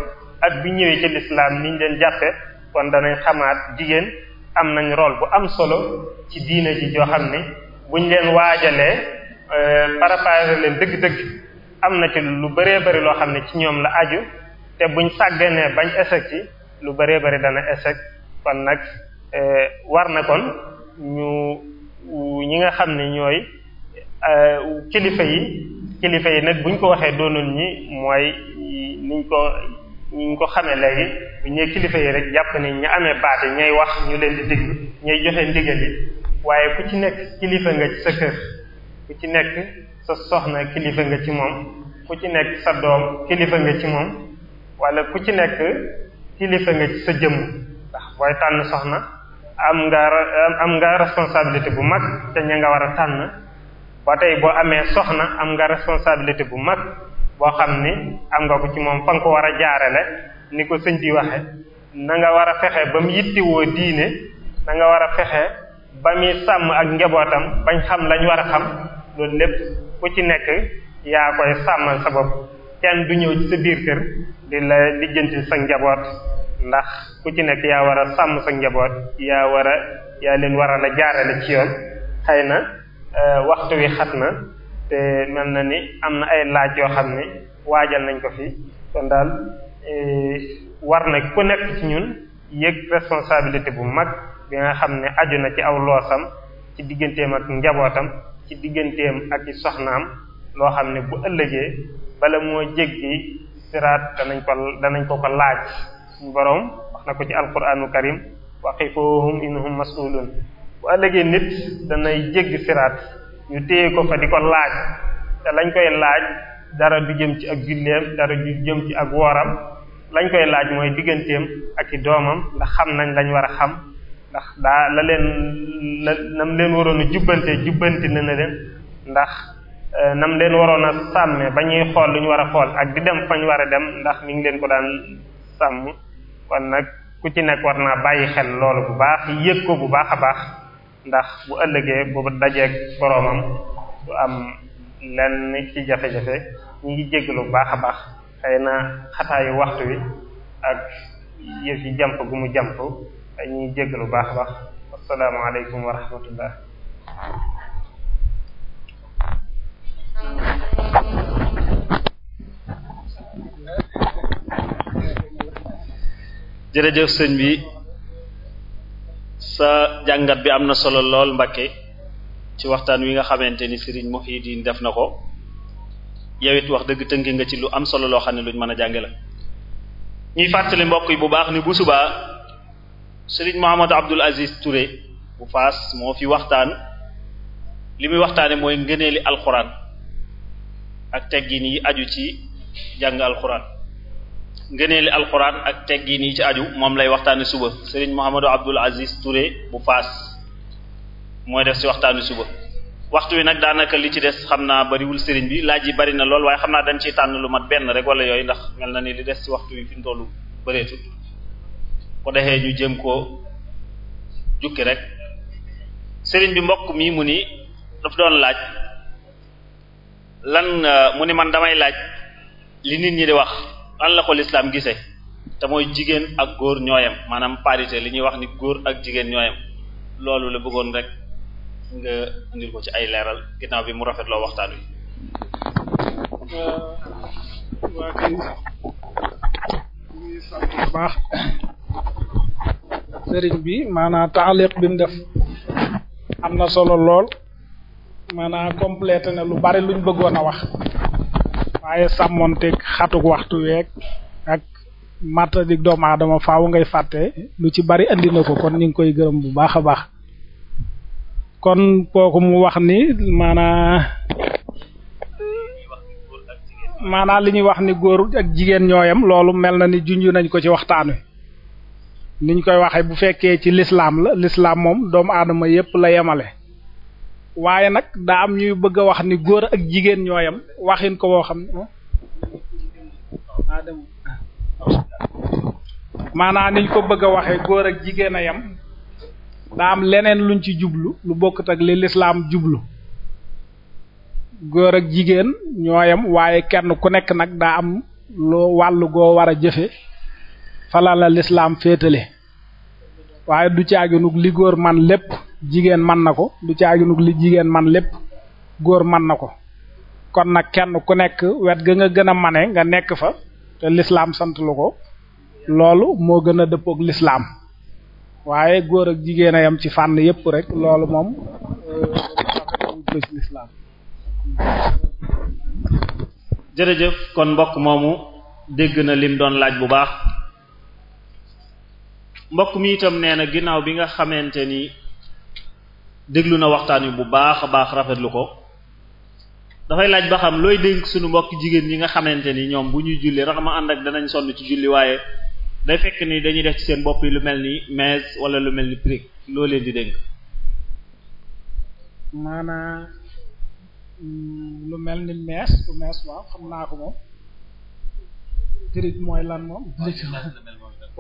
ak bi ñëwee ci lislaam niñ leen jàppe kon danañ xamaat jigéen am nañ rol bu am solo ci diine ji joo xam ne buñ leen waajalee eh, préparer leen dëgg-dëgg am na ci lu bëree bëri loo xam ne ci ñoom la aju te buñ sàgganee bañ échec ci lu bëree bëri dana échec kon nag eh, war na kon ñu ñi nga xam ne ñooy eh, kilifa yi kilifa yi nag buñ ko waxee doonul ñi mooy niñ ko niñ ko xamee léegi bu ñee kilifa yi rek jàpp ni ñu amee baat yi ñay wax ñu leen di digg ñay joxe ndigal yi waaye ku ci nekk kilifa nga ci sa kër ku ci nekk sa soxna kilifa nga ci moom ku ci nekk sa doom kilifa nga ci moom wala ku ci nekk kilifa nga ci sa jëm ndax booy tànn soxna am nga am nga responsabilité bu mag te ña nga war a tànn ba tey boo amee soxna am nga responsabilité bu mag boo xam ni am nga ko ci moom fa nga ko war a jaarale ni ko sëñ bi waxe na nga war a fexe ba mu yittiwoo diine na nga war a fexe ba muy sàmm ak njabootam bañ xam lañ war a xam loolu lépp ku ci nekk yaa koy sàmmal sa kenn du ñëw ci sa biir kër di la lijjanti sa njaboot ndax ku ci nekk yaa war a sàmm sa njaboot yaa war a yaa leen war a la jaarale ci yoon xëy na euh, waxtu wi xat na te mel na ni am na ay laaj yoo xam ne waajal nañ ko fi kon daal euh, war na ku nekk ci ñun yëg responsabilité bu mag bi nga xam ne aju na ci aw loosam ci digganteem ak njabootam ci digganteem ak i soxnaam loo xam ne bu ëllëgee bala moo jéggi siraat danañ ko danañ ko ko laaj suñu boroom wax na ko ci alquranu karim waqifuhum innahum mas'ulun bu ëllëgee nit danay jégg siraat ñu téye ko fa di ko laaj te lañ koy laaj dara du jëm ci ak julleem dara du jëm ci ak wooram lañ koy laaj mooy digganteem ak i doomam ndax xam nañ lañ war a xam ndax daa la leen la nam leen waroon a jubbante jubbanti na leen ndax Euh, nam leen waroon a sàmme ba ñuy xool lu ñu war a xool ak di dem fañ war a dem ndax mi ngi leen ko daan sàmm kon nag ku ci nekk war naa bàyyi xel loolu bu baax yëg ko bu baax a baax ndax bu ëllëgee bu dajeeg boroomam du am lenn ci jafe-jafe ñu ngi jéggalu lu baax a baax xëy na xataayu waxtu wi ak yëf yi jàmp gu mu jàmp ñu ngi jéggalu bu baax a baax asalaamaaleykum wa rahmatullah jërëjëf sëñ bi sa jàngat bi am na solo lool mbakke ci waxtaan wi nga xamante ni Serigne Mouhidine def na ko yow wax dëgg tënki nga ci lu am solo loo xam ne luñ mën a jànge la ñuy fàttali mbokk yi bu baax ni bu subaa Serigne Mouhamadou Abdoul Aziz Touré bu Faas moo fi waxtaan li muy waxtaane mooy ngëneeli alxuraan ak teggin yi aju ci jàng alxuraan ngëneeli alxuraan ak teggin yi ci aju moom lay waxtaane suba Serigne Mouhamadou Abdoul Aziz Touré bu Faas mooy def ci waxtaane suba waxtu wi nag daanaka li ci des xam naa bariwul sëriñ bi laaj yi bari na lool waaye xam naa dañ ci tànn lu mat benn rek wala yooyu ndax mel na ni li des ci waxtu wi fi mu tollu bëreetul ko defee ñu jëm koo jukki rek sëriñ bi mbokk mi mu ni daf doon laaj. lan euh, mu ne man damay laaj li nit ñi di wax lan la ko lislaam gisee te mooy jigéen ak góor ñooyam maanaam parité li ñuy wax ni góor ak jigéen ñooyam loolu la bëggoon rek nga indil ko ci ay leeral ginnaaw bi mu rafetloo waxtaan wi. Euh, sëriñ bi maanaam taaliq bi mu def am na solo lool. maanaam complété na lu bari luñ bëggoon a wax waaye sàmmonteeg xatuk waxtu week ak matadik doom aadama faaw ngay fàtte lu ci bari andi na ko kon ñu ngi koy gërëm bu baax a baax kon kooku mu wax ni maanaa maanaa li ñuy wax ni góor ak jigéen ñooyam loolu mel na ni junj nañ ko ci waxtaan wi niñ koy waxee bu fekkee ci lislaam la lislaam moom doomu aadama yépp la yemale waaye nag daa am ñuy bëgg a wax ni góor ak jigéen ñooyam waxin ko woo xam maanaa niñ ko bëgg a waxee góor ak jigéen a yam daa am leneen luñ ci jublu lu bokkut ak li lislaam jublu góor ak jigéen ñooyam waaye kenn ku nekk nag daa am loo wàllu goo war a jëfe fala la lislaam féetale waaye du caaginu li góor man lépp jigéen man na ko lu caaginug li jigéen man lépp góor man na ko kon nag kenn ku nekk wet ga nga gën a mane nga nekk fa te lislaam sant lu ko loolu moo gën a dëppook lislaam waaye góor ak jigéen a yam ci fànn yépp rek loolu moom euh, lislaam jërëjëf kon mbokk moomu dégg na lim doon laaj bu baax mbokk mi itam nee na ginnaaw bi nga xamante ni déglu na waxtaan wi bu baax a baax rafet lu ko dafay laaj ba xam looy dénk suñu mbokk jigéen ñi nga xamante ni ñoom bu ñuy julli rax ma ànd ak danañ sonn ci julli waaye day fekk ni dañuy def ci seen bopp yi lu mel ni mees wala lu mel ni prix loo leen di dénk. maanaa mm, lu mel ni mees bu waaw xam naa ko moom prix mooy lan moom.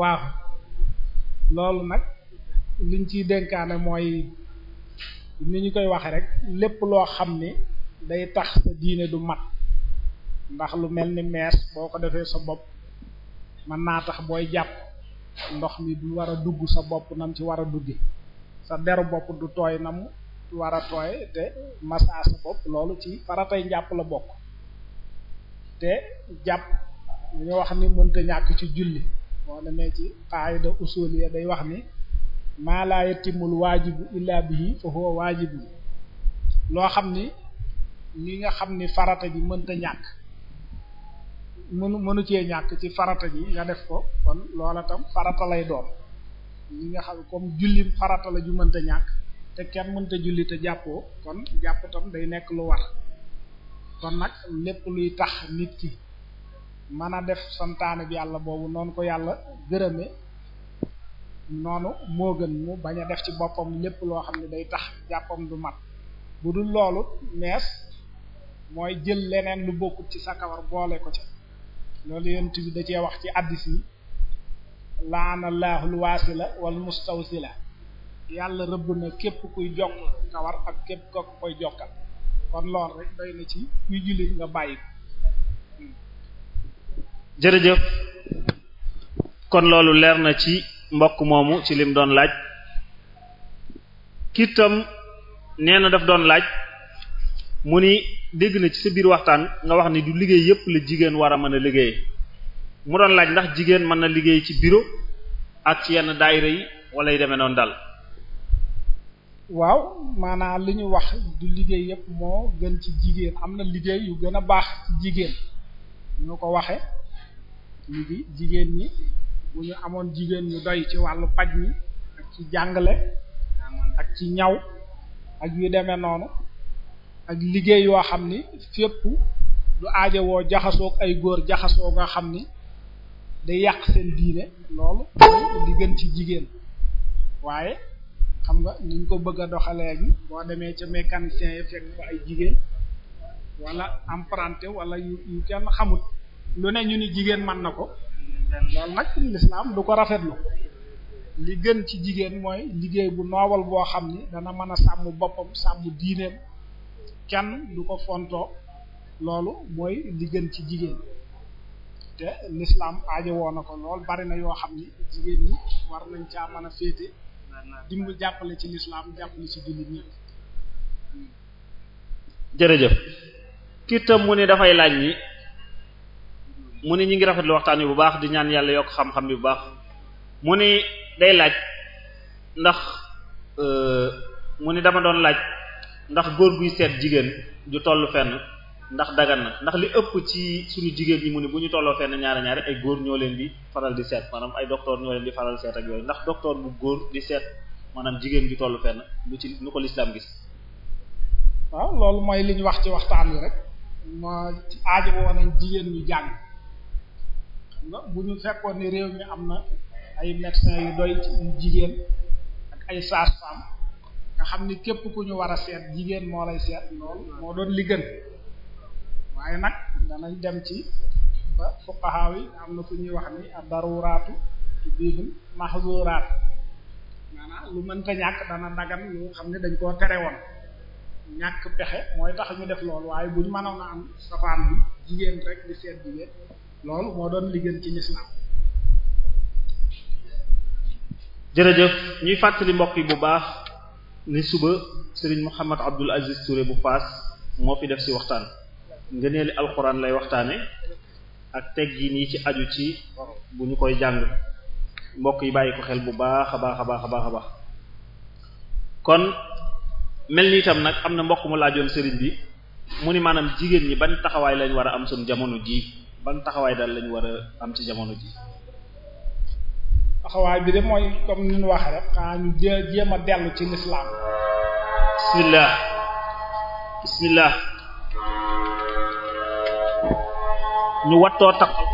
waaw loolu nag liñ ciy dénkaane mooy. ni ñu koy waxee rek lépp loo xam ni day tax sa diine du mat ndax lu mel ni mees boo ko defee sa bopp mën naa tax booy jàpp ndox mi du war a dugg sa bopp nam ci war a dugge sa deru bopp du tooy nam war a tooy te massa sa bopp loolu ci faratay njàpp la bokk te jàpp ñu wax ni mënta ñàkk ci julli moo demee ci qaayida usul ya day wax ni maa laa yatimul waajibu illa bihi fa huwa waajibu loo xam ni lii nga xam ni farata ji mënta ñàkk mënu mënu cee ñàkk ci farata ji nga def ko kon loola tam farata lay doon li nga xam comme julli farata la ju mënta ñàkk te kenn mënta julli te jàppoo kon jàpp tam day nekk lu war kon nag lépp luy tax nit ki mën a def santaane bi yàlla boobu noonu ko yàlla gërëme noonu moo gën mu bañ a def ci boppam lépp loo xam ne day tax jàppam du mat bu dul loolu mees mooy jël leneen lu bokkut ci sa kawar boole ko ci loolu yent bi da cee wax ci addis yi laana laahul waasila wal mustawsila yàlla rëbb na képp kuy jokk kawar ak képp ko koy jokkal kon lool rek doy na ci kuy jullit nga bàyyi ko jërëjëf kon loolu leer na ci mbokk moomu ci lim doon laaj kiitam nee na daf doon laaj mu ni dégg na ci sa biir waxtaan nga wax ni du liggéey yépp la jigéen war a mën a liggéey mu doon laaj ndax jigéen mën na liggéey ci bureau ak ci yenn daayira yi wala yu demee noonu daal waaw maanaam li ñu wax du liggéey yépp moo gën ci jigéen am na liggéey yu gën a baax ci jigéen ñu ko waxe ñu ngi jigéen ñi bu ñu amoon jigéen ñu doy ci wàllu paj mi ak ci jàngale ak ci ñaw ak yu deme noonu ak liggéey yoo xam ni fépp du aajowoo jaxasoog ay góor jaxasoo nga xam ni day yàq seen diine loolu di ci jigéen waaye xam nga niñ ko bëgg a doxalee boo demee ca mécanicien yi fekk ko ay jigéen wala emprunté walla yu kenn xamut lu ne ñu ni jigéen mën na ko loolu nag lislaam du ko rafetlu li gën ci jigéen mooy liggéey bu noowal boo xam ni dana mën a sàmm boppam sàmm diineem kenn du ko fontoo loolu mooy li gën ci jigéen te lislaam aajo woo na ko lool bari na yoo xam ni jigéen ñi war nañ caa mën a féete dimbal jàppale ci lislaam jàppale ci jullit ñëpp jërëjëf kiitam mu ne dafay laaj ni mu ni ñu ngi rafetlu waxtaan wi bu baax di ñaan yàlla yokk xam-xam bi bu baax mu ni day laaj ndax euh, mu ni dama doon laaj ndax góor guy seet jigéen ju tollu fenn ndax dagan na ndax li ëpp ci suñu jigéen ñi mu ni bu ñu tolloo fenn ñaari ñaari ay góor ñoo leen di faral di seet maanaam ay docteur ñoo leen di faral seet ak yooyu ndax docteur bu góor di seet maanaam jigéen ju tollu fenn lu ci lu ko lislaam gis waaw loolu mooy li wax ci waxtaan wi rek ma aajo jigéen ñu jàng bu ñu fekkoon ni réew mi am na ay médecins yu doy ci jigéen ak ay sages-femmes nga xam ni képp ku ñu war a seet jigéen moo lay seet lool moo doon li gën waaye nag danañ dem ci ba fuqaha yi am na ku ñuy wax ni ad-daruraatu tubihul mahzuraat maanaam lu mënta ñàkk dana dagan lu xam ne dañ koo tere woon ñàkk pexe mooy tax ñu def lool waaye buñ mënoon a am safaan bi jigéen rek di seet jigéen loolu moo doon liggéen gën ci lislaam jërëjëf ñuy fàttali mbokk yi bu baax ni suba Serigne Mouhamed Abdoul Aziz Touré bu Faas moo fi def ci waxtaan ngëneeli alxuraan lay waxtaane ak teg gi yi ci aju ci bu ñu koy jàng mbokk yi bàyyi ko xel bu baax a baax a baax a baax a baax kon mel ni itam nag am na mbokk mu laajoon sëriñ bi mu ni maanaam jigéen ñi ban taxawaay lañ war a am suñ jamono jii ban taxawaay daal lañu war a am ci jamono ji taxawaay bi de mooy comme ni ñu waxee rek xanaa ñu jéem a dellu ci lislaam bismillah bismillah ñu wattoo taxaw